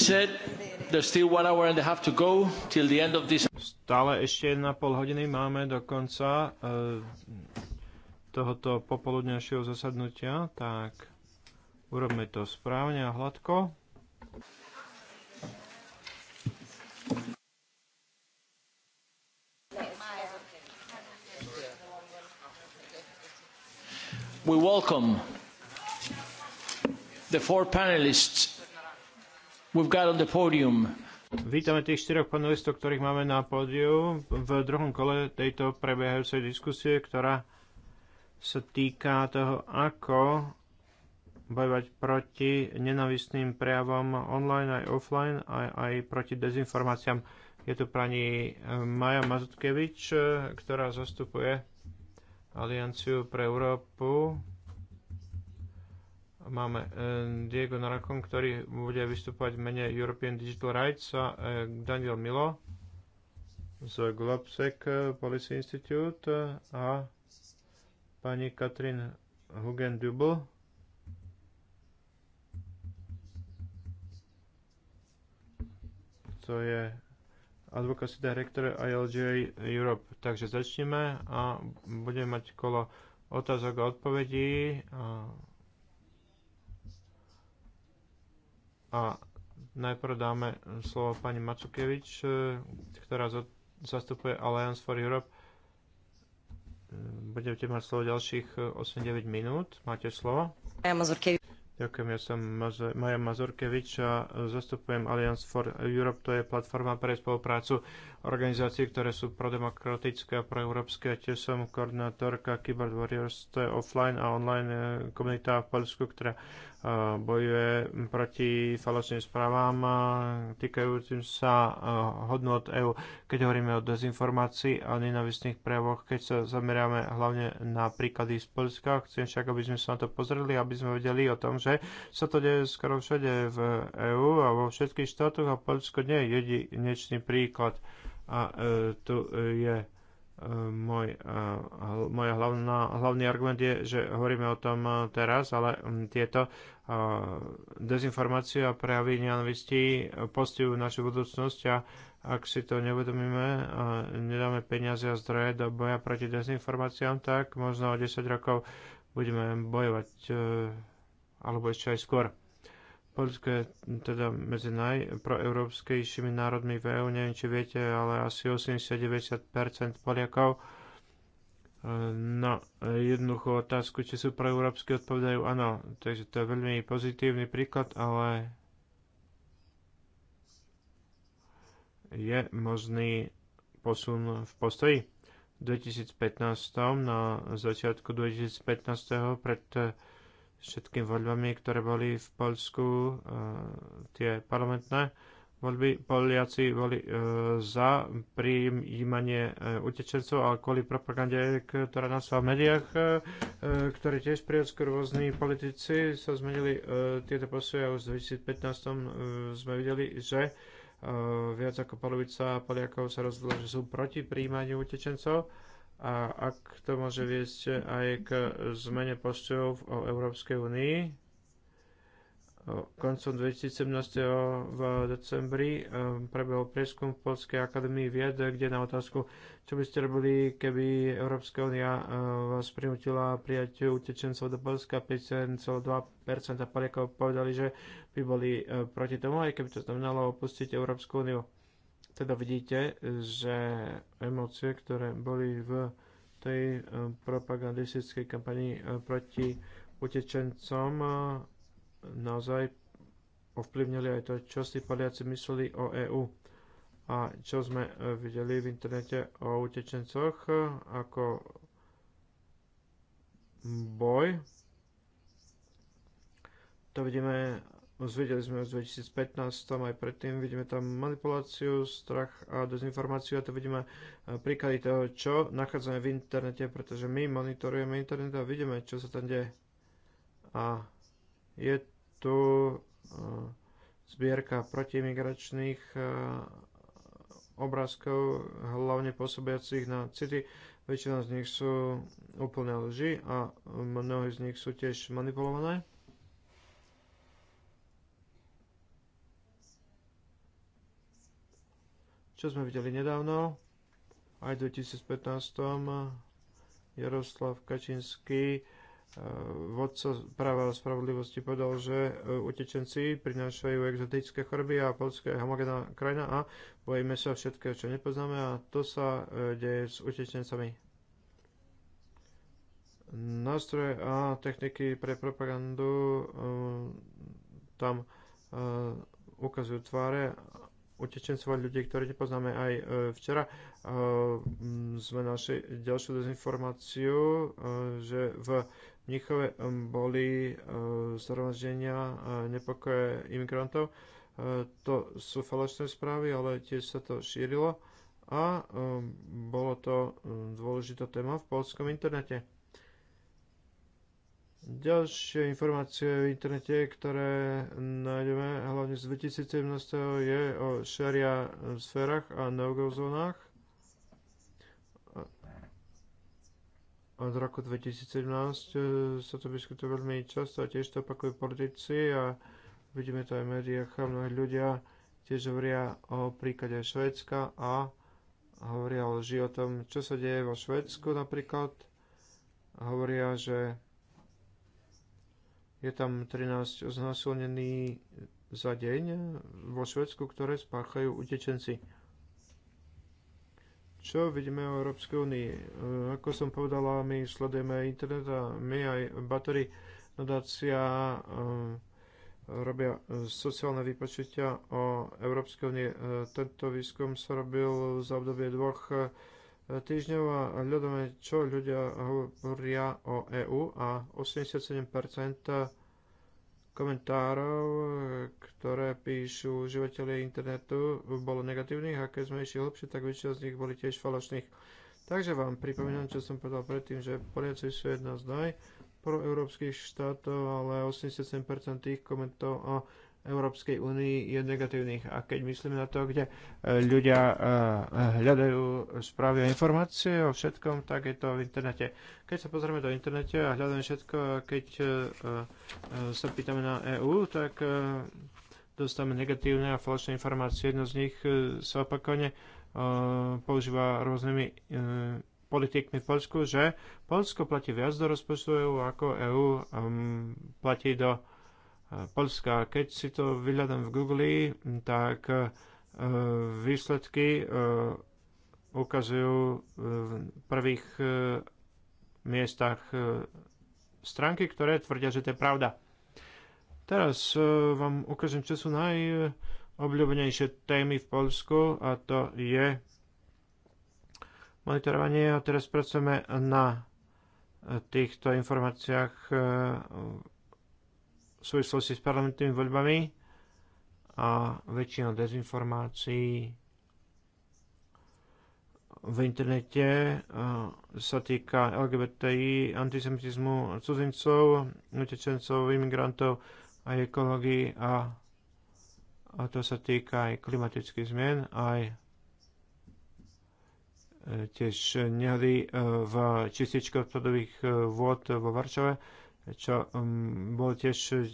said, this... Stále ešte na pol hodiny máme do konca eh, tohoto popoludňajšieho zasadnutia, tak urobme to správne a hladko. We welcome the four panelists We've got on the podium. Vítame tých štyroch panelistov, ktorých máme na pódiu v druhom kole tejto prebiehajúcej diskusie, ktorá sa týka toho, ako bojovať proti nenavistným prejavom online aj offline, aj, aj proti dezinformáciám. Je tu pani eh, Maja Mazutkevič, eh, ktorá zastupuje Alianciu pre Európu Máme eh, Diego Narakon, ktorý bude vystúpať v mene European Digital Rights a eh, Daniel Milo z Globsec eh, Policy Institute a pani Katrin Hugen-Dubel to je Advocacy Director ILJ Europe. Takže začneme a budeme mať kolo otázok a odpovedí. A A najprv dáme slovo pani Macukevič, eh, ktorá zastupuje Alliance for Europe. Eh, budete mať slovo ďalších 8-9 eh, minút. Máte slovo. Ja Mazurkevič. Ďakujem, ja som Maja Mazurkevič a zastupujem Alliance for Europe, to je platforma pre spoluprácu organizácií, ktoré sú prodemokratické a proeurópske. Tiež som koordinátorka Keyboard Warriors, to je offline a online eh, komunita v Polsku, ktorá eh, bojuje proti falošným správam eh, týkajúcim sa hodnot EÚ. Keď hovoríme o dezinformácii a nenavistných prejavoch, keď sa zameráme hlavne na príklady z Polska, chcem však, aby sme sa na to pozreli, aby sme vedeli o tom, že sa to deje skoro všade v EÚ a vo všetkých štátoch a Polsko nie je jedinečný príklad. A e, tu e, je e, môj, môj hlavná, hlavný argument je, že hovoríme o tom teraz, ale tieto dezinformácie a prejavy nenavistí postihujú našu budúcnosť a ak si to nevedomíme a nedáme peniaze a zdroje do boja proti dezinformáciám, tak možno o 10 rokov budeme bojovať alebo ešte aj skôr. Polsko je teda medzi najproeurópskejšími národmi v EU, neviem či viete, ale asi 80-90% Poliakov e, na no, jednoduchú otázku, či sú proeurópsky, odpovedajú áno. Takže to je veľmi pozitívny príklad, ale je možný posun v postoji. V 2015, na začiatku 2015, pred všetkými voľbami, ktoré boli v Polsku, e, tie parlamentné voľby. Poliaci boli e, za prijímanie e, utečencov, ale kvôli propagande, ktorá nás v médiách, ktoré tiež prirodzko rôzni politici, sa zmenili tieto postoje. Už v 2015 sme videli, že viac ako polovica Poliakov sa rozhodla, že sú proti prijímaniu utečencov a ak to môže viesť aj k zmene postojov o Európskej únii. Koncom 2017. v decembri ehm, prebehol prieskum v Polskej akadémii vied, kde na otázku, čo by ste robili, keby Európska únia ehm, vás prinútila prijať utečencov do Polska, 5,2% Poliakov povedali, že by boli ehm, proti tomu, aj keby to znamenalo opustiť Európsku úniu teda vidíte, že emócie, ktoré boli v tej eh, propagandistickej kampani eh, proti utečencom, eh, naozaj ovplyvnili aj to, čo si Poliaci mysleli o EÚ a čo sme videli v internete o utečencoch ako boj. To vidíme Zvedeli sme v 2015, tam aj predtým vidíme tam manipuláciu, strach a dezinformáciu a to vidíme eh, príklady toho, čo nachádzame v internete, pretože my monitorujeme internet a vidíme, čo sa tam deje. A je tu eh, zbierka protimigračných eh, obrázkov, hlavne pôsobiacich na city. Väčšina z nich sú úplne lži a mnohé z nich sú tiež manipulované. čo sme videli nedávno, aj v 2015 eh, Jaroslav Kačinský, eh, vodca práva a spravodlivosti povedal, že eh, utečenci prinášajú exotické choroby a Polska je homogénna krajina a bojíme sa všetkého, čo nepoznáme a to sa deje s utečencami. Nástroje a techniky pre propagandu tam ukazujú tváre utečencov a ľudí, ktorí nepoznáme aj e, včera. E, sme našli ďalšiu dezinformáciu, e, že v Mnichove boli zhromaždenia nepokoje imigrantov. To sú falešné správy, ale tiež sa to šírilo a bolo to dôležitá téma v polskom internete. Ďalšie informácie v internete, ktoré nájdeme hlavne z 2017 je o šaria sférach a no-go zónach. Od roku 2017 e, sa to vyskytuje veľmi často a tiež to opakujú politici a vidíme to aj v médiách a mnohí ľudia tiež hovoria o príklade Švédska a hovoria o o tom, čo sa deje vo Švédsku napríklad. Hovoria, že je tam 13 znásilnení za deň vo Švedsku, ktoré spáchajú utečenci. Čo vidíme o Európskej únii? E, ako som povedala, my sledujeme internet a my aj batery nadácia e, robia sociálne vypočutia o Európskej únii. E, tento výskum sa robil za obdobie dvoch týždňová a čo ľudia hovoria o EÚ a 87% komentárov, ktoré píšu užívateľi internetu, bolo negatívnych a keď sme išli hlbšie, tak väčšina z nich boli tiež falošných. Takže vám pripomínam, čo som povedal predtým, že Poliaci sú jedna z naj proeurópskych štátov, ale 87% tých komentov o Európskej únii je negatívnych. A keď myslíme na to, kde e, ľudia e, hľadajú správy a informácie o všetkom, tak je to v internete. Keď sa pozrieme do internete a hľadáme všetko, keď e, sa pýtame na EÚ, tak dostávame negatívne a falošné informácie. Jedno z nich sa opakovane používa rôznymi politikmi v Polsku, že Polsko platí viac do rozpočtu EÚ ako EÚ platí do Polska. Keď si to vyhľadám v Google, tak e, výsledky e, ukazujú e, v prvých miestach stránky, ktoré tvrdia, že to je pravda. Teraz vám ukážem, čo sú najobľúbenejšie témy v Polsku a to je monitorovanie a teraz pracujeme na týchto informáciách v súvislosti s parlamentnými voľbami a väčšina dezinformácií v internete sa týka LGBTI, antisemitizmu, cudzincov, utečencov, imigrantov a ekológii a, a to sa týka aj klimatických zmien, aj e, tiež nehody e, v čističke odpadových e, vôd vo Varšave čo um, bolo tiež uh,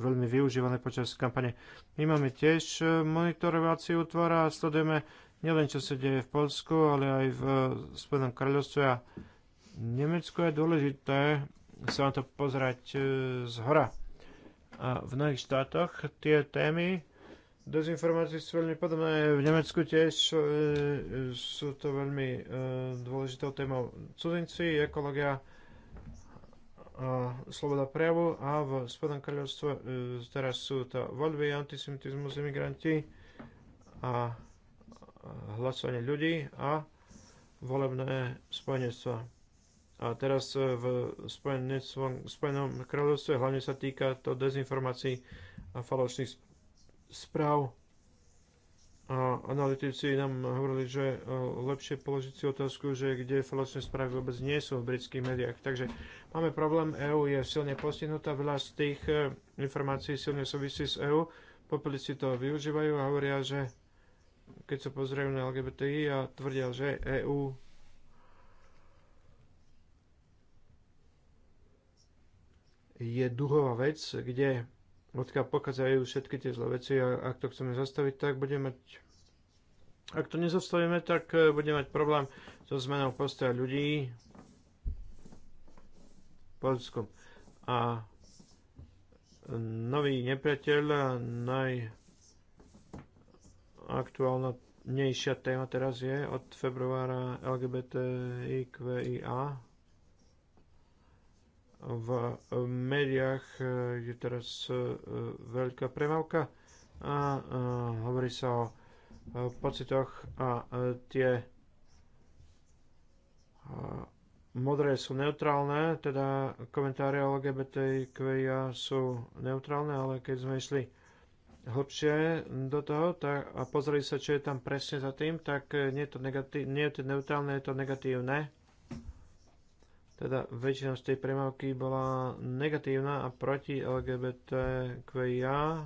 veľmi využívané počas kampane. My máme tiež e, monitorovaciu útvora a sledujeme nielen čo sa deje v Polsku, ale aj v uh, Spojenom kráľovstve a Nemecku je dôležité sa na to pozerať z hora. A v mnohých štátoch tie témy dezinformácií sú veľmi podobné. V Nemecku tiež uh, sú to veľmi uh, dôležitou témou. Cudzinci, ekológia, a sloboda prejavu a v Spodnom kráľovstve e, teraz sú to voľby, antisemitizmus, imigranti a hlasovanie ľudí a volebné spojenectvo. A teraz e, v Spojenom kráľovstve hlavne sa týka to dezinformácií a falošných správ a analytici nám hovorili, že e, lepšie položiť si otázku, že kde falošné správy vôbec nie sú v britských médiách. Takže máme problém, EÚ je silne postihnutá, veľa z tých e, informácií silne súvisí s EÚ, populisti to využívajú a hovoria, že keď sa pozrejú na LGBTI a tvrdia, že EÚ je duhová vec, kde odkiaľ pochádzajú všetky tie zlé veci a ak to chceme zastaviť, tak budeme mať ak to nezastavíme, tak e, budeme mať problém so zmenou postoja ľudí v Polsku. A nový nepriateľ, najaktuálnejšia téma teraz je od februára LGBTIQIA v médiách e, je teraz e, veľká premávka a e, hovorí sa o pocitoch a tie modré sú neutrálne, teda komentáre o LGBTQIA sú neutrálne, ale keď sme išli hlbšie do toho tak, a pozreli sa, čo je tam presne za tým, tak nie je to, nie je to neutrálne, je to negatívne teda väčšina z tej premávky bola negatívna a proti LGBTQIA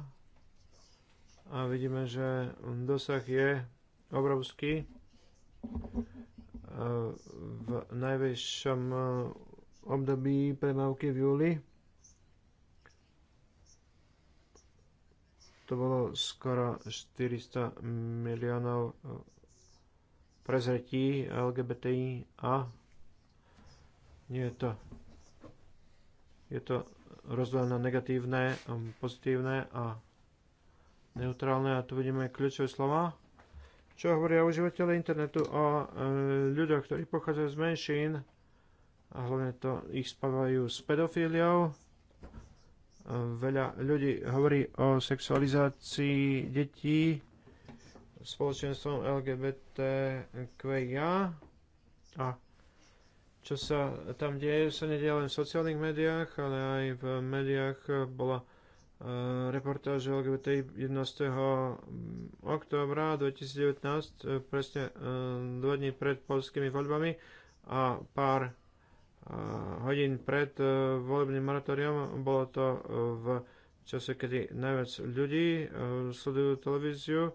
a vidíme, že dosah je obrovský e, v najväčšom e, období premávky v júli. To bolo skoro 400 miliónov e, prezretí LGBTI a nie je to, je to rozdelené na negatívne, um, pozitívne a neutrálne a tu vidíme kľúčové slova, čo hovoria užívateľe internetu o e, ľuďoch, ktorí pochádzajú z menšín a hlavne to ich spávajú s pedofíliou. E, veľa ľudí hovorí o sexualizácii detí spoločenstvom LGBTQIA a čo sa tam deje, sa nedie len v sociálnych médiách, ale aj v médiách bola e, reportáž LGBT 11. Mm, októbra 2019, e, presne e, dva dní pred polskými voľbami a pár hodín pred volebným moratóriom. Bolo to v čase, kedy najviac ľudí sledujú televíziu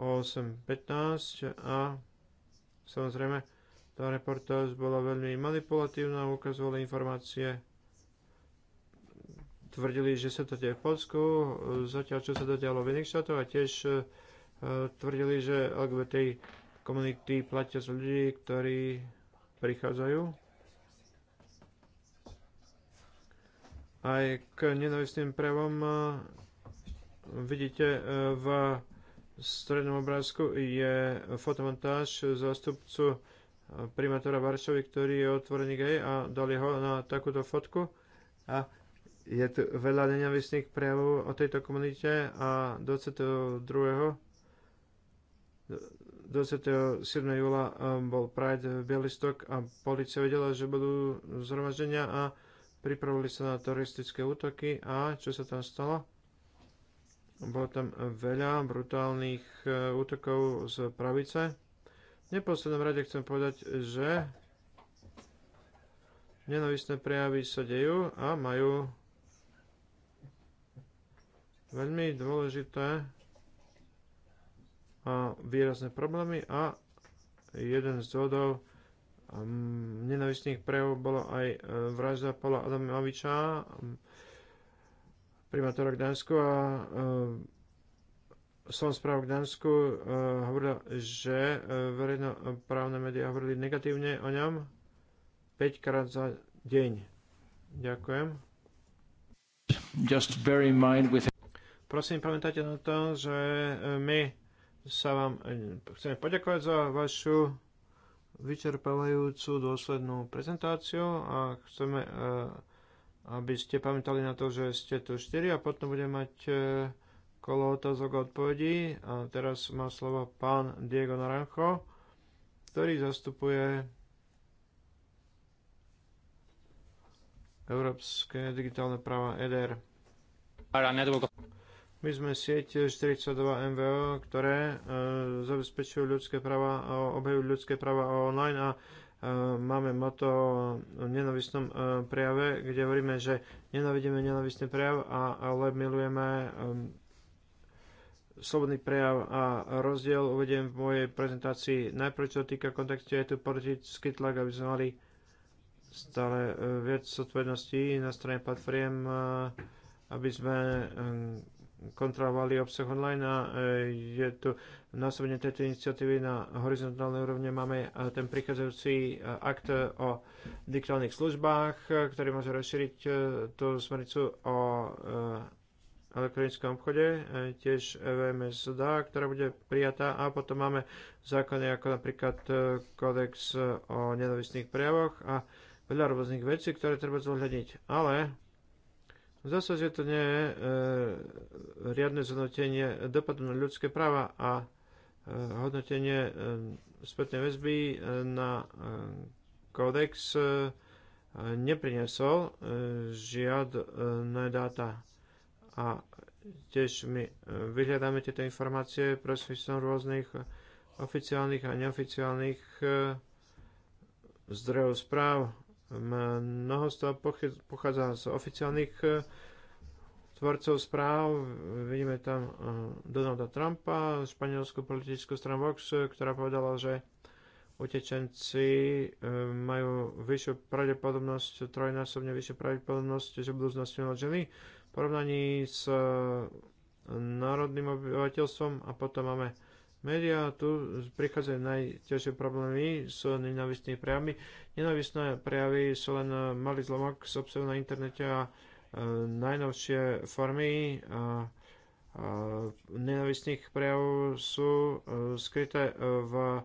o 8.15 a samozrejme tá reportáž bola veľmi manipulatívna, ukazovala informácie. Tvrdili, že sa to deje v Polsku, zatiaľ čo sa to dialo v iných štátoch a tiež uh, tvrdili, že LGBT komunity platia z ľudí, ktorí prichádzajú aj k nenavistným uh, vidíte e, v strednom obrázku je fotomontáž zástupcu primátora Varšovy, ktorý je otvorený gej a dali ho na takúto fotku. A je tu veľa nenavistných prejavov o tejto komunite a 22. 27. júla um, bol Pride v uh, Bielistok a policia vedela, že budú zhromaždenia a pripravili sa na turistické útoky a čo sa tam stalo? Bolo tam veľa brutálnych uh, útokov z pravice neposlednom rade chcem povedať, že nenavistné prejavy sa dejú a majú veľmi dôležité a výrazné problémy a jeden z dôvodov mm, nenavistných prejavov bolo aj e, vražda Pola Adamoviča primátora Gdansku a e, som správ v Gdansku uh, e, hovoril, že uh, verejnoprávne médiá hovorili negatívne o ňom 5 krát za deň. Ďakujem. Just bear in mind with... Prosím, pamätajte na to, že e, my sa vám chceme poďakovať za vašu vyčerpávajúcu dôslednú prezentáciu a chceme, aby ste pamätali na to, že ste tu 4 a potom budeme mať kolo otázok a odpovedí. A teraz má slovo pán Diego Naranjo, ktorý zastupuje Európske digitálne práva EDR. My sme sieť 42 MVO, ktoré e, zabezpečujú ľudské práva, obhajujú ľudské práva online a e, máme moto o nenavisnom e, prejave, kde hovoríme, že nenavidíme nenavistný prejav, ale milujeme e, slobodný prejav a rozdiel uvediem v mojej prezentácii. Najprv, čo týka kontextu, je tu politický tlak, aby sme mali stále e, viac zodpovedností na strane platform, e, aby sme e, kontrolovali obsah online a je tu násobne tejto iniciatívy na horizontálnej úrovne. Máme ten prichádzajúci akt o digitálnych službách, ktorý môže rozšíriť tú smernicu o elektronickom obchode, e, tiež e VMS DA, ktorá bude prijatá a potom máme zákony ako napríklad e, kódex o nenavistných prejavoch a veľa rôznych vecí, ktoré treba zohľadniť. Ale zase, zásade to nie je riadne zhodnotenie dopadu na ľudské práva a hodnotenie spätnej väzby na kódex neprinesol žiadne dáta a tiež my e, vyhľadáme tieto informácie prostredníctvom rôznych oficiálnych a neoficiálnych e, zdrojov správ. Mnoho z toho pochádza z oficiálnych e, tvorcov správ. Vidíme tam Donalda Trumpa, španielskú politickú stranu Vox, ktorá povedala, že utečenci majú vyššiu pravdepodobnosť, trojnásobne vyššiu pravdepodobnosť, že budú znosňovať ženy porovnaní s e, národným obyvateľstvom a potom máme Média tu prichádzajú najťažšie problémy s nenávistnými prejavmi. Nenávistné prejavy sú len malý zlomok z obsahu na internete a e, najnovšie formy a, a nenávistných prejavov sú e, skryté v e,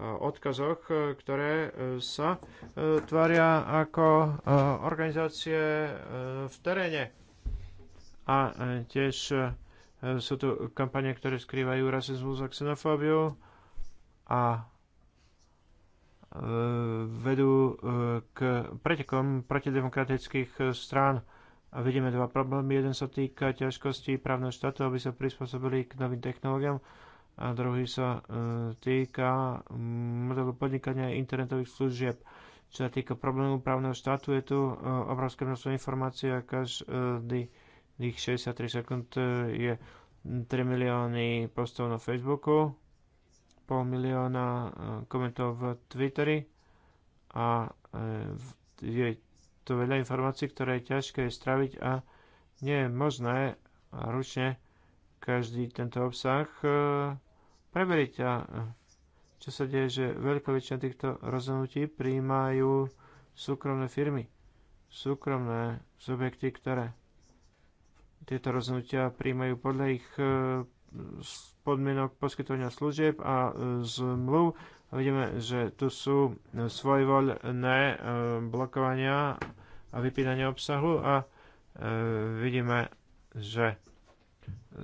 odkazoch, ktoré e, sa tvária ako organizácie v teréne a e, tiež e, sú tu kampanie, ktoré skrývajú rasizmus a xenofóbiu a e, vedú k pretekom protidemokratických strán. A vidíme dva problémy. Jeden sa týka ťažkosti právneho štátu, aby sa prispôsobili k novým technológiám a druhý sa týka mm, modelu podnikania internetových služieb. Čo sa týka problému právneho štátu, je tu obrovské množstvo informácií a každý tých 63 sekúnd e, je 3 milióny postov na Facebooku, pol milióna e, komentov v Twitteri a e, je to veľa informácií, ktoré je ťažké straviť a nie je možné ručne každý tento obsah preveriť. A čo sa deje, že veľká väčšina týchto rozhodnutí prijímajú súkromné firmy, súkromné subjekty, ktoré tieto rozhodnutia príjmajú podľa ich e, podmienok poskytovania služieb a e, zmluv. A vidíme, že tu sú svojvoľné e, blokovania a vypínanie obsahu a vidíme, že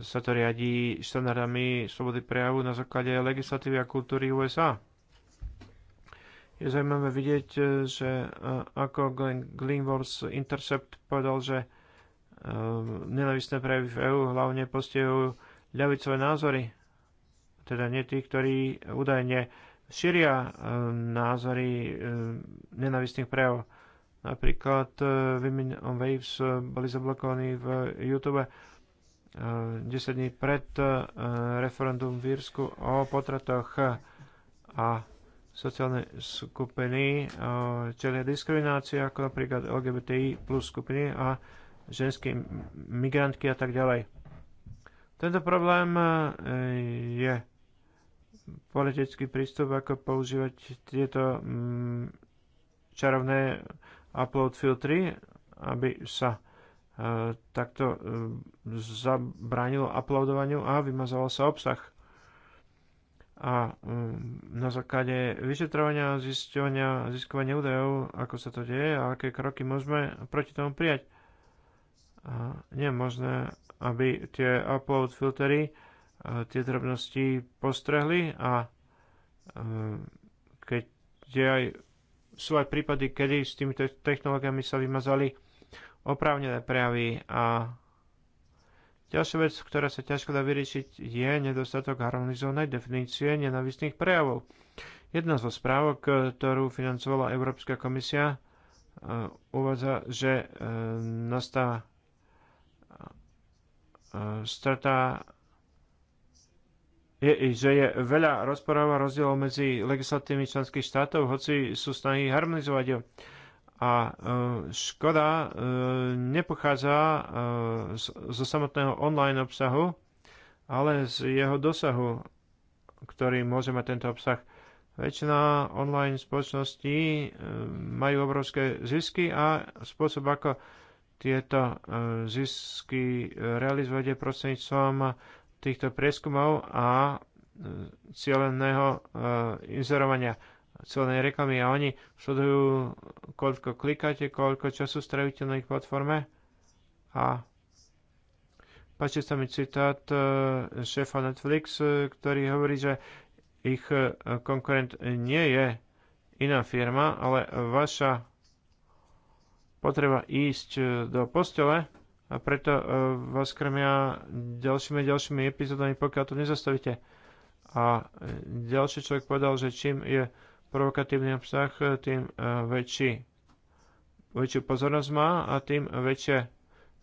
sa to riadí štandardami slobody prejavu na základe legislatívy a kultúry USA. Je zaujímavé vidieť, že ako Glenn Greenwald Intercept povedal, že Ehm, nenavistné prejavy v EÚ hlavne postihujú ľavicové názory, teda nie tí, ktorí údajne šíria ehm, názory ehm, nenavistných prejavov. Napríklad eh, Women on Waves eh, boli zablokovaní v YouTube 10 dní pred eh, referendum v Írsku o potratoch a sociálne skupiny čelia diskriminácie, ako napríklad LGBTI plus skupiny a ženské migrantky a tak ďalej. Tento problém e, je politický prístup, ako používať tieto mm, čarovné upload filtry, aby sa e, takto e, zabránilo uploadovaniu a vymazal sa obsah. A mm, na základe vyšetrovania, zistovania, získovania údajov, ako sa to deje a aké kroky môžeme proti tomu prijať. A nie je možné, aby tie upload filtery e, tie drobnosti postrehli a e, keď je aj, sú aj prípady, kedy s týmito technológiami sa vymazali oprávnené prejavy a ďalšia vec, ktorá sa ťažko dá vyriešiť, je nedostatok harmonizovanej definície nenavistných prejavov. Jedna zo správok, ktorú financovala Európska komisia, e, uvádza, že nastáva strata je, že je veľa rozporov a rozdielov medzi legislatívmi členských štátov, hoci sú snahy harmonizovať. A e, škoda e, nepochádza e, zo samotného online obsahu, ale z jeho dosahu, ktorý môže mať tento obsah. Väčšina online spoločností majú obrovské zisky a spôsob, ako tieto e, zisky e, realizovať prostredníctvom týchto prieskumov a e, cieľeného inzerovania celnej reklamy a oni sledujú, koľko klikáte, koľko času strávite na ich platforme a páči sa mi citát šéfa Netflix, ktorý hovorí, že ich konkurent nie je iná firma, ale vaša potreba ísť e, do postele a preto e, vás krmia ďalšími ďalšími epizódami, pokiaľ to nezastavíte. A e, ďalší človek povedal, že čím je provokatívny obsah, tým väčší, väčšiu pozornosť má a tým väčšie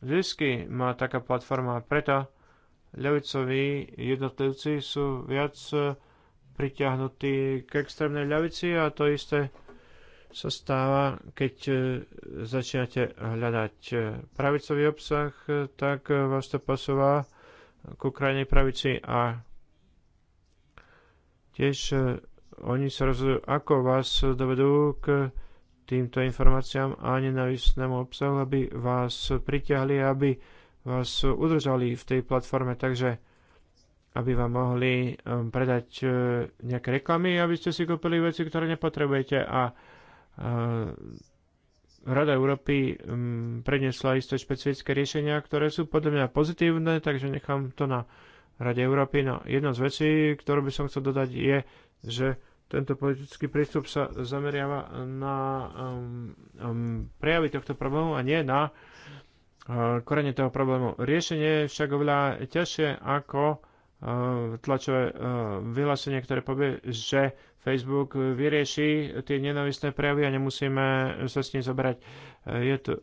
zisky má taká platforma. Preto ľavicoví jednotlivci sú viac pritiahnutí k extrémnej ľavici a to isté sa stáva, keď e, začínate hľadať e, pravicový obsah, e, tak vás to posúva ku krajnej pravici a tiež oni sa rozhodujú, ako vás dovedú k týmto informáciám a nenavisnému obsahu, aby vás pritiahli, aby vás udržali v tej platforme. Takže aby vám mohli predať nejaké reklamy, aby ste si kúpili veci, ktoré nepotrebujete a Eh, Rada Európy mm, prednesla isté špecifické riešenia, ktoré sú podľa mňa pozitívne, takže nechám to na Rade Európy. No, jedna z vecí, ktorú by som chcel dodať, je, že tento politický prístup sa zameriava na um, um, prejavy tohto problému a nie na uh, korene toho problému. Riešenie je však oveľa ťažšie ako uh, tlačové uh, vyhlásenie, ktoré povie, že Facebook e, vyrieši tie nenavistné prejavy a nemusíme sa s ním zobrať. E, Je to e,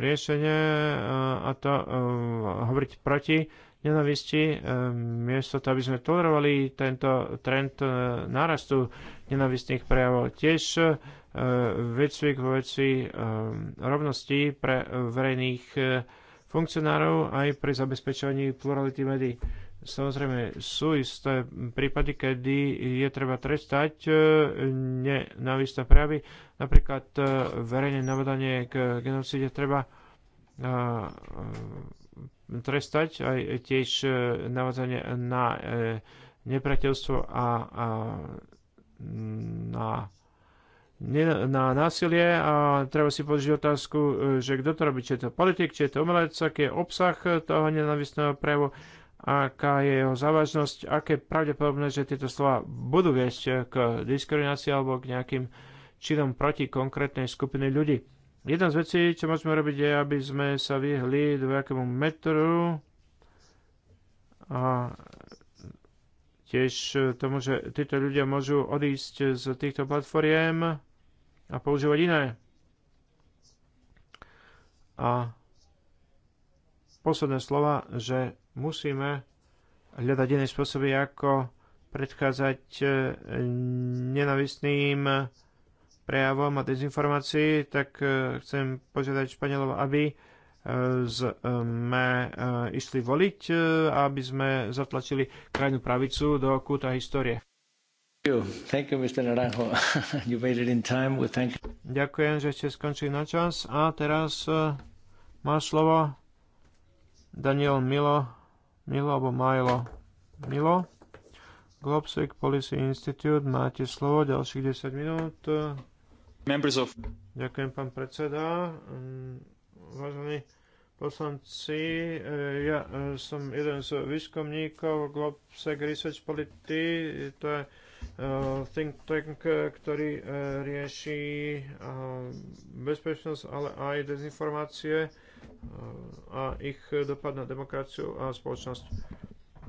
riešenie a to hovoriť proti nenavisti, miesto to, aby sme tolerovali tento trend nárastu nenavistných prejavov. Tiež výcvik vo veci rovnosti pre verejných funkcionárov aj pri zabezpečovaní plurality médií. Samozrejme, sú isté prípady, kedy je treba trestať e, nenávistné prejavy. Napríklad e, verejné navedanie k genocíde treba e, trestať aj tiež navádzanie na nepriateľstvo a, a na na násilie a treba si položiť otázku, že kto to robí, či je to politik, či je to umelec, aký je obsah toho nenavistného prejavu aká je jeho závažnosť, aké pravdepodobné, že tieto slova budú viesť k diskriminácii alebo k nejakým činom proti konkrétnej skupiny ľudí. Jedna z vecí, čo môžeme robiť, je, aby sme sa vyhli do nejakému metru a tiež tomu, že títo ľudia môžu odísť z týchto platformiem a používať iné. A posledné slova, že musíme hľadať iné spôsoby, ako predchádzať e, nenavistným prejavom a dezinformácií, tak e, chcem požiadať Španielov, aby e, sme išli voliť a aby sme zatlačili krajnú pravicu do kúta histórie. Ďakujem, že ste skončili na čas. A teraz má slovo Daniel Milo Milo alebo Milo. Milo. Globsec Policy Institute, máte slovo, ďalších 10 minút. Members of... Ďakujem, pán predseda. Mm, vážení poslanci, e, ja e, som jeden z výskumníkov Globsec Research Policy. to je e, think tank, ktorý rieši bezpečnosť, ale aj dezinformácie a ich dopad na demokraciu a spoločnosť.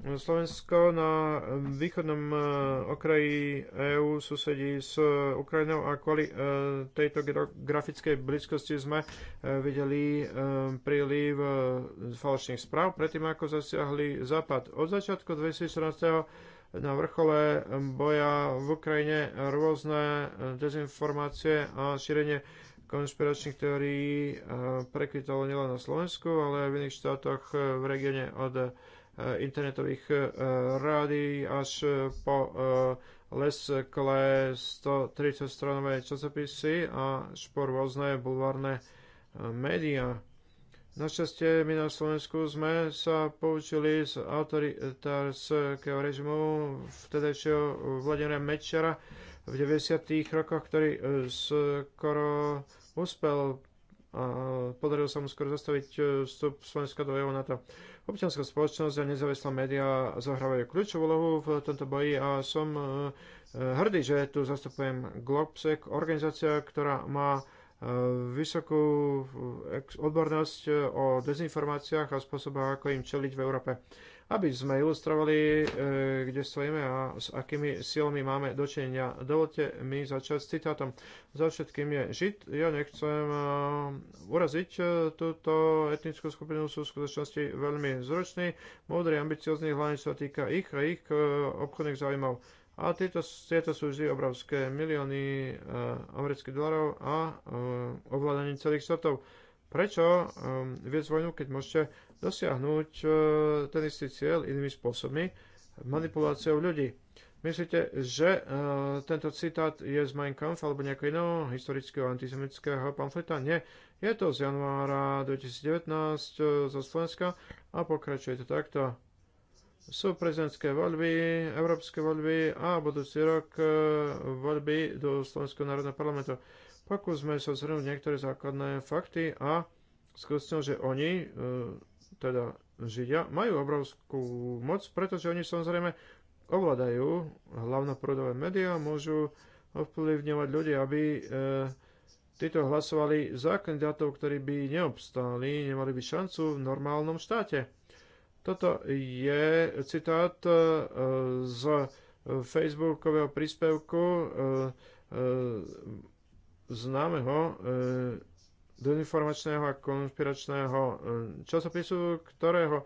Slovensko na východnom e, okraji EÚ susedí s Ukrajinou a kvôli e, tejto geografickej blízkosti sme e, videli príliv falošných správ predtým, ako zasiahli Západ. Od začiatku 2014 na vrchole boja v Ukrajine rôzne dezinformácie a šírenie konšpiračných teórií eh, prekvitalo nielen na Slovensku, ale aj v iných štátoch eh, v regióne od eh, internetových rádií až po leskle 130 stranové časopisy a špor rôzne bulvárne médiá. Našťastie my na Slovensku sme sa poučili z autoritárskeho režimu vtedajšieho Vladimira Mečera, v 90. rokoch, ktorý e, skoro uspel a podarilo sa mu skoro zastaviť e, vstup Slovenska do EU to. Občianská spoločnosť a nezávislá média zohrávajú kľúčovú úlohu v tomto boji a som e, hrdý, že tu zastupujem Globsec, organizácia, ktorá má vysokú odbornosť o dezinformáciách a spôsobách, ako im čeliť v Európe aby sme ilustrovali, e, kde stojíme a s akými silami máme dočenia. Dovolte mi začať s citátom. Za všetkým je Žid. Ja nechcem e, uraziť e, túto etnickú skupinu, sú v skutočnosti veľmi zruční, múdri, ambiciozní, hlavne sa týka ich a ich obchodných zaujímav. A tieto, tieto sú vždy obrovské milióny amerických dolarov a ovládanie celých štátov Prečo um, viesť vojnu, keď môžete dosiahnuť uh, ten istý cieľ inými spôsobmi, manipuláciou ľudí? Myslíte, že uh, tento citát je z Mein Kampf alebo nejakého iného historického antisemického pamfleta? Nie. Je to z januára 2019 uh, e, zo Slovenska a pokračuje to takto. Sú prezidentské voľby, európske voľby a budúci rok uh, voľby do Slovenského národného parlamentu. Uh, Pokúsme sa zhrnúť niektoré základné fakty a skutočnosť, že oni, e, teda Židia, majú obrovskú moc, pretože oni samozrejme ovládajú hlavnoprúdové médiá, môžu ovplyvňovať ľudí, aby e, títo hlasovali za kandidátov, ktorí by neobstáli, nemali by šancu v normálnom štáte. Toto je citát e, z facebookového príspevku známeho e, dezinformačného a konšpiračného e, časopisu, ktorého e,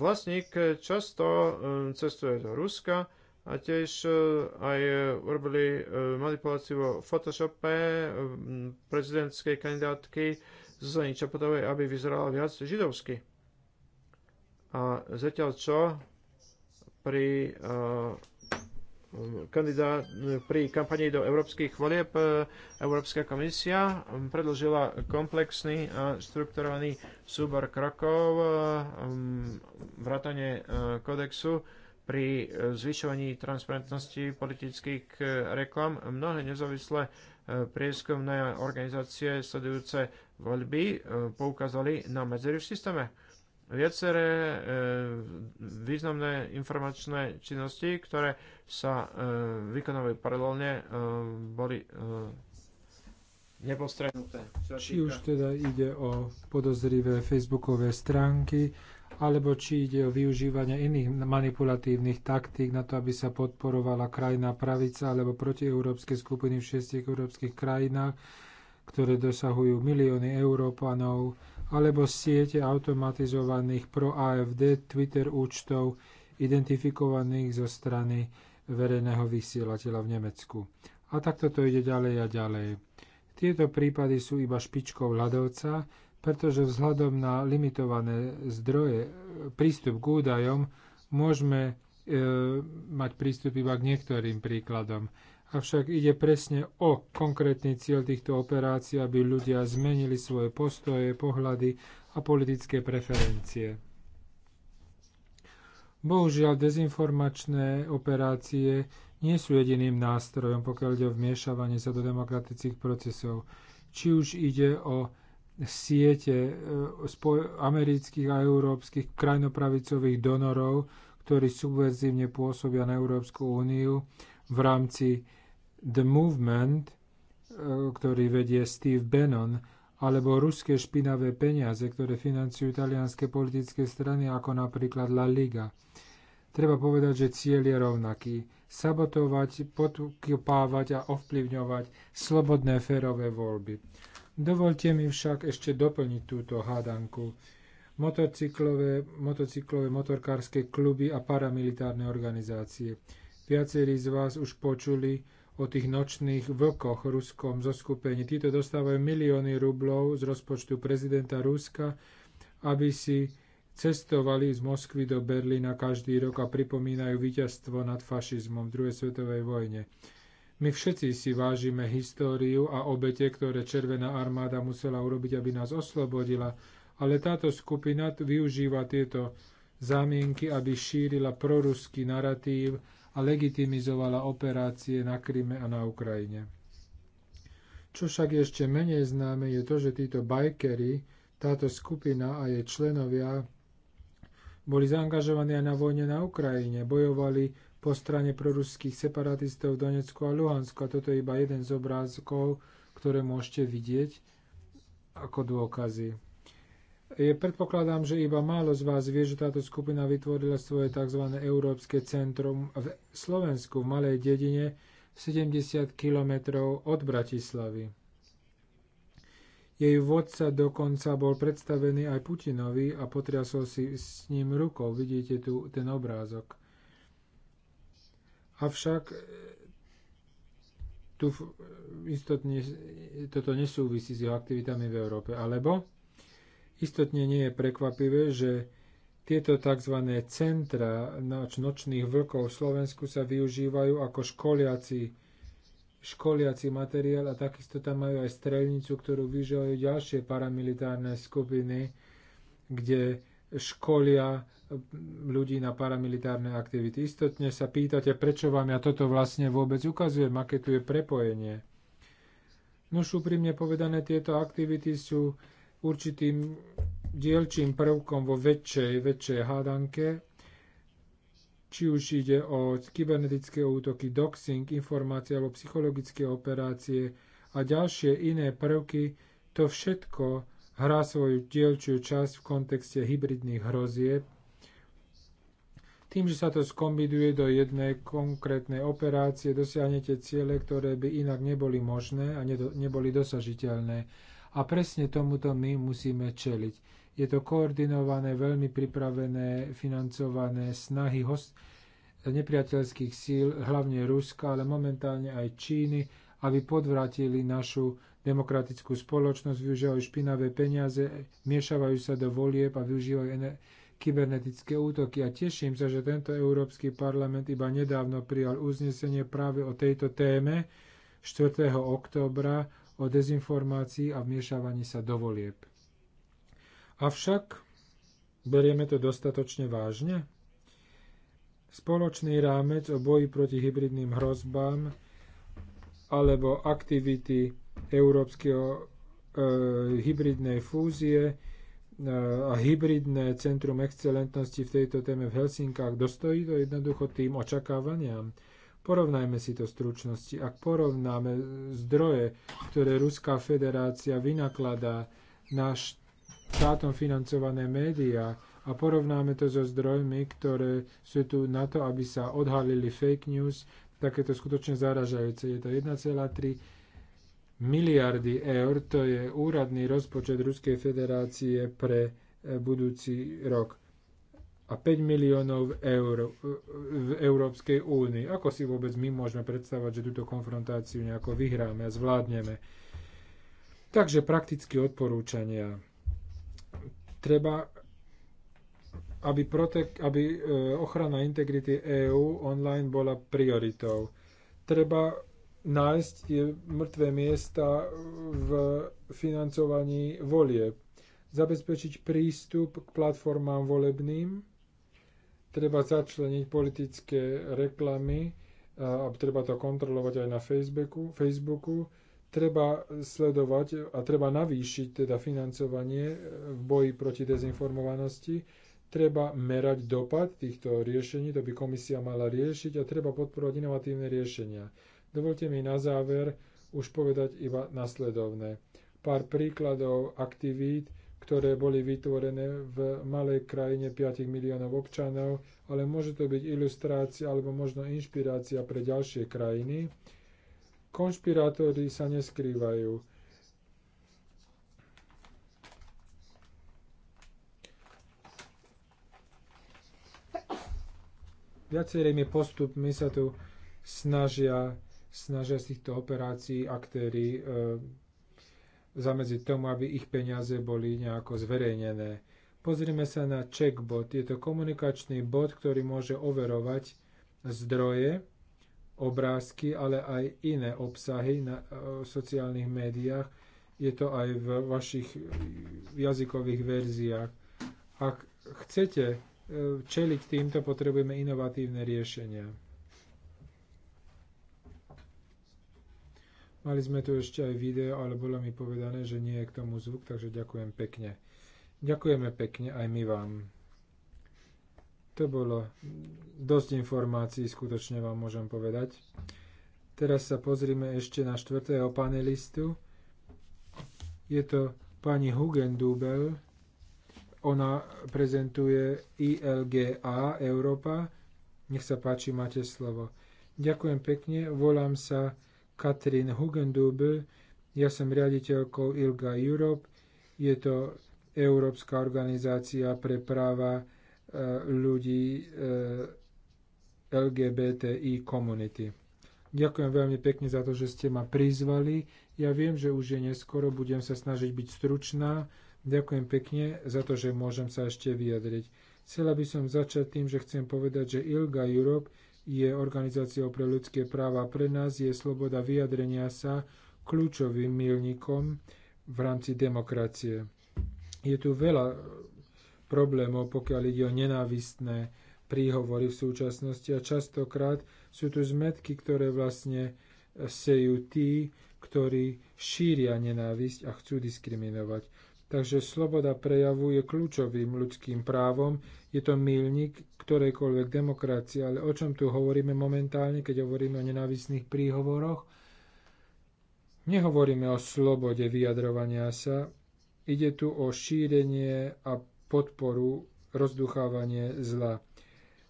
vlastník často cestuje do Ruska a tiež aj urobili manipuláciu vo Photoshope prezidentskej kandidátky z Čapotovej, aby vyzerala viac židovsky. A zatiaľ čo pri kandidát eh, pri kampanii do európskych volieb eh, Európska komisia eh, predložila komplexný a strukturovaný súbor krokov mm, vrátane kodexu pri zvyšovaní transparentnosti politických reklam. Mnohé nezávislé prieskumné organizácie sledujúce voľby poukázali na medzery v systéme viaceré e, významné informačné činnosti, ktoré sa e, vykonávajú paralelne, e, boli nepostrenuté. Či už teda ide o podozrivé facebookové stránky, alebo či ide o využívanie iných manipulatívnych taktík na to, aby sa podporovala krajná pravica alebo protieurópske skupiny v šiestich európskych krajinách, ktoré dosahujú milióny Európanov alebo siete automatizovaných pro AFD Twitter účtov identifikovaných zo strany verejného vysielateľa v Nemecku. A takto to ide ďalej a ďalej. Tieto prípady sú iba špičkou ľadovca, pretože vzhľadom na limitované zdroje, prístup k údajom, môžeme e, mať prístup iba k niektorým príkladom. Avšak ide presne o konkrétny cieľ týchto operácií, aby ľudia zmenili svoje postoje, pohľady a politické preferencie. Bohužiaľ, dezinformačné operácie nie sú jediným nástrojom, pokiaľ ide o vmiešavanie sa do demokratických procesov. Či už ide o siete e, amerických a európskych krajnopravicových donorov, ktorí subverzívne pôsobia na Európsku úniu v rámci The Movement, e, ktorý vedie Steve Bannon, alebo ruské špinavé peniaze, ktoré financujú italianské politické strany ako napríklad La Liga. Treba povedať, že cieľ je rovnaký. Sabotovať, podkopávať a ovplyvňovať slobodné férové voľby. Dovolte mi však ešte doplniť túto hádanku. Motocyklové, motocyklové motorkárske kluby a paramilitárne organizácie. Viacerí z vás už počuli, o tých nočných vlkoch ruskom zoskupení. Títo dostávajú milióny rublov z rozpočtu prezidenta Ruska, aby si cestovali z Moskvy do Berlína každý rok a pripomínajú víťazstvo nad fašizmom v druhej svetovej vojne. My všetci si vážime históriu a obete, ktoré Červená armáda musela urobiť, aby nás oslobodila, ale táto skupina využíva tieto zámienky, aby šírila proruský naratív, a legitimizovala operácie na Kryme a na Ukrajine. Čo však ešte menej známe je to, že títo bajkery, táto skupina a jej členovia boli zaangažovaní aj na vojne na Ukrajine, bojovali po strane proruských separatistov v Donecku a Luhansku. A toto je iba jeden z obrázkov, ktoré môžete vidieť ako dôkazy. Je, predpokladám, že iba málo z vás vie, že táto skupina vytvorila svoje tzv. Európske centrum v Slovensku, v malej dedine, 70 kilometrov od Bratislavy. Jej vodca dokonca bol predstavený aj Putinovi a potriasol si s ním rukou. Vidíte tu ten obrázok. Avšak e, tu istotne toto nesúvisí s jeho aktivitami v Európe. Alebo Istotne nie je prekvapivé, že tieto tzv. centra nočných vlkov v Slovensku sa využívajú ako školiaci, školiaci materiál a takisto tam majú aj strelnicu, ktorú využívajú ďalšie paramilitárne skupiny, kde školia ľudí na paramilitárne aktivity. Istotne sa pýtate, prečo vám ja toto vlastne vôbec ukazujem, aké tu je prepojenie. Nuž úprimne povedané, tieto aktivity sú určitým dielčím prvkom vo väčšej, väčšej hádanke, či už ide o kybernetické útoky, doxing, informácie alebo psychologické operácie a ďalšie iné prvky, to všetko hrá svoju dielčiu časť v kontexte hybridných hrozieb. Tým, že sa to skombinuje do jednej konkrétnej operácie, dosiahnete ciele, ktoré by inak neboli možné a neboli dosažiteľné. A presne tomuto my musíme čeliť. Je to koordinované, veľmi pripravené, financované snahy host nepriateľských síl, hlavne Ruska, ale momentálne aj Číny, aby podvratili našu demokratickú spoločnosť, využívajú špinavé peniaze, miešavajú sa do volieb a využívajú kybernetické útoky. A teším sa, že tento Európsky parlament iba nedávno prijal uznesenie práve o tejto téme 4. októbra o dezinformácii a vmiešavaní sa do volieb. Avšak berieme to dostatočne vážne? Spoločný rámec o boji proti hybridným hrozbám alebo aktivity európskeho e, hybridnej fúzie e, a hybridné centrum excelentnosti v tejto téme v Helsinkách dostojí to jednoducho tým očakávaniam. Porovnajme si to stručnosti. Ak porovnáme zdroje, ktoré Ruská federácia vynakladá na štátom financované médiá a porovnáme to so zdrojmi, ktoré sú tu na to, aby sa odhalili fake news, tak je to skutočne zaražajúce. Je to 1,3 miliardy eur, to je úradný rozpočet Ruskej federácie pre eh, budúci rok a 5 miliónov eur e, v Európskej únii. Ako si vôbec my môžeme predstavať, že túto konfrontáciu nejako vyhráme a zvládneme? Takže prakticky odporúčania. Treba, aby, protek, aby e, ochrana integrity EÚ online bola prioritou. Treba nájsť mŕtve miesta v financovaní volieb, zabezpečiť prístup k platformám volebným, Treba začleniť politické reklamy a treba to kontrolovať aj na Facebooku. Facebooku. Treba sledovať a treba navýšiť teda financovanie v boji proti dezinformovanosti. Treba merať dopad týchto riešení, to by komisia mala riešiť a treba podporovať inovatívne riešenia. Dovolte mi na záver už povedať iba nasledovné. Pár príkladov aktivít, ktoré boli vytvorené v malej krajine 5 miliónov občanov, ale môže to byť ilustrácia alebo možno inšpirácia pre ďalšie krajiny. Konšpirátori sa neskrývajú. Viacerými postupmi sa tu snažia, snažia z týchto operácií aktéry e, zamedziť tomu, aby ich peniaze boli nejako zverejnené. Pozrime sa na checkbot. Je to komunikačný bod, ktorý môže overovať zdroje, obrázky, ale aj iné obsahy na e, sociálnych médiách. Je to aj v vašich jazykových verziách. Ak chcete e, čeliť týmto, potrebujeme inovatívne riešenia. Mali sme tu ešte aj video, ale bolo mi povedané, že nie je k tomu zvuk, takže ďakujem pekne. Ďakujeme pekne aj my vám. To bolo dosť informácií, skutočne vám môžem povedať. Teraz sa pozrime ešte na štvrtého panelistu. Je to pani Hugendubel. Ona prezentuje ILGA Európa. Nech sa páči, máte slovo. Ďakujem pekne, volám sa Katrin Hugendube. Ja som riaditeľkou ILGA Europe. Je to Európska organizácia pre práva e, ľudí e, LGBTI komunity. Ďakujem veľmi pekne za to, že ste ma prizvali. Ja viem, že už je neskoro, budem sa snažiť byť stručná. Ďakujem pekne za to, že môžem sa ešte vyjadriť. Chcela by som začať tým, že chcem povedať, že ILGA Europe je organizáciou pre ľudské práva. Pre nás je sloboda vyjadrenia sa kľúčovým milníkom v rámci demokracie. Je tu veľa problémov, pokiaľ ide o nenávistné príhovory v súčasnosti a častokrát sú tu zmetky, ktoré vlastne sejú tí, ktorí šíria nenávisť a chcú diskriminovať. Takže sloboda prejavu je kľúčovým ľudským právom, je to milník ktorejkoľvek demokracie, ale o čom tu hovoríme momentálne, keď hovoríme o nenávisných príhovoroch? Nehovoríme o slobode vyjadrovania sa, ide tu o šírenie a podporu rozduchávanie zla.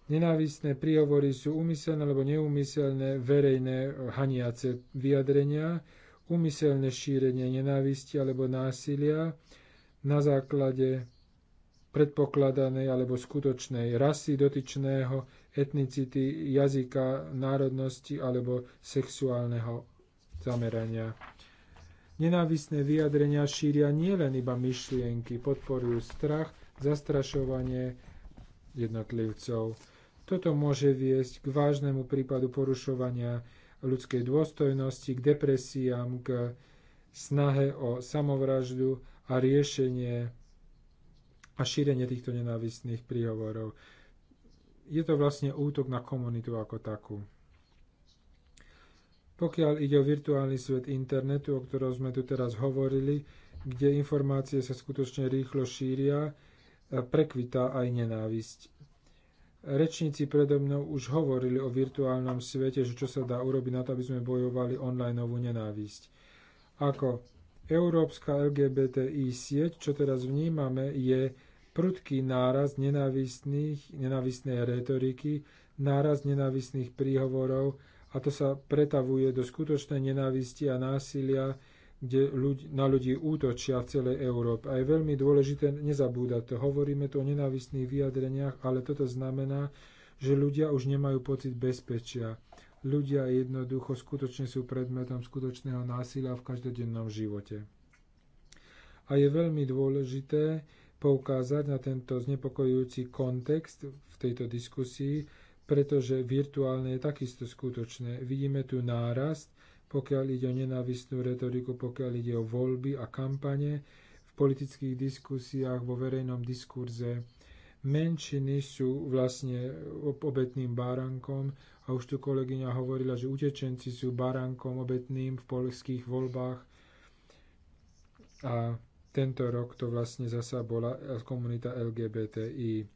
Nenávisné príhovory sú umyselné alebo neumyselné verejné haniace vyjadrenia, umyselné šírenie nenávisti alebo násilia na základe predpokladanej alebo skutočnej rasy dotyčného, etnicity, jazyka, národnosti alebo sexuálneho zamerania. Nenávisné vyjadrenia šíria nielen iba myšlienky, podporujú strach, zastrašovanie jednotlivcov. Toto môže viesť k vážnemu prípadu porušovania ľudskej dôstojnosti, k depresiám, k snahe o samovraždu a riešenie a šírenie týchto nenávistných príhovorov. Je to vlastne útok na komunitu ako takú. Pokiaľ ide o virtuálny svet internetu, o ktorom sme tu teraz hovorili, kde informácie sa skutočne rýchlo šíria, e, prekvitá aj nenávisť. Rečníci predo mnou už hovorili o virtuálnom svete, že čo sa dá urobiť na to, aby sme bojovali onlineovú nenávisť. Ako Európska LGBTI sieť, čo teraz vnímame, je prudký náraz nenávistnej retoriky, náraz nenávistných príhovorov a to sa pretavuje do skutočnej nenávisti a násilia, kde ľudí, na ľudí útočia v celej Európe. A je veľmi dôležité nezabúdať to. Hovoríme tu o nenávistných vyjadreniach, ale toto znamená, že ľudia už nemajú pocit bezpečia. Ľudia jednoducho skutočne sú predmetom skutočného násilia v každodennom živote. A je veľmi dôležité, poukázať na tento znepokojujúci kontext v tejto diskusii, pretože virtuálne je takisto skutočné. Vidíme tu nárast, pokiaľ ide o nenávistnú retoriku, pokiaľ ide o voľby a kampane, v politických diskusiách, vo verejnom diskurze. Menšiny sú vlastne obetným barankom a už tu kolegyňa hovorila, že utečenci sú barankom obetným v polských voľbách a tento rok to vlastne zasa bola komunita LGBTI.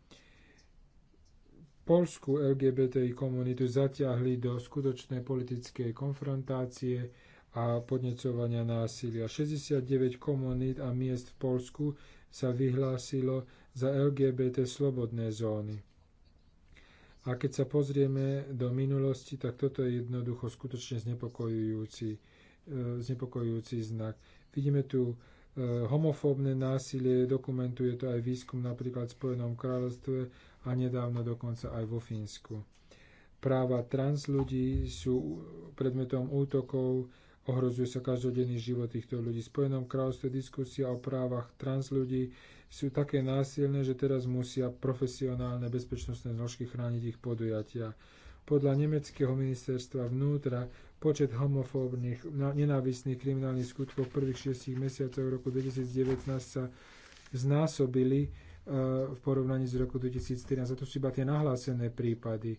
Polskú LGBTI komunitu zatiahli do skutočnej politickej konfrontácie a podnecovania násilia. 69 komunít a miest v Polsku sa vyhlásilo za LGBT slobodné zóny. A keď sa pozrieme do minulosti, tak toto je jednoducho skutočne znepokojujúci, e, znepokojujúci znak. Vidíme tu E, homofóbne násilie, dokumentuje to aj výskum napríklad v Spojenom kráľovstve a nedávno dokonca aj vo Fínsku. Práva trans ľudí sú predmetom útokov, ohrozuje sa každodenný život týchto ľudí. V Spojenom kráľovstve diskusia o právach trans ľudí sú také násilné, že teraz musia profesionálne bezpečnostné zložky chrániť ich podujatia. Podľa nemeckého ministerstva vnútra počet homofóbnych nenávisných kriminálnych skutkov v prvých šiestich mesiacoch roku 2019 sa znásobili e, v porovnaní s roku 2013. A to sú iba tie nahlásené prípady.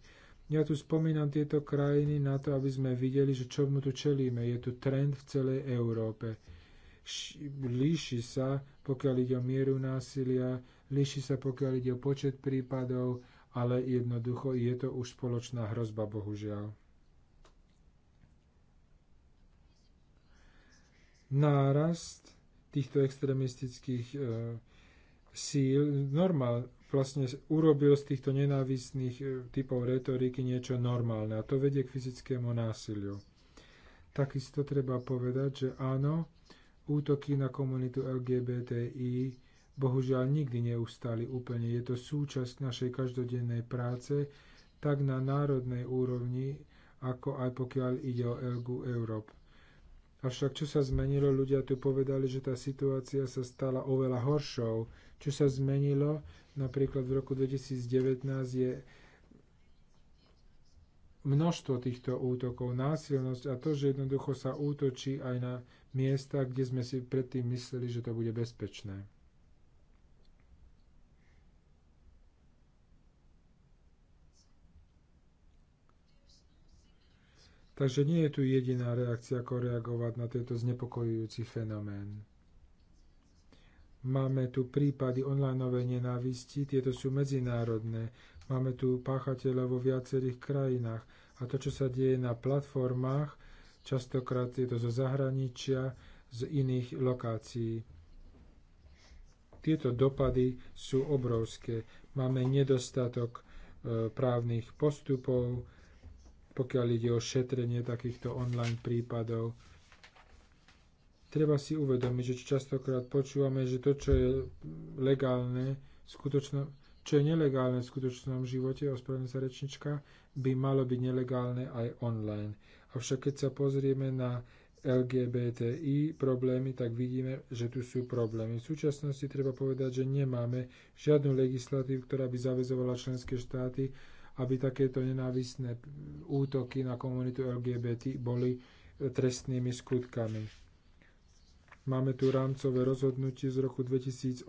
Ja tu spomínam tieto krajiny na to, aby sme videli, že čomu tu čelíme. Je tu trend v celej Európe. Líši sa, pokiaľ ide o mieru násilia, líši sa, pokiaľ ide o počet prípadov, ale jednoducho je to už spoločná hrozba, bohužiaľ. Nárast týchto extremistických e, síl normál, vlastne urobil z týchto nenávistných e, typov retoriky niečo normálne a to vedie k fyzickému násiliu. Takisto treba povedať, že áno, útoky na komunitu LGBTI bohužiaľ nikdy neustali úplne. Je to súčasť našej každodennej práce, tak na národnej úrovni, ako aj pokiaľ ide o Elgu Europe. Avšak čo sa zmenilo, ľudia tu povedali, že tá situácia sa stala oveľa horšou. Čo sa zmenilo, napríklad v roku 2019 je množstvo týchto útokov, násilnosť a to, že jednoducho sa útočí aj na miesta, kde sme si predtým mysleli, že to bude bezpečné. Takže nie je tu jediná reakcia, ako reagovať na tento znepokojujúci fenomén. Máme tu prípady onlineovej nenávisti, tieto sú medzinárodné. Máme tu páchateľa vo viacerých krajinách. A to, čo sa deje na platformách, častokrát je to zo zahraničia, z iných lokácií. Tieto dopady sú obrovské. Máme nedostatok e, právnych postupov, pokiaľ ide o šetrenie takýchto online prípadov. Treba si uvedomiť, že častokrát počúvame, že to, čo je legálne, skutočno, čo je nelegálne v skutočnom živote, ospravedlňujem sa rečnička, by malo byť nelegálne aj online. Avšak keď sa pozrieme na LGBTI problémy, tak vidíme, že tu sú problémy. V súčasnosti treba povedať, že nemáme žiadnu legislatívu, ktorá by zavezovala členské štáty aby takéto nenávisné útoky na komunitu LGBT boli e, trestnými skutkami. Máme tu rámcové rozhodnutie z roku 2008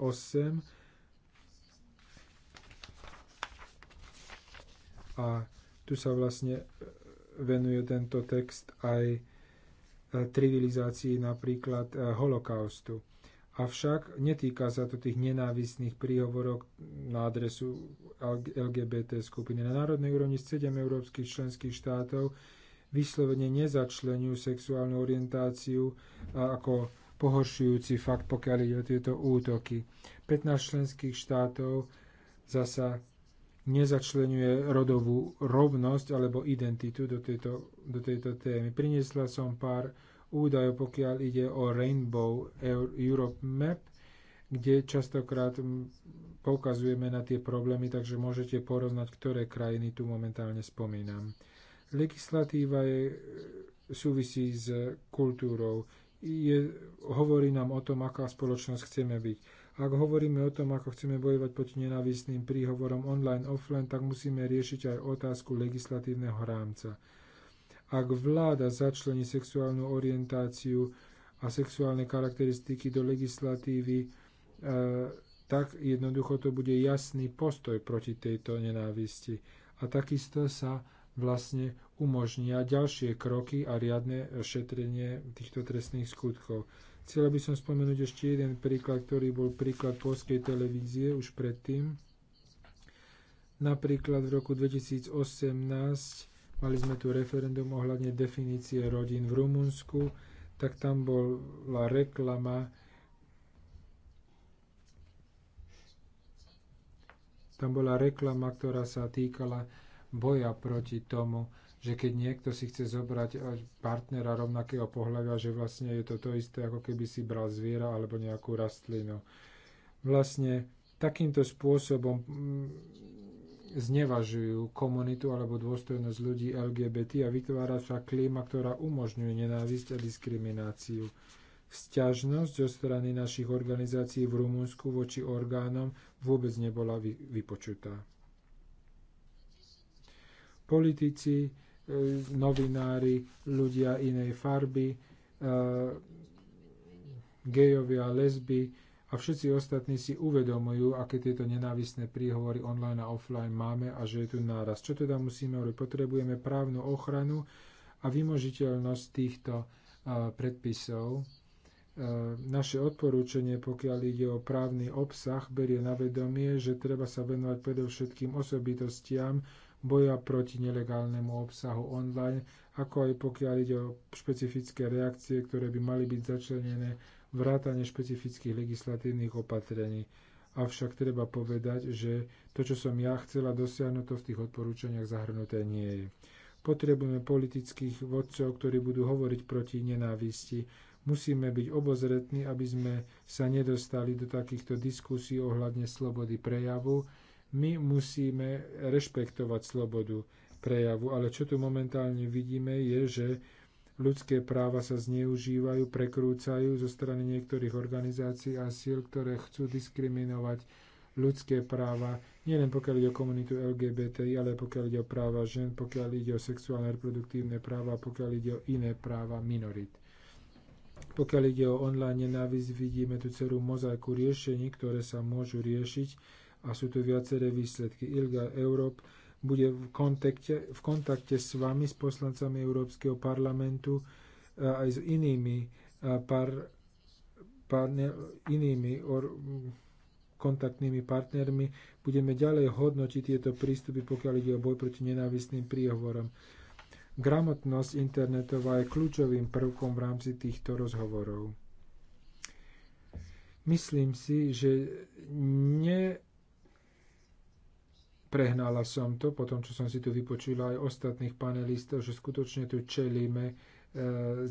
a tu sa vlastne e, venuje tento text aj civilizácii e, napríklad holokaustu. Avšak netýka sa to tých nenávisných príhovorok na adresu LGBT skupiny. Na národnej úrovni 7 európskych členských štátov vyslovene nezačlenujú sexuálnu orientáciu ako pohoršujúci fakt, pokiaľ ide o tieto útoky. 15 členských štátov zasa nezačlenuje rodovú rovnosť alebo identitu do tejto, do tejto témy. Priniesla som pár údajov, pokiaľ ide o Rainbow Europe Map, kde častokrát poukazujeme na tie problémy, takže môžete porovnať, ktoré krajiny tu momentálne spomínam. Legislatíva je, súvisí s kultúrou. Je, hovorí nám o tom, aká spoločnosť chceme byť. Ak hovoríme o tom, ako chceme bojovať proti nenávistným príhovorom online, offline, tak musíme riešiť aj otázku legislatívneho rámca. Ak vláda začlení sexuálnu orientáciu a sexuálne charakteristiky do legislatívy, e, tak jednoducho to bude jasný postoj proti tejto nenávisti. A takisto sa vlastne umožnia ďalšie kroky a riadne šetrenie týchto trestných skutkov. Chcela by som spomenúť ešte jeden príklad, ktorý bol príklad polskej televízie už predtým. Napríklad v roku 2018 mali sme tu referendum ohľadne definície rodín v Rumunsku, tak tam bola reklama, tam bola reklama, ktorá sa týkala boja proti tomu, že keď niekto si chce zobrať eh, partnera rovnakého pohľavia, že vlastne je to to isté, ako keby si bral zviera alebo nejakú rastlinu. Vlastne takýmto spôsobom mm, znevažujú komunitu alebo dôstojnosť ľudí LGBT a vytvára sa klíma, ktorá umožňuje nenávisť a diskrimináciu. Sťažnosť zo strany našich organizácií v Rumunsku voči orgánom vôbec nebola vypočutá. Politici, e, novinári, ľudia inej farby, e, gejovia, lesby, a všetci ostatní si uvedomujú, aké tieto nenávisné príhovory online a offline máme a že je tu náraz. Čo teda musíme robiť? Potrebujeme právnu ochranu a vymožiteľnosť týchto predpisov. Naše odporúčanie, pokiaľ ide o právny obsah, berie na vedomie, že treba sa venovať predovšetkým osobitostiam boja proti nelegálnemu obsahu online, ako aj pokiaľ ide o špecifické reakcie, ktoré by mali byť začlenené vrátane špecifických legislatívnych opatrení. Avšak treba povedať, že to, čo som ja chcela dosiahnuť, to v tých odporúčaniach zahrnuté nie je. Potrebujeme politických vodcov, ktorí budú hovoriť proti nenávisti. Musíme byť obozretní, aby sme sa nedostali do takýchto diskusí ohľadne slobody prejavu. My musíme rešpektovať slobodu prejavu, ale čo tu momentálne vidíme je, že ľudské práva sa zneužívajú, prekrúcajú zo strany niektorých organizácií a síl, ktoré chcú diskriminovať ľudské práva, nielen pokiaľ ide o komunitu LGBTI, ale pokiaľ ide o práva žen, pokiaľ ide o sexuálne reproduktívne práva, pokiaľ ide o iné práva minorít. Pokiaľ ide o online nenávisť, vidíme tu celú mozaiku riešení, ktoré sa môžu riešiť a sú tu viaceré výsledky. ILGA Europe bude v kontakte, v kontakte s vami, s poslancami Európskeho parlamentu e, aj s inými, e, par, par, inými or, kontaktnými partnermi. Budeme ďalej hodnotiť tieto prístupy, pokiaľ ide o boj proti nenávistným príhovorom. Gramotnosť internetová je kľúčovým prvkom v rámci týchto rozhovorov. Myslím si, že ne Prehnala som to, potom čo som si tu vypočula aj ostatných panelistov, že skutočne tu čelíme e,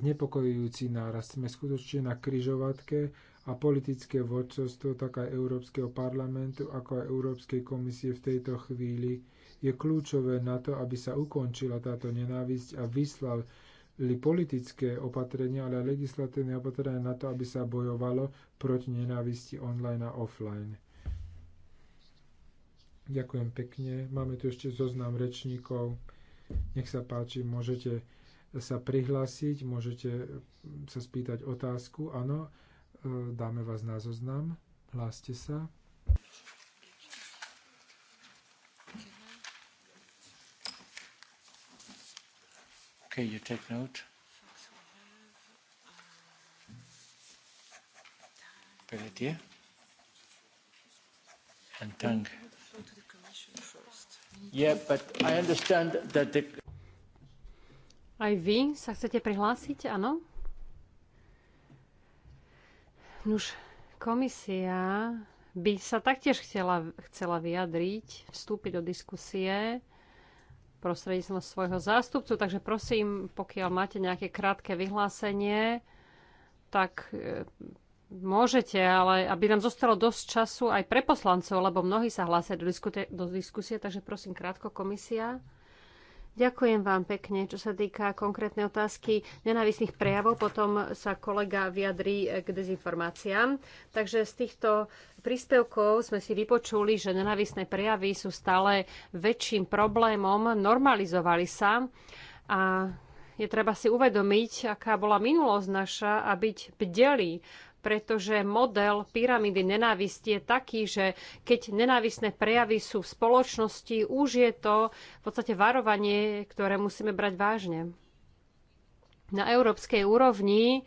znepokojujúci nárast. Sme skutočne na kryžovatke a politické vodcovstvo, tak aj Európskeho parlamentu, ako aj Európskej komisie v tejto chvíli je kľúčové na to, aby sa ukončila táto nenávisť a vyslal politické opatrenia, ale aj legislatívne opatrenia na to, aby sa bojovalo proti nenávisti online a offline. Ďakujem pekne. Máme tu ešte zoznam rečníkov. Nech sa páči, môžete sa prihlásiť, môžete sa spýtať otázku. Áno, e, dáme vás na zoznam. Hláste sa. Okay, you take note. Pelletier and tongue. Yeah, the... Aj vy sa chcete prihlásiť, áno? Nuž, komisia by sa taktiež chcela, chcela vyjadriť, vstúpiť do diskusie prostredníctvom svojho zástupcu, takže prosím, pokiaľ máte nejaké krátke vyhlásenie, tak e, Môžete, ale aby nám zostalo dosť času aj pre poslancov, lebo mnohí sa hlásia do, diskute, do diskusie, takže prosím krátko komisia. Ďakujem vám pekne. Čo sa týka konkrétnej otázky nenávisných prejavov, potom sa kolega vyjadrí k dezinformáciám. Takže z týchto príspevkov sme si vypočuli, že nenávisné prejavy sú stále väčším problémom, normalizovali sa a je treba si uvedomiť, aká bola minulosť naša a byť bdeli pretože model pyramidy nenávisti je taký, že keď nenávisné prejavy sú v spoločnosti, už je to v podstate varovanie, ktoré musíme brať vážne. Na európskej úrovni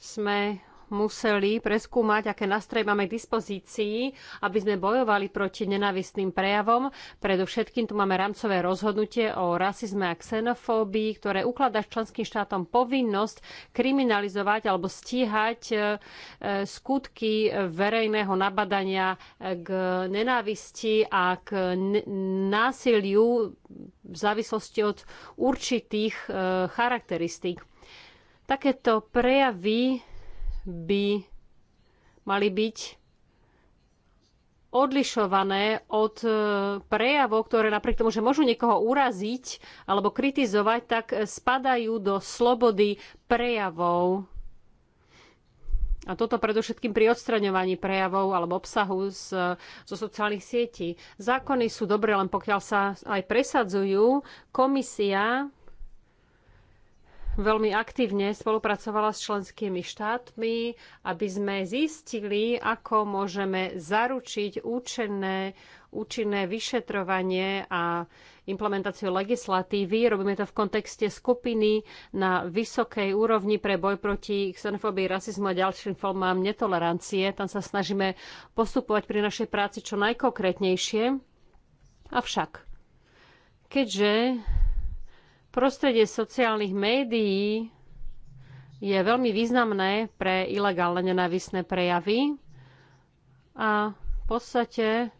sme museli preskúmať, aké nástroje máme k dispozícii, aby sme bojovali proti nenavistným prejavom. Predovšetkým tu máme rámcové rozhodnutie o rasizme a xenofóbii, ktoré ukladá členským štátom povinnosť kriminalizovať alebo stíhať e, e, skutky verejného nabadania k nenávisti a k násiliu v závislosti od určitých e, charakteristík. Takéto prejavy by mali byť odlišované od e, prejavov, ktoré napriek tomu, že môžu niekoho uraziť alebo kritizovať, tak spadajú do slobody prejavov. A toto predovšetkým pri odstraňovaní prejavov alebo obsahu z, zo sociálnych sietí. Zákony sú dobré, len pokiaľ sa aj presadzujú. Komisia veľmi aktívne spolupracovala s členskými štátmi, aby sme zistili, ako môžeme zaručiť účinné, účinné vyšetrovanie a implementáciu legislatívy. Robíme to v kontexte skupiny na vysokej úrovni pre boj proti xenofóbii, rasizmu a ďalším formám netolerancie. Tam sa snažíme postupovať pri našej práci čo najkonkrétnejšie. Avšak, keďže Prostredie sociálnych médií je veľmi významné pre ilegálne nenávisné prejavy a v podstate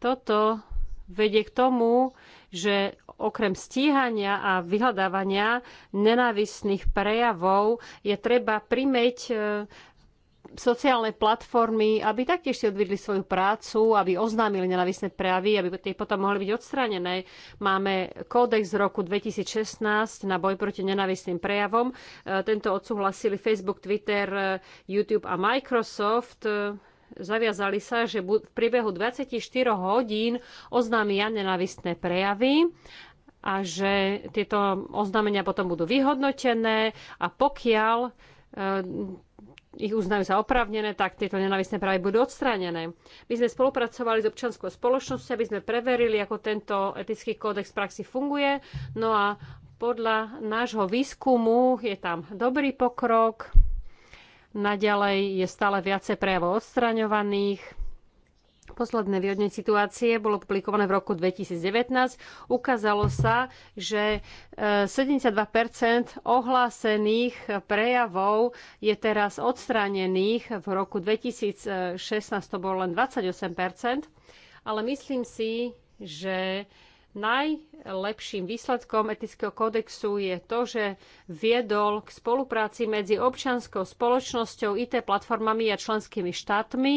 toto vedie k tomu, že okrem stíhania a vyhľadávania nenávisných prejavov je treba primeť e, sociálne platformy, aby taktiež si odvidli svoju prácu, aby oznámili nenavisné prejavy, aby tie potom mohli byť odstranené. Máme kódex z roku 2016 na boj proti nenavisným prejavom. E, tento odsúhlasili Facebook, Twitter, e, YouTube a Microsoft. E, zaviazali sa, že v priebehu 24 hodín oznámia nenavistné prejavy a že tieto oznámenia potom budú vyhodnotené a pokiaľ ich uznajú za oprávnené, tak tieto nenávisné práve budú odstránené. My sme spolupracovali s občanskou spoločnosťou, aby sme preverili, ako tento etický kódex v praxi funguje. No a podľa nášho výskumu je tam dobrý pokrok. Naďalej je stále viacej prejavov odstraňovaných posledné vyhodnenie situácie bolo publikované v roku 2019. Ukázalo sa, že 72 e, ohlásených prejavov je teraz odstránených. V roku 2016 to bolo len 28 ale myslím si, že najlepším výsledkom etického kódexu je to, že viedol k spolupráci medzi občianskou spoločnosťou, IT platformami a členskými štátmi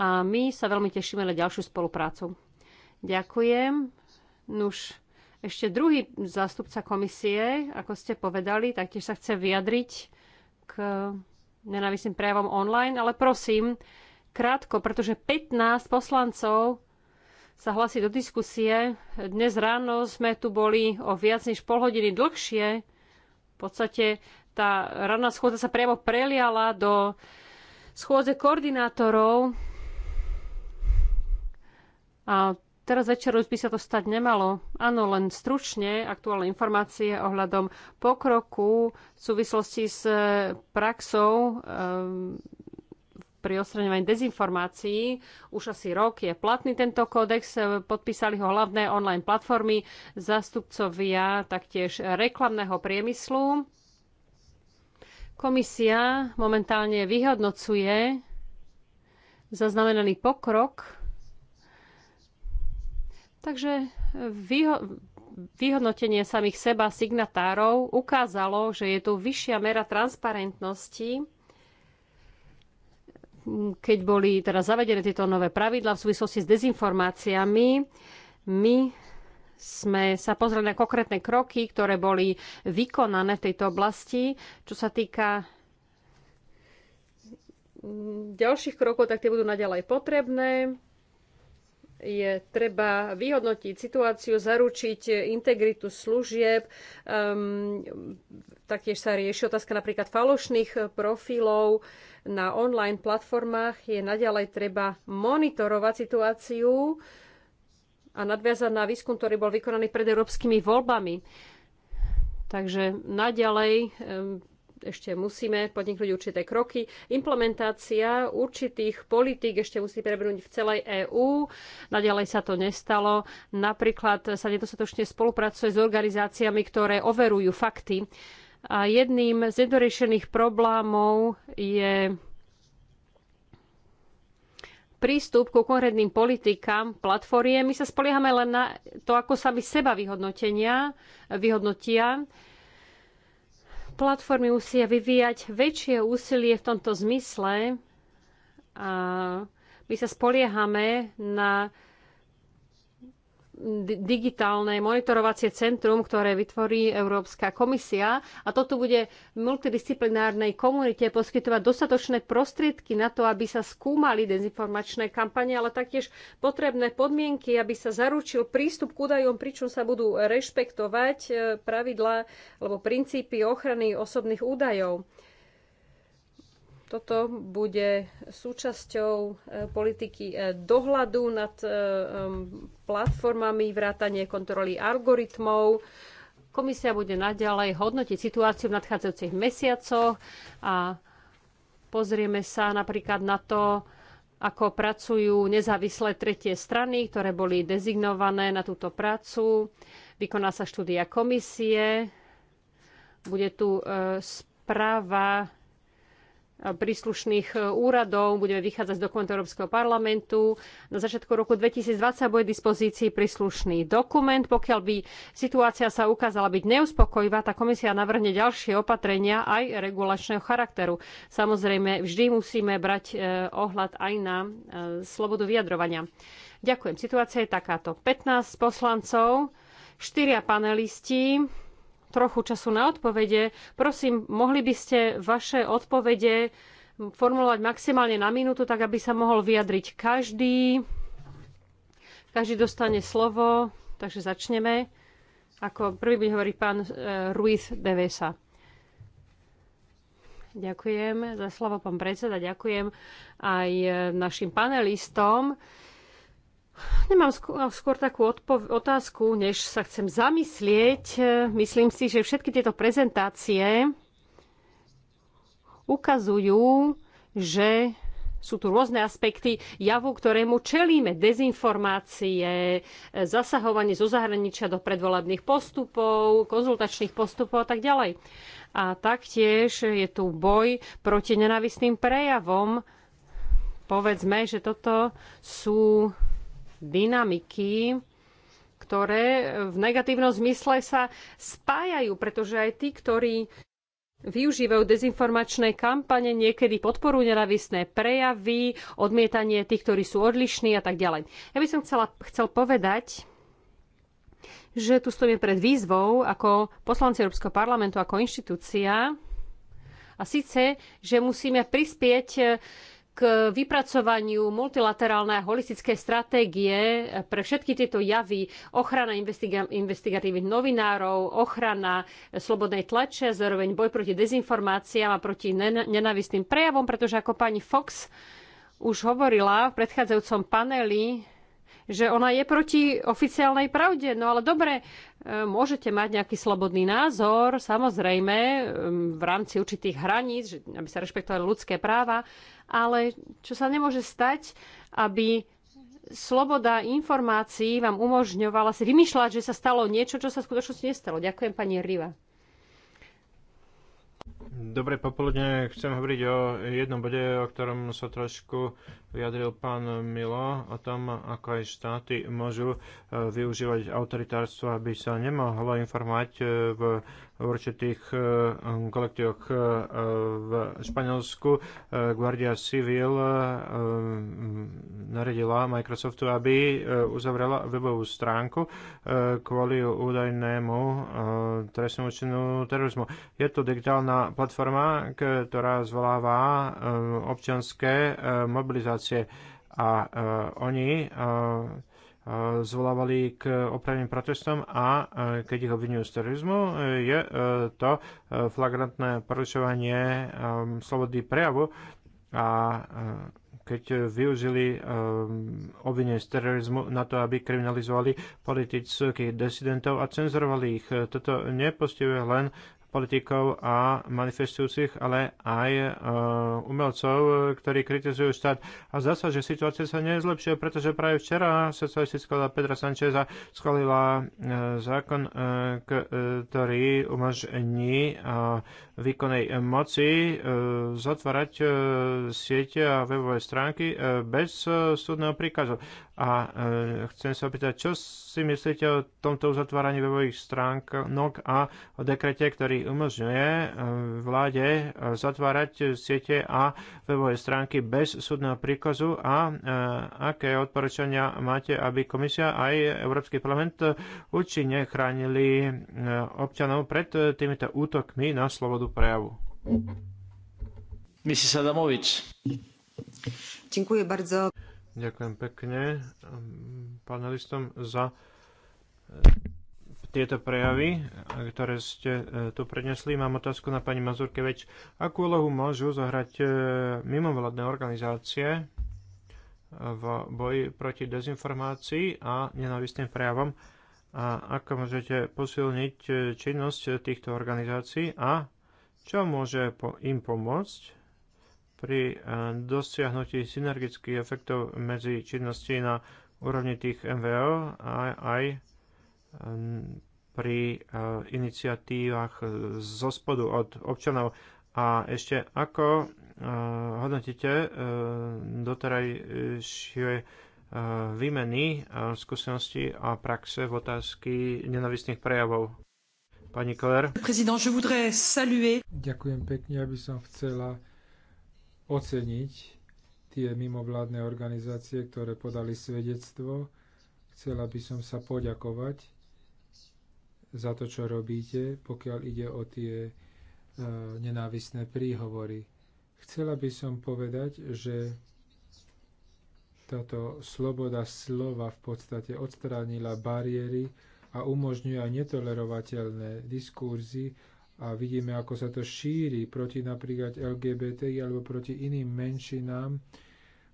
a my sa veľmi tešíme na ďalšiu spoluprácu. Ďakujem. Nuž, ešte druhý zástupca komisie, ako ste povedali, taktiež sa chce vyjadriť k nenávisným prejavom online, ale prosím, krátko, pretože 15 poslancov sa hlasí do diskusie. Dnes ráno sme tu boli o viac než pol hodiny dlhšie. V podstate tá ranná schôdza sa priamo preliala do schôdze koordinátorov a teraz večer už by sa to stať nemalo. Áno, len stručne aktuálne informácie ohľadom pokroku v súvislosti s eh, praxou um, pri odstraňovaní dezinformácií. Už asi rok je platný tento kódex, eh, podpísali ho hlavné online platformy, zástupcovia taktiež reklamného priemyslu. Komisia momentálne vyhodnocuje zaznamenaný pokrok Takže e, výho- vyhodnotenie samých seba signatárov ukázalo, že je tu vyššia mera transparentnosti, keď boli teda zavedené tieto nové pravidla v súvislosti s dezinformáciami. My sme sa pozreli na konkrétne kroky, ktoré boli vykonané v tejto oblasti. Čo sa týka mm, ďalších krokov, tak tie budú naďalej potrebné je treba vyhodnotiť situáciu, zaručiť integritu služieb. Um, taktiež sa rieši otázka napríklad falošných profilov na online platformách. Je naďalej treba monitorovať situáciu a nadviazať na výskum, ktorý bol vykonaný pred európskymi voľbami. Takže naďalej um, ešte musíme podniknúť určité kroky. Implementácia určitých politík ešte musí prebrnúť v celej EÚ. Naďalej sa to nestalo. Napríklad sa nedostatočne spolupracuje s organizáciami, ktoré overujú fakty. A jedným z nedorešených problémov je prístup ku konkrétnym politikám, platformiem. My sa spoliehame len na to, ako sami seba vyhodnotenia, vyhodnotia platformy musia vyvíjať väčšie úsilie v tomto zmysle a my sa spoliehame na digitálne monitorovacie centrum, ktoré vytvorí Európska komisia a toto bude multidisciplinárnej komunite poskytovať dostatočné prostriedky na to, aby sa skúmali dezinformačné kampane, ale taktiež potrebné podmienky, aby sa zaručil prístup k údajom, pričom sa budú rešpektovať eh, pravidlá alebo princípy ochrany osobných údajov. Toto bude súčasťou e, politiky e, dohľadu nad e, platformami, vrátanie kontroly algoritmov. Komisia bude naďalej hodnotiť situáciu v nadchádzajúcich mesiacoch a pozrieme sa napríklad na to, ako pracujú nezávislé tretie strany, ktoré boli dezignované na túto prácu. Vykoná sa štúdia komisie. Bude tu správa príslušných e, úradov, budeme vychádzať z dokumentu Európskeho parlamentu. Na začiatku roku 2020 bude dispozícii príslušný dokument. Pokiaľ by situácia sa ukázala byť neuspokojivá, tá komisia navrhne ďalšie opatrenia aj regulačného charakteru. Samozrejme, vždy musíme brať e, ohľad aj na e, slobodu vyjadrovania. Ďakujem. Situácia je takáto. 15 poslancov, 4 panelisti, trochu času na odpovede. Prosím, mohli by ste vaše odpovede formulovať maximálne na minútu, tak aby sa mohol vyjadriť každý. Každý dostane slovo, takže začneme. Ako prvý by hovorí pán e, Ruiz Devesa. Ďakujem za slovo, pán predseda. Ďakujem aj e, našim panelistom. Nemám skôr takú otázku, než sa chcem zamyslieť. Myslím si, že všetky tieto prezentácie ukazujú, že sú tu rôzne aspekty javu, ktorému čelíme. Dezinformácie, zasahovanie zo zahraničia do predvolebných postupov, konzultačných postupov a tak ďalej. A taktiež je tu boj proti nenávistným prejavom. Povedzme, že toto sú dynamiky, ktoré v negatívnom zmysle sa spájajú, pretože aj tí, ktorí využívajú dezinformačné kampane, niekedy podporujú nenavisné prejavy, odmietanie tých, ktorí sú odlišní a tak ďalej. Ja by som chcela, chcel povedať, že tu stojíme pred výzvou ako poslanci Európskeho parlamentu, ako inštitúcia, a síce, že musíme prispieť k vypracovaniu multilaterálnej holistickej stratégie pre všetky tieto javy, ochrana investigatívnych novinárov, ochrana slobodnej tlače, zároveň boj proti dezinformáciám a proti nenávistným prejavom, pretože ako pani Fox už hovorila v predchádzajúcom paneli, že ona je proti oficiálnej pravde. No ale dobre, e, môžete mať nejaký slobodný názor, samozrejme, v rámci určitých hraníc, aby sa rešpektovali ľudské práva, ale čo sa nemôže stať, aby sloboda informácií vám umožňovala si vymýšľať, že sa stalo niečo, čo sa v skutočnosti nestalo. Ďakujem, pani Riva. Dobre popoludne, chcem hovoriť o jednom bode, o ktorom sa trošku vyjadril pán Milo o tom, ako aj štáty môžu e, využívať autoritárstvo, aby sa nemohlo informovať e, v určitých e, kolektívoch v Španielsku. Guardia Civil naredila Microsoftu, aby uzavrela webovú stránku kvôli údajnému trestnému činu terorizmu. Je to digitálna platforma, ktorá zvoláva občianské mobilizácie situácie. a e, oni e, e, zvolávali k opravným protestom a keď ich obvinujú z terorizmu, je to flagrantné porušovanie slobody prejavu a keď využili um, obvinenie z terorizmu na to, aby kriminalizovali politických desidentov a cenzorovali ich. Toto nepostihuje len politikov a manifestujúcich, ale aj e, umelcov, ktorí kritizujú štát. A zdá sa, že situácia sa nezlepšuje, pretože práve včera socialistická vláda Petra Sančeza schválila e, zákon, e, ktorý umožní výkonnej moci e, zatvárať e, siete a webové stránky e, bez súdneho príkazu. A chcem sa opýtať, čo si myslíte o tomto uzatváraní webových stránok a o dekrete, ktorý umožňuje vláde zatvárať siete a webové stránky bez súdneho príkazu a aké odporúčania máte, aby komisia aj Európsky parlament účinne chránili občanov pred týmito útokmi na slobodu prejavu. Mrs. Adamovič. Ďakujem bardzo. Ďakujem pekne um, panelistom za e, tieto prejavy, e, ktoré ste e, tu prednesli. Mám otázku na pani Mazurkeveč. Akú úlohu môžu zohrať mimovládne organizácie v boji proti dezinformácii a nenávistným prejavom? A ako môžete posilniť činnosť týchto organizácií a čo môže im pomôcť pri e, dosiahnutí synergických efektov medzi činnosti na úrovni tých MVO a aj e, pri e, iniciatívach zo spodu od občanov. A ešte ako hodnotíte doterajšie výmeny skúsenosti a praxe v otázky nenavistných prejavov? Pani Kler. Ďakujem pekne, aby som chcela oceniť tie mimovládne organizácie, ktoré podali svedectvo. Chcela by som sa poďakovať za to, čo robíte, pokiaľ ide o tie e, nenávisné príhovory. Chcela by som povedať, že táto sloboda slova v podstate odstránila bariéry, a umožňuje aj netolerovateľné diskurzy a vidíme, ako sa to šíri proti napríklad LGBTI alebo proti iným menšinám.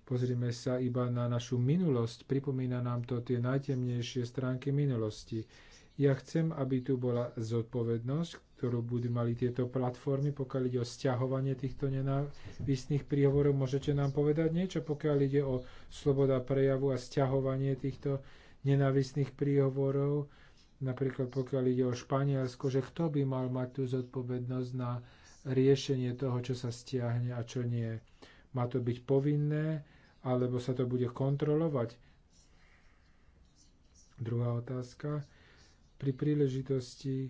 Pozrime sa iba na našu minulosť. Pripomína nám to tie najtemnejšie stránky minulosti. Ja chcem, aby tu bola zodpovednosť, ktorú budú mali tieto platformy, pokiaľ ide o stiahovanie týchto nenávistných príhovorov. Môžete nám povedať niečo, pokiaľ ide o sloboda prejavu a stiahovanie týchto nenávistných príhovorov? napríklad pokiaľ ide o Španielsko, že kto by mal mať tú zodpovednosť na riešenie toho, čo sa stiahne a čo nie. Má to byť povinné, alebo sa to bude kontrolovať? Druhá otázka. Pri príležitosti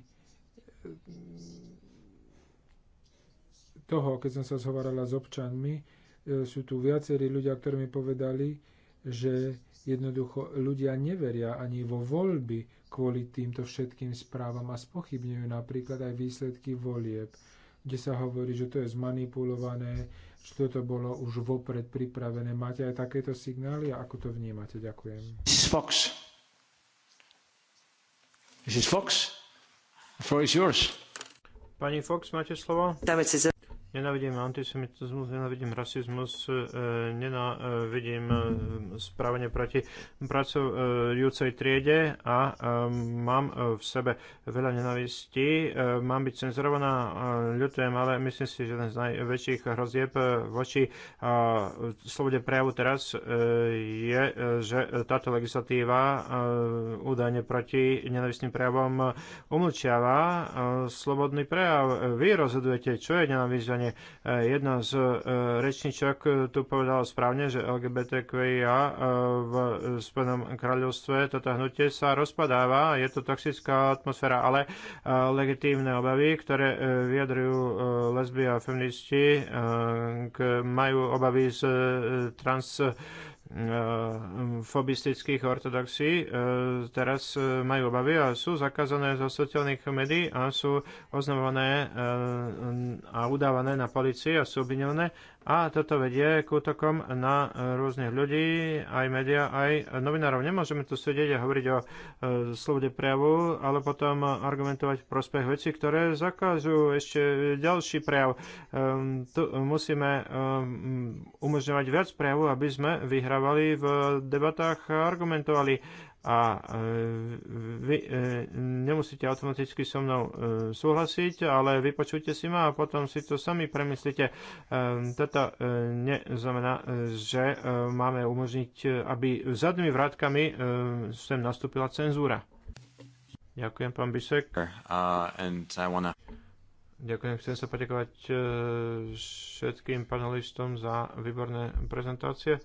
toho, keď som sa zhovarala s občanmi, e, sú tu viacerí ľudia, ktorí mi povedali, že jednoducho ľudia neveria ani vo voľby, kvôli týmto všetkým správam a spochybňujú napríklad aj výsledky volieb, kde sa hovorí, že to je zmanipulované, že toto bolo už vopred pripravené. Máte aj takéto signály ako to vnímate? Ďakujem. Fox. Fox, the floor is yours. Pani Fox, máte slovo? Nenávidím antisemitizmus, nenávidím rasizmus, e, nenávidím e, správanie proti pracujúcej triede a e, mám v sebe veľa nenávistí. Mám byť cenzurovaná, ľutujem, ale myslím si, že jeden z najväčších hrozieb voči slobode prejavu teraz je, že táto legislatíva údajne proti nenávistným prejavom umlčiava slobodný prejav. Vy rozhodujete, čo je nenávisť strane. E, jedna z e, rečničok e, tu povedala správne, že LGBTQIA v Spojenom kráľovstve toto hnutie sa rozpadáva, je to toxická atmosféra, ale legitímne obavy, ktoré vyjadrujú lesby a feministi, majú obavy z trans Eh, fobistických ortodoxí eh, teraz eh, majú obavy a sú zakázané zo sociálnych médií a sú oznamované a udávané na policii a sú obvinené a toto vedie k útokom na rôznych ľudí, aj médiá, aj novinárov. Nemôžeme tu sedieť a hovoriť o slobode prejavu, ale potom argumentovať v prospech veci, ktoré zakážu ešte ďalší prejav. Ehm, tu musíme ehm, umožňovať viac prejavu, aby sme vyhrali rozprávali v debatách a argumentovali. A e, vy e, nemusíte automaticky so mnou e, súhlasiť, ale vypočujte si ma a potom si to sami premyslíte. Toto neznamená, že máme umožniť, aby zadnými vrátkami sem nastúpila cenzúra. Ďakujem, pán Bisek. Uh, Ďakujem, chcem sa poďakovať všetkým panelistom za výborné prezentácie.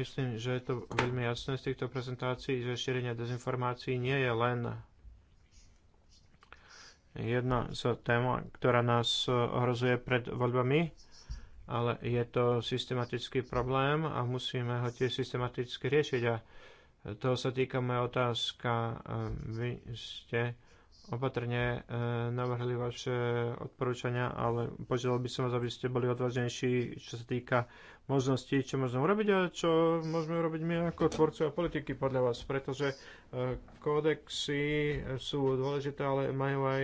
Myslím, že je to veľmi jasné z týchto prezentácií, že šírenie dezinformácií nie je len jedna z téma, ktorá nás ohrozuje pred voľbami, ale je to systematický problém a musíme ho tiež systematicky riešiť. A toho sa týka moja otázka. Vy ste opatrne e, navrhli vaše odporúčania, ale požiadal by som vás, aby ste boli odvážnejší, čo sa týka možností, čo môžeme urobiť a čo môžeme urobiť my ako tvorcovia politiky podľa vás, pretože e, kódexy sú dôležité, ale majú aj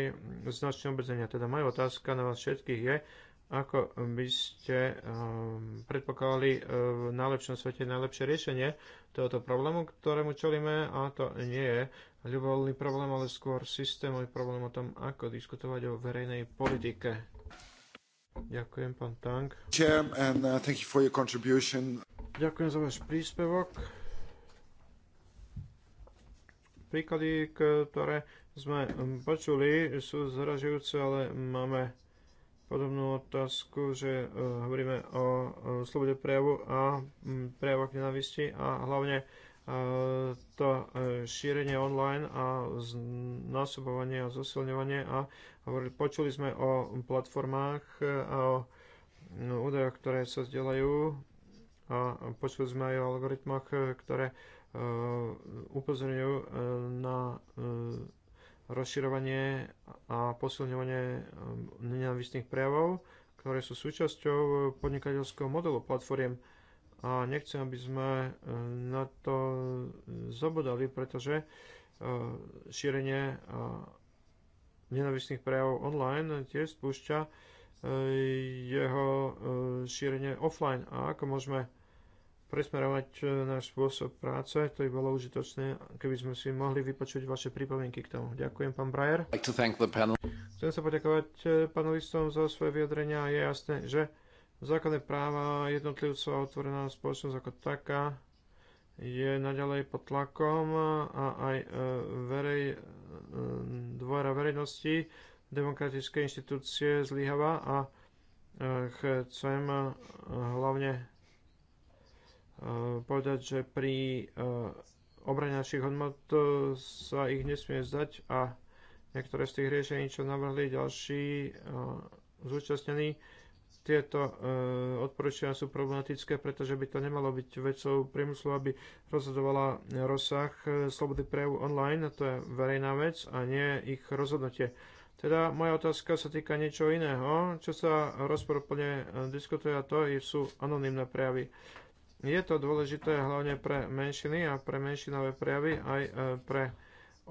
značné obmedzenia. Teda moja otázka na vás všetkých je, ako by ste um, predpokladali v najlepšom svete najlepšie riešenie tohoto problému, ktorému čelíme a to nie je ľubovoľný problém, ale skôr systémový problém o tom, ako diskutovať o verejnej politike. Ďakujem, pán Tank. Uh, Ďakujem za váš príspevok. Príklady, ktoré sme počuli, sú zražujúce, ale máme podobnú otázku, že uh, hovoríme o slobode prejavu a mm, prejavok nenávisti a hlavne to e, šírenie online a znásobovanie a zosilňovanie a hovorili, počuli sme o platformách e, a o no, údajoch, ktoré sa zdieľajú a počuli sme aj o algoritmoch, e, ktoré upozorňujú na rozširovanie a posilňovanie nenávistných prejavov, ktoré sú súčasťou podnikateľského modelu platformiem a nechcem, aby sme e, na to zabudali, pretože e, šírenie e, nenavistných prejavov online tiež spúšťa jeho šírenie offline. A ako môžeme presmerovať náš spôsob práce, to by bolo užitočné, keby sme si mohli vypočuť vaše pripomienky k tomu. Ďakujem, pán Brajer. Chcem sa poďakovať panelistom za svoje vyjadrenia. Je jasné, že Základné práva jednotlivcov a otvorená spoločnosť ako taká je naďalej pod tlakom a aj e, verej, e, dvora verejnosti demokratické inštitúcie zlyháva a e, chcem hlavne povedať, že pri obrane našich hodnot sa ich nesmie zdať a niektoré z tých riešení, čo navrhli ďalší zúčastnení, tieto e, odporúčania sú problematické, pretože by to nemalo byť vecou priemyslu, aby rozhodovala rozsah e, slobody prejavu online, to je verejná vec a nie ich rozhodnutie. Teda moja otázka sa týka niečo iného, čo sa rozporúplne e, diskutuje a to sú anonimné prejavy. Je to dôležité hlavne pre menšiny a pre menšinové prejavy aj e, pre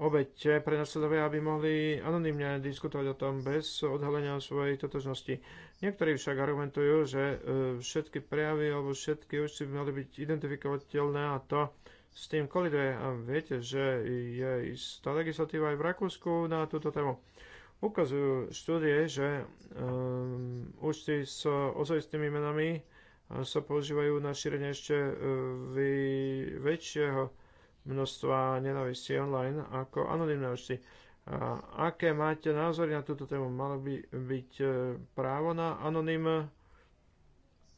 obete, pre následovia, aby mohli anonimne diskutovať o tom bez odhalenia svojej totožnosti. Niektorí však argumentujú, že e, všetky prejavy alebo všetky účty by mali byť identifikovateľné a to s tým koliduje. A viete, že je istá legislatíva aj v Rakúsku na túto tému. Ukazujú štúdie, že um, účty s ozajstnými menami e, sa používajú na šírenie ešte väčšieho množstva nenávisti online ako anonimné účty. A aké máte názory na túto tému? Malo by byť e, právo na anonimné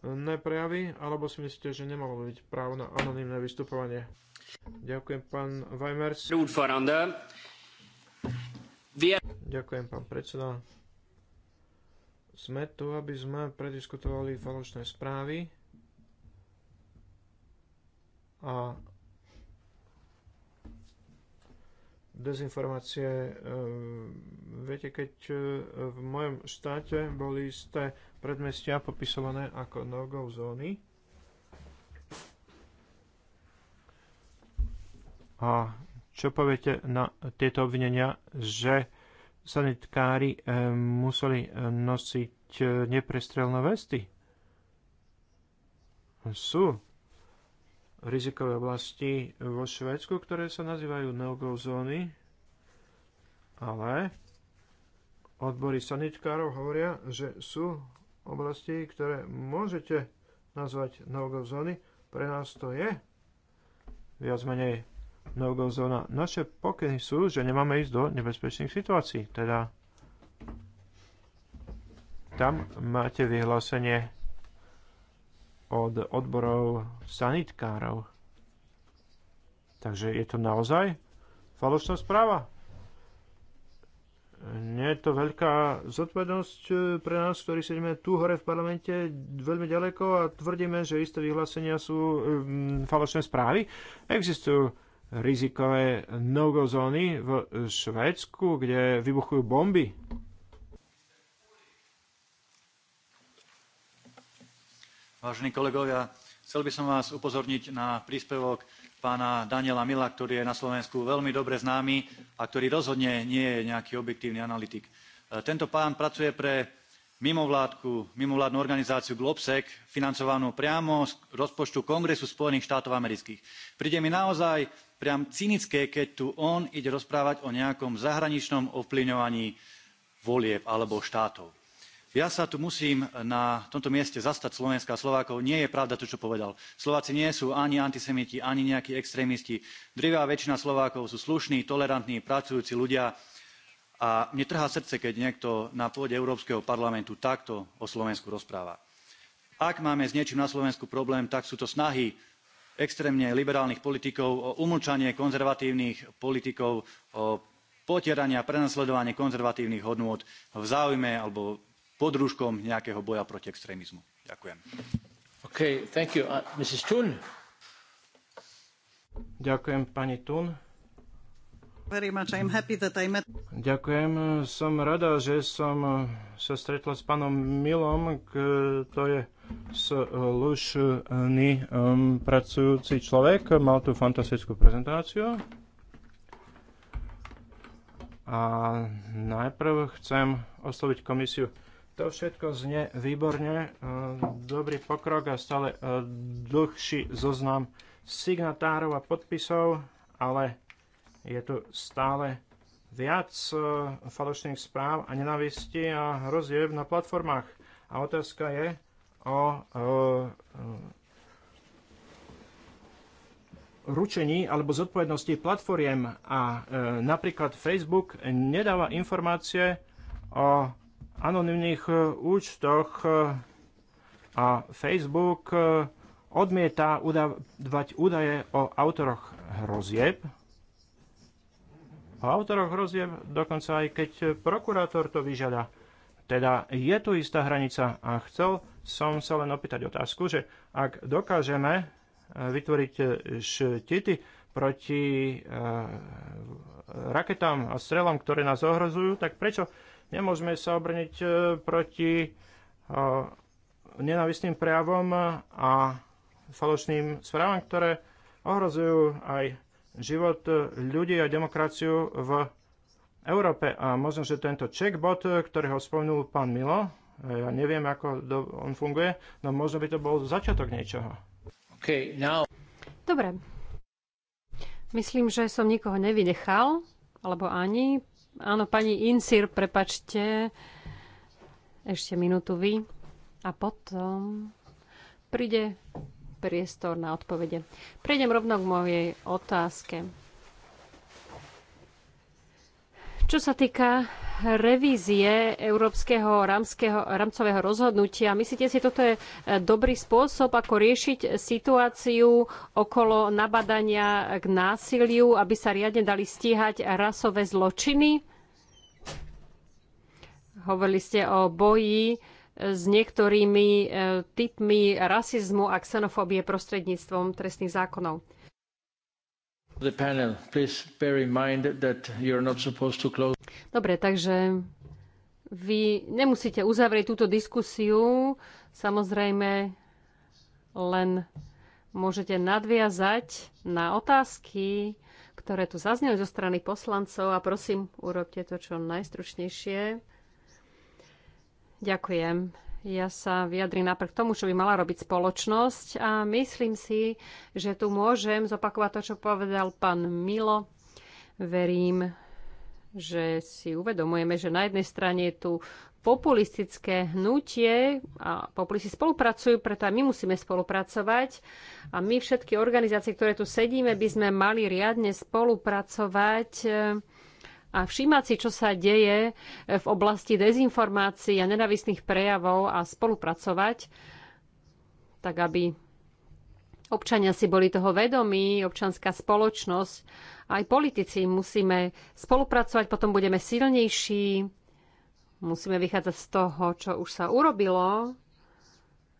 e, prejavy, alebo si myslíte, že nemalo by byť právo na anonimné vystupovanie? Ďakujem, pán Weimers. Ďakujem, pán predseda. Sme tu, aby sme prediskutovali falošné správy a dezinformácie. E, viete, keď e, v mojom štáte boli isté predmestia popisované ako no-go zóny, A čo poviete na tieto obvinenia, že sanitkári e, museli nosiť neprestrelné vesty? Sú rizikové oblasti vo Švedsku, ktoré sa nazývajú no-go zóny, ale odbory sanitkárov hovoria, že sú oblasti, ktoré môžete nazvať no-go zóny. Pre nás to je viac menej no-go zóna. Naše pokyny sú, že nemáme ísť do nebezpečných situácií. Teda tam máte vyhlásenie od odborov sanitkárov. Takže je to naozaj falošná správa. Nie je to veľká zodpovednosť eh, pre nás, ktorí sedíme tu hore v parlamente veľmi ďaleko a tvrdíme, že isté vyhlásenia sú mm, falošné správy. Existujú rizikové no-go zóny v Švédsku, kde vybuchujú bomby Vážení kolegovia, chcel by som vás upozorniť na príspevok pána Daniela Mila, ktorý je na Slovensku veľmi dobre známy a ktorý rozhodne nie je nejaký objektívny analytik. E, tento pán pracuje pre mimovládku, mimovládnu organizáciu Globsec, financovanú priamo z rozpočtu Kongresu Spojených štátov amerických. Príde mi naozaj priam cynické, keď tu on ide rozprávať o nejakom zahraničnom ovplyvňovaní volieb alebo štátov ja sa tu musím na tomto mieste zastať slovenska a slovákov nie je pravda to čo povedal slováci nie sú ani antisemiti ani nejakí extrémisti drvivá väčšina slovákov sú slušní tolerantní pracujúci ľudia a mne trhá srdce keď niekto na pôde európskeho parlamentu takto o slovensku rozpráva. ak máme s niečím na slovensku problém tak sú to snahy extrémne liberálnych politikov o umlčanie konzervatívnych politikov o potieranie a prenasledovanie konzervatívnych hodnôt v záujme alebo pod rúškom nejakého boja proti extrémizmu. Ďakujem. Okay, thank you. Uh, Mrs. Thun. Ďakujem, pani Thun. Met... Ďakujem. Som rada, že som uh, sa stretla s pánom Milom, to je slušný um, pracujúci človek. Mal tú fantastickú prezentáciu. A najprv chcem osloviť komisiu. To všetko znie výborne, e, dobrý pokrok a stále e, dlhší zoznam signatárov a podpisov, ale je tu stále viac e, falošných správ a nenavisti a hrozieb na platformách. A otázka je o, ručení alebo zodpovednosti platformiem a napríklad Facebook nedáva informácie o anonimných e, účtoch e, a Facebook e, odmieta udávať údaje o autoroch hrozieb. O autoroch hrozieb dokonca aj keď prokurátor to vyžiada. Teda je tu istá hranica a chcel som sa len opýtať otázku, že ak dokážeme vytvoriť štity proti raketám a strelom, ktoré nás ohrozujú, tak prečo Nemôžeme sa obrniť e, proti e, nenavistným prejavom a falošným správam, ktoré ohrozujú aj život ľudí a demokraciu v Európe. A možno, že tento checkbot, ho spomenul pán Milo, e, ja neviem, ako on funguje, no možno by to bol začiatok niečoho. Okay, now... Dobre. Myslím, že som nikoho nevynechal, alebo ani. Áno, pani Insir, prepačte. Ešte minútu vy. A potom príde priestor na odpovede. Prejdem rovno k mojej otázke. Čo sa týka revízie Európskeho rámskeho, rámcového rozhodnutia, myslíte si, toto je e, dobrý spôsob, ako riešiť situáciu okolo nabadania k násiliu, aby sa riadne dali stíhať rasové zločiny? Hovorili ste o boji e, s niektorými e, typmi rasizmu a xenofóbie prostredníctvom trestných zákonov. Panel, close... Dobre, takže vy nemusíte uzavrieť túto diskusiu. Samozrejme, len môžete nadviazať na otázky, ktoré tu zazneli zo strany poslancov a prosím, urobte to čo najstručnejšie. Ďakujem. Ja sa vyjadrím napriek tomu, čo by mala robiť spoločnosť a myslím si, že tu môžem zopakovať to, čo povedal pán Milo. Verím, že si uvedomujeme, že na jednej strane je tu populistické hnutie a populisti spolupracujú, preto aj my musíme spolupracovať a my všetky organizácie, ktoré tu sedíme, by sme mali riadne spolupracovať a všímať si, čo sa deje v oblasti dezinformácií a nenavistných prejavov a spolupracovať, tak aby občania si boli toho vedomí, občanská spoločnosť, aj politici musíme spolupracovať, potom budeme silnejší, musíme vychádzať z toho, čo už sa urobilo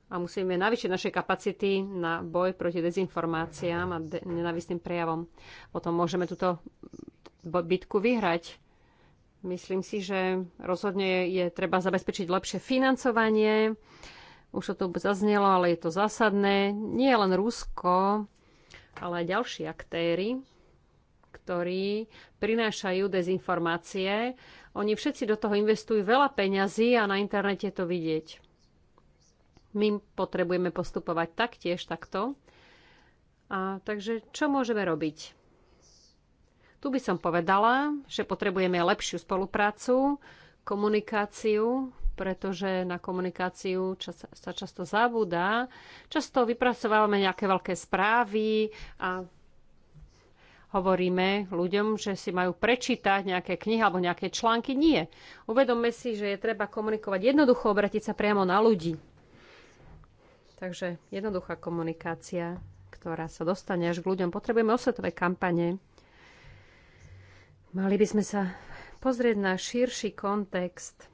a musíme navýšiť naše kapacity na boj proti dezinformáciám a de- nenavistným prejavom. Potom môžeme túto bitku vyhrať. Myslím si, že rozhodne je treba zabezpečiť lepšie financovanie. Už to tu zaznelo, ale je to zásadné. Nie len Rusko, ale aj ďalší aktéry, ktorí prinášajú dezinformácie. Oni všetci do toho investujú veľa peňazí a na internete to vidieť. My potrebujeme postupovať taktiež takto. A, takže čo môžeme robiť? Tu by som povedala, že potrebujeme lepšiu spoluprácu, komunikáciu, pretože na komunikáciu čas, sa často zabúda. Často vypracovávame nejaké veľké správy a hovoríme ľuďom, že si majú prečítať nejaké knihy alebo nejaké články. Nie. Uvedomme si, že je treba komunikovať jednoducho, obratiť sa priamo na ľudí. Takže jednoduchá komunikácia, ktorá sa dostane až k ľuďom. Potrebujeme osvetové kampane, Mali by sme sa pozrieť na širší kontext,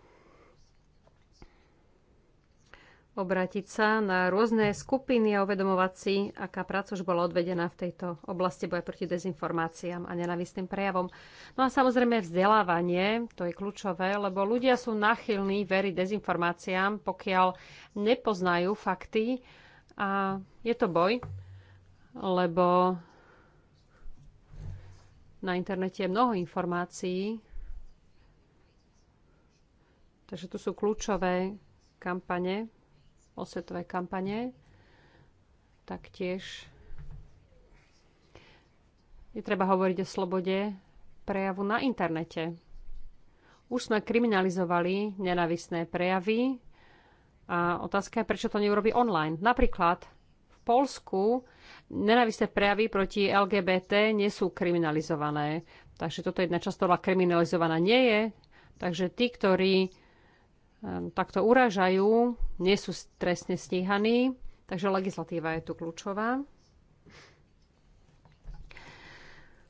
obrátiť sa na rôzne skupiny a uvedomovať si, aká práca už bola odvedená v tejto oblasti boja proti dezinformáciám a nenavistným prejavom. No a samozrejme vzdelávanie, to je kľúčové, lebo ľudia sú nachylní veriť dezinformáciám, pokiaľ nepoznajú fakty a je to boj, lebo na internete je mnoho informácií, takže tu sú kľúčové kampane, osvetové kampane. Taktiež je treba hovoriť o slobode prejavu na internete. Už sme kriminalizovali nenavisné prejavy, a otázka je, prečo to neurobi online. Napríklad Polsku nenávisné prejavy proti LGBT nie sú kriminalizované. Takže toto jedna časť ktorá kriminalizovaná nie je. Takže tí, ktorí eh, takto uražajú, nie sú trestne stíhaní. Takže legislatíva je tu kľúčová.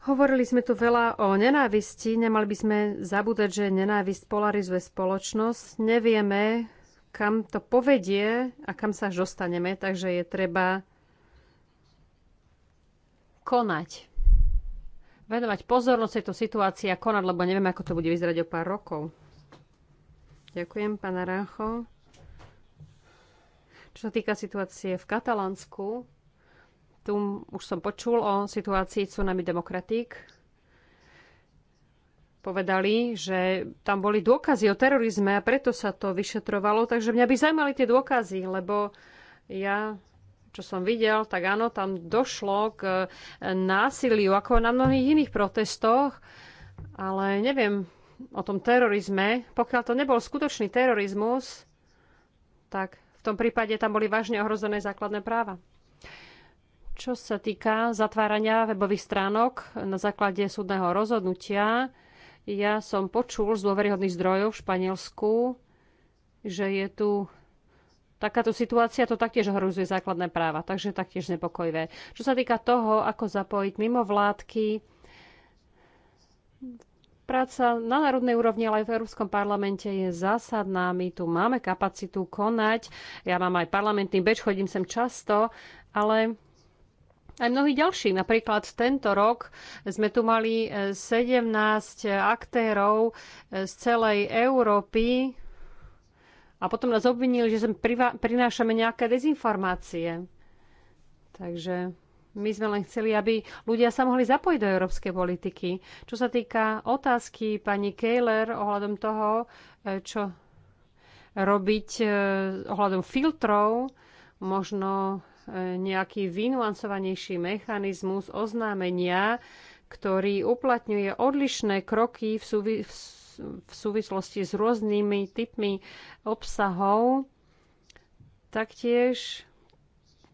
Hovorili sme tu veľa o nenávisti. Nemali by sme zabúdať, že nenávisť polarizuje spoločnosť. Nevieme, kam to povedie a kam sa až dostaneme, takže je treba konať. Venovať pozornosť tejto situácii a konať, lebo neviem, ako to bude vyzerať o pár rokov. Ďakujem, pána Rácho. Čo sa týka situácie v Katalánsku, tu už som počul o situácii Tsunami Demokratík povedali, že tam boli dôkazy o terorizme a preto sa to vyšetrovalo. Takže mňa by zaujímali tie dôkazy, lebo ja, čo som videl, tak áno, tam došlo k e, násiliu, ako na mnohých iných protestoch, ale neviem o tom terorizme. Pokiaľ to nebol skutočný terorizmus, tak v tom prípade tam boli vážne ohrozené základné práva. Čo sa týka zatvárania webových stránok na základe súdneho rozhodnutia, ja som počul z dôveryhodných zdrojov v Španielsku, že je tu takáto situácia, to taktiež ohrozuje základné práva, takže taktiež nepokojivé. Čo sa týka toho, ako zapojiť mimo vládky, práca na národnej úrovni, ale aj v Európskom parlamente je zásadná. My tu máme kapacitu konať. Ja mám aj parlamentný beč, chodím sem často, ale aj mnohí ďalší. Napríklad tento rok sme tu mali 17 e, aktérov e, z celej Európy a potom nás obvinili, že sem prinášame nejaké dezinformácie. Takže my sme len chceli, aby ľudia sa mohli zapojiť do európskej politiky. Čo sa týka otázky pani Kejler ohľadom toho, e, čo robiť ohľadom filtrov, možno nejaký vynuancovanejší mechanizmus oznámenia, ktorý uplatňuje odlišné kroky v, súvi- v súvislosti s rôznymi typmi obsahov. Taktiež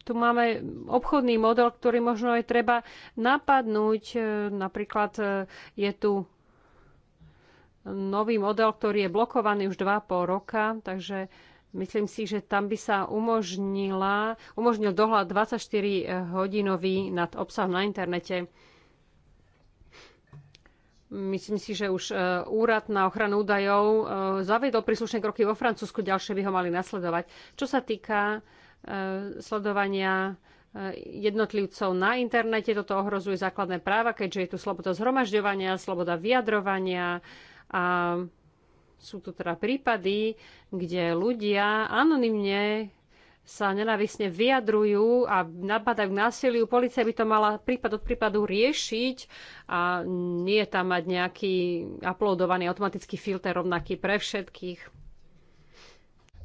tu máme obchodný model, ktorý možno aj treba napadnúť. E, napríklad e, je tu nový model, ktorý je blokovaný už 2,5 roka, takže Myslím si, že tam by sa umožnila, umožnil dohľad 24-hodinový nad obsahom na internete. Myslím si, že už e, úrad na ochranu údajov e, zavedol príslušné kroky vo Francúzsku, ďalšie by ho mali nasledovať. Čo sa týka e, sledovania jednotlivcov na internete, toto ohrozuje základné práva, keďže je tu sloboda zhromažďovania, sloboda vyjadrovania a sú tu teda prípady, kde ľudia anonymne sa nenávisne vyjadrujú a napadajú k násiliu. Polícia by to mala prípad od prípadu riešiť a nie tam mať nejaký uploadovaný automatický filter rovnaký pre všetkých.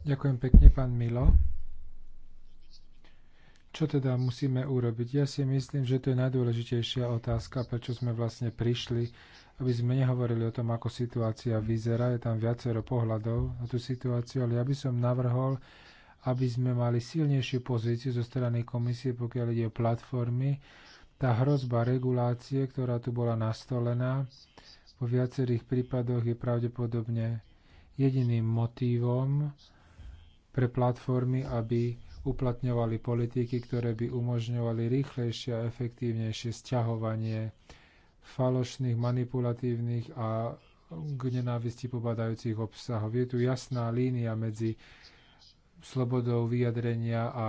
Ďakujem pekne, pán Milo. Čo teda musíme urobiť? Ja si myslím, že to je najdôležitejšia otázka, prečo sme vlastne prišli aby sme nehovorili o tom, ako situácia vyzerá. Je tam viacero pohľadov na tú situáciu, ale ja by som navrhol, aby sme mali silnejšiu pozíciu zo strany komisie, pokiaľ ide o platformy. Tá hrozba regulácie, ktorá tu bola nastolená, vo viacerých prípadoch je pravdepodobne jediným motívom pre platformy, aby uplatňovali politiky, ktoré by umožňovali rýchlejšie a efektívnejšie sťahovanie falošných, manipulatívnych a k nenávisti pobadajúcich obsahov. Je tu jasná línia medzi slobodou vyjadrenia a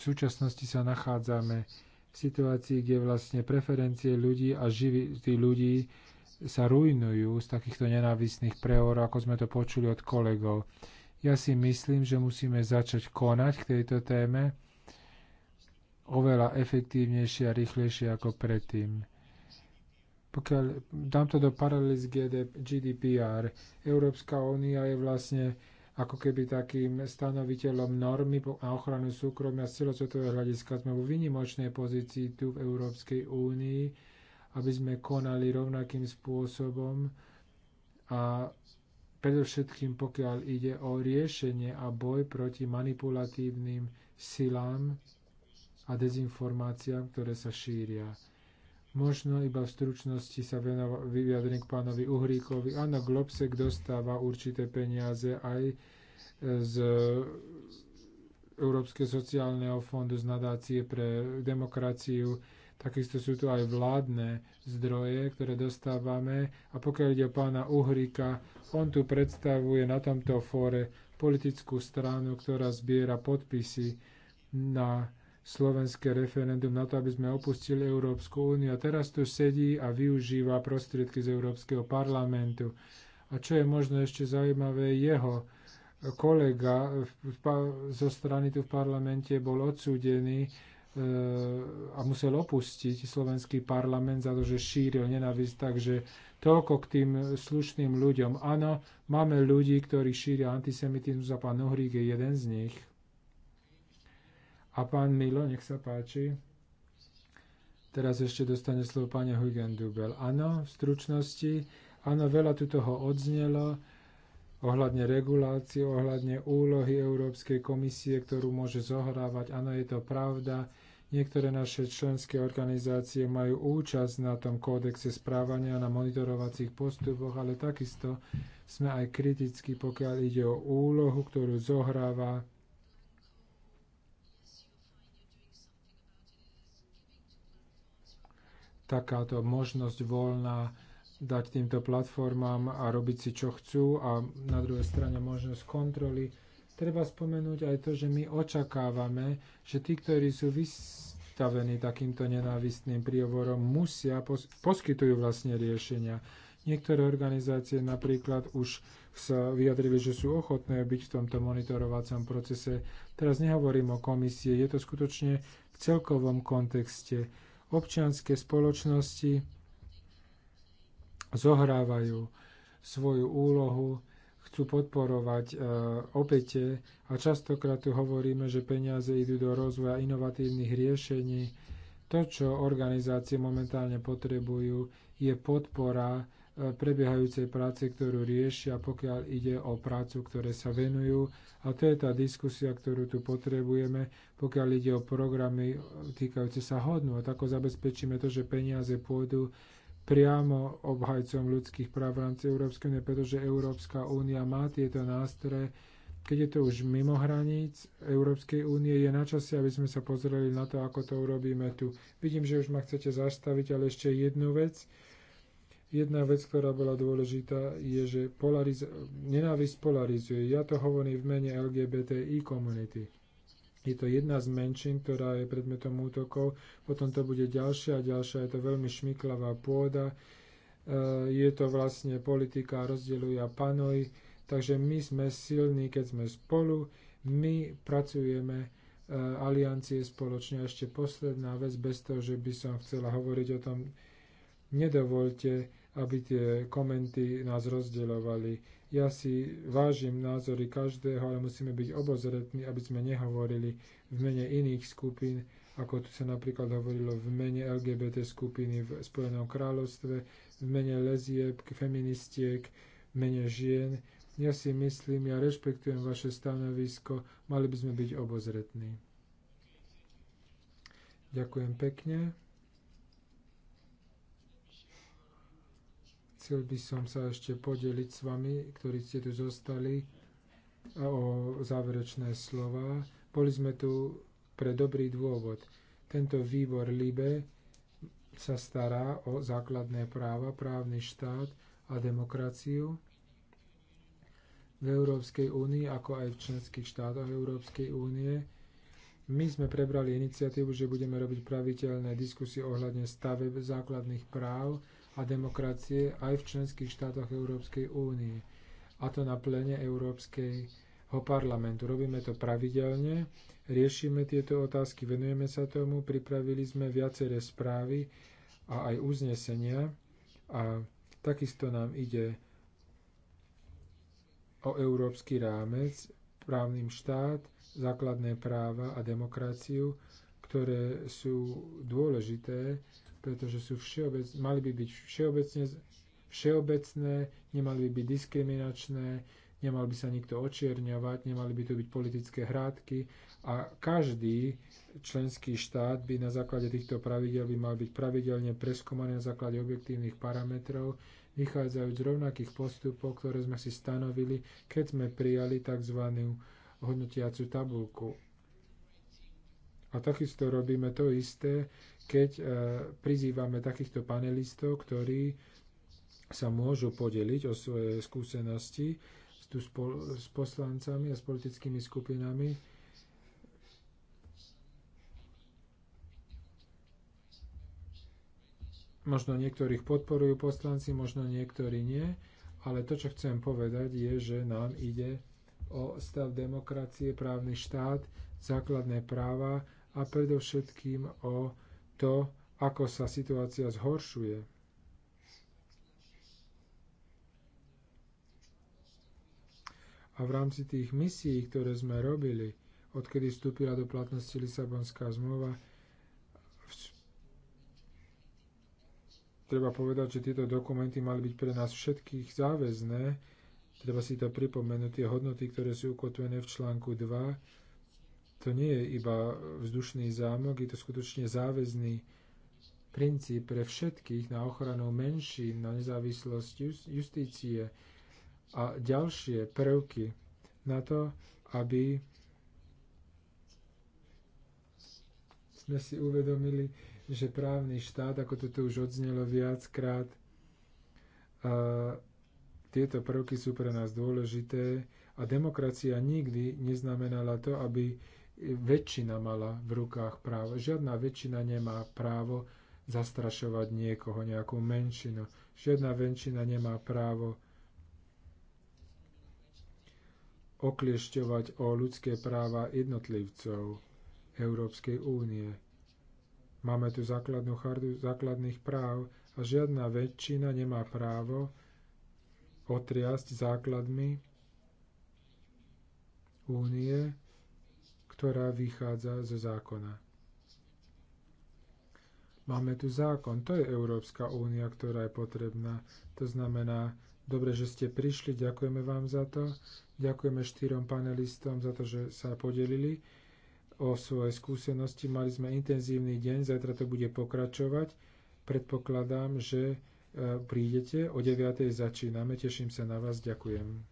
v súčasnosti sa nachádzame v situácii, kde vlastne preferencie ľudí a živity ľudí sa rujnujú z takýchto nenávisných preor, ako sme to počuli od kolegov. Ja si myslím, že musíme začať konať k tejto téme oveľa efektívnejšie a rýchlejšie ako predtým. Pokiaľ dám to do paralely s GDPR, Európska únia je vlastne ako keby takým stanoviteľom normy na ochranu súkromia z celosvetového hľadiska. Sme vo vynimočnej pozícii tu v Európskej únii, aby sme konali rovnakým spôsobom a predovšetkým pokiaľ ide o riešenie a boj proti manipulatívnym silám a dezinformáciám, ktoré sa šíria. Možno iba v stručnosti sa vyjadrím k pánovi Uhríkovi. Áno, Globsek dostáva určité peniaze aj e, z Európskeho sociálneho fondu z nadácie pre demokraciu. Takisto sú tu aj vládne zdroje, ktoré dostávame. A pokiaľ ide o pána Uhrika, on tu predstavuje na tomto fóre politickú stranu, ktorá zbiera podpisy na slovenské referendum na to, aby sme opustili Európsku úniu. A teraz tu sedí a využíva prostriedky z Európskeho parlamentu. A čo je možno ešte zaujímavé, jeho kolega zo strany tu v parlamente bol odsúdený e, a musel opustiť slovenský parlament za to, že šíril nenávisť. Takže toľko k tým slušným ľuďom. Áno, máme ľudí, ktorí šíria antisemitizmus a pán Uhrík je jeden z nich. A pán Milo, nech sa páči. Teraz ešte dostane slovo pani Huygen Dubel. Áno, v stručnosti. Áno, veľa tu toho odznelo ohľadne regulácie, ohľadne úlohy Európskej komisie, ktorú môže zohrávať. Áno, je to pravda. Niektoré naše členské organizácie majú účasť na tom kódexe správania, na monitorovacích postupoch, ale takisto sme aj kriticky, pokiaľ ide o úlohu, ktorú zohráva takáto možnosť voľná dať týmto platformám a robiť si čo chcú a na druhej strane možnosť kontroly. Treba spomenúť aj to, že my očakávame, že tí, ktorí sú vystavení takýmto nenávistným príhovorom, musia, pos- poskytujú vlastne riešenia. Niektoré organizácie napríklad už sa vyjadrili, že sú ochotné byť v tomto monitorovacom procese. Teraz nehovorím o komisie, je to skutočne v celkovom kontexte občianske spoločnosti zohrávajú svoju úlohu, chcú podporovať e, obete a častokrát tu hovoríme, že peniaze idú do rozvoja inovatívnych riešení. To, čo organizácie momentálne potrebujú, je podpora E, prebiehajúcej práce, ktorú riešia, pokiaľ ide o prácu, ktoré sa venujú. A to je tá diskusia, ktorú tu potrebujeme, pokiaľ ide o programy týkajúce sa hodnot. Ako zabezpečíme to, že peniaze pôjdu priamo obhajcom ľudských práv v rámci Európskej únie, pretože Európska únia má tieto nástroje. Keď je to už mimo hraníc Európskej únie, je na čase, aby sme sa pozreli na to, ako to urobíme tu. Vidím, že už ma chcete zastaviť, ale ešte jednu vec. Jedna vec, ktorá bola dôležitá, je, že polariz- nenávisť polarizuje. Ja to hovorím v mene LGBTI komunity. Je to jedna z menšín, ktorá je predmetom útokov. Potom to bude ďalšia a ďalšia. Je to veľmi šmiklavá pôda. E, je to vlastne politika rozdeľuje a Takže my sme silní, keď sme spolu. My pracujeme e, aliancie spoločne. A ešte posledná vec, bez toho, že by som chcela hovoriť o tom, nedovolte, aby tie komenty nás rozdeľovali. Ja si vážim názory každého, ale musíme byť obozretní, aby sme nehovorili v mene iných skupín, ako tu sa napríklad hovorilo v mene LGBT skupiny v Spojenom kráľovstve, v mene lezieb, feministiek, v mene žien. Ja si myslím, ja rešpektujem vaše stanovisko, mali by sme byť obozretní. Ďakujem pekne. chcel by som sa ešte podeliť s vami, ktorí ste tu zostali, o záverečné slova. Boli sme tu pre dobrý dôvod. Tento výbor LIBE sa stará o základné práva, právny štát a demokraciu v Európskej únii, ako aj v členských štátoch Európskej únie. My sme prebrali iniciatívu, že budeme robiť praviteľné diskusie ohľadne staveb základných práv, a demokracie aj v členských štátoch Európskej únie. A to na plene Európskeho parlamentu. Robíme to pravidelne, riešime tieto otázky, venujeme sa tomu, pripravili sme viaceré správy a aj uznesenia a takisto nám ide o európsky rámec, právnym štát, základné práva a demokraciu, ktoré sú dôležité pretože sú všeobec, mali by byť všeobecne, všeobecné, nemali by byť diskriminačné, nemal by sa nikto očierňovať, nemali by tu byť politické hrádky a každý členský štát by na základe týchto pravidel by mal byť pravidelne preskúmaný na základe objektívnych parametrov, vychádzajúc z rovnakých postupov, ktoré sme si stanovili, keď sme prijali tzv. hodnotiacu tabulku. A takisto robíme to isté, keď e, prizývame takýchto panelistov, ktorí sa môžu podeliť o svoje skúsenosti tu s poslancami a s politickými skupinami. Možno niektorých podporujú poslanci, možno niektorí nie, ale to, čo chcem povedať, je, že nám ide o stav demokracie, právny štát, základné práva a predovšetkým o to, ako sa situácia zhoršuje. A v rámci tých misií, ktoré sme robili, odkedy vstúpila do platnosti Lisabonská zmluva, treba povedať, že tieto dokumenty mali byť pre nás všetkých záväzné. Treba si to pripomenúť, tie hodnoty, ktoré sú ukotvené v článku 2 to nie je iba vzdušný zámok, je to skutočne záväzný princíp pre všetkých na ochranu menšín, na nezávislosť justície a ďalšie prvky na to, aby sme si uvedomili, že právny štát, ako to tu už odznelo viackrát, tieto prvky sú pre nás dôležité a demokracia nikdy neznamenala to, aby väčšina mala v rukách právo. Žiadna väčšina nemá právo zastrašovať niekoho, nejakú menšinu. Žiadna väčšina nemá právo okliešťovať o ľudské práva jednotlivcov Európskej únie. Máme tu základnú chardu základných práv a žiadna väčšina nemá právo otriasť základmi únie ktorá vychádza zo zákona. Máme tu zákon, to je Európska únia, ktorá je potrebná. To znamená, dobre, že ste prišli, ďakujeme vám za to, ďakujeme štyrom panelistom za to, že sa podelili o svoje skúsenosti. Mali sme intenzívny deň, zajtra to bude pokračovať. Predpokladám, že e, prídete, o 9. začíname, teším sa na vás, ďakujem.